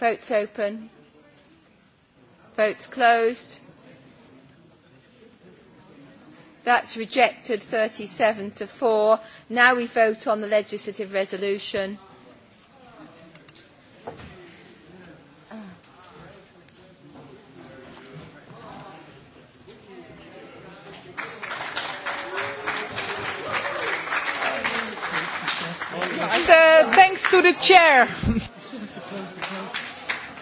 Votes open. Votes closed. That's rejected 37 to 4. Now we vote on the legislative resolution.
Thanks to the chair.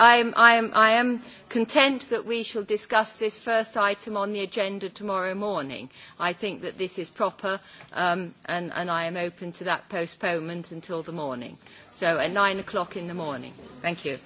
I am content that we shall discuss this first item on the agenda tomorrow morning. I think that this is proper and I am open to that postponement until the morning. So at nine o'clock in the morning. Thank you.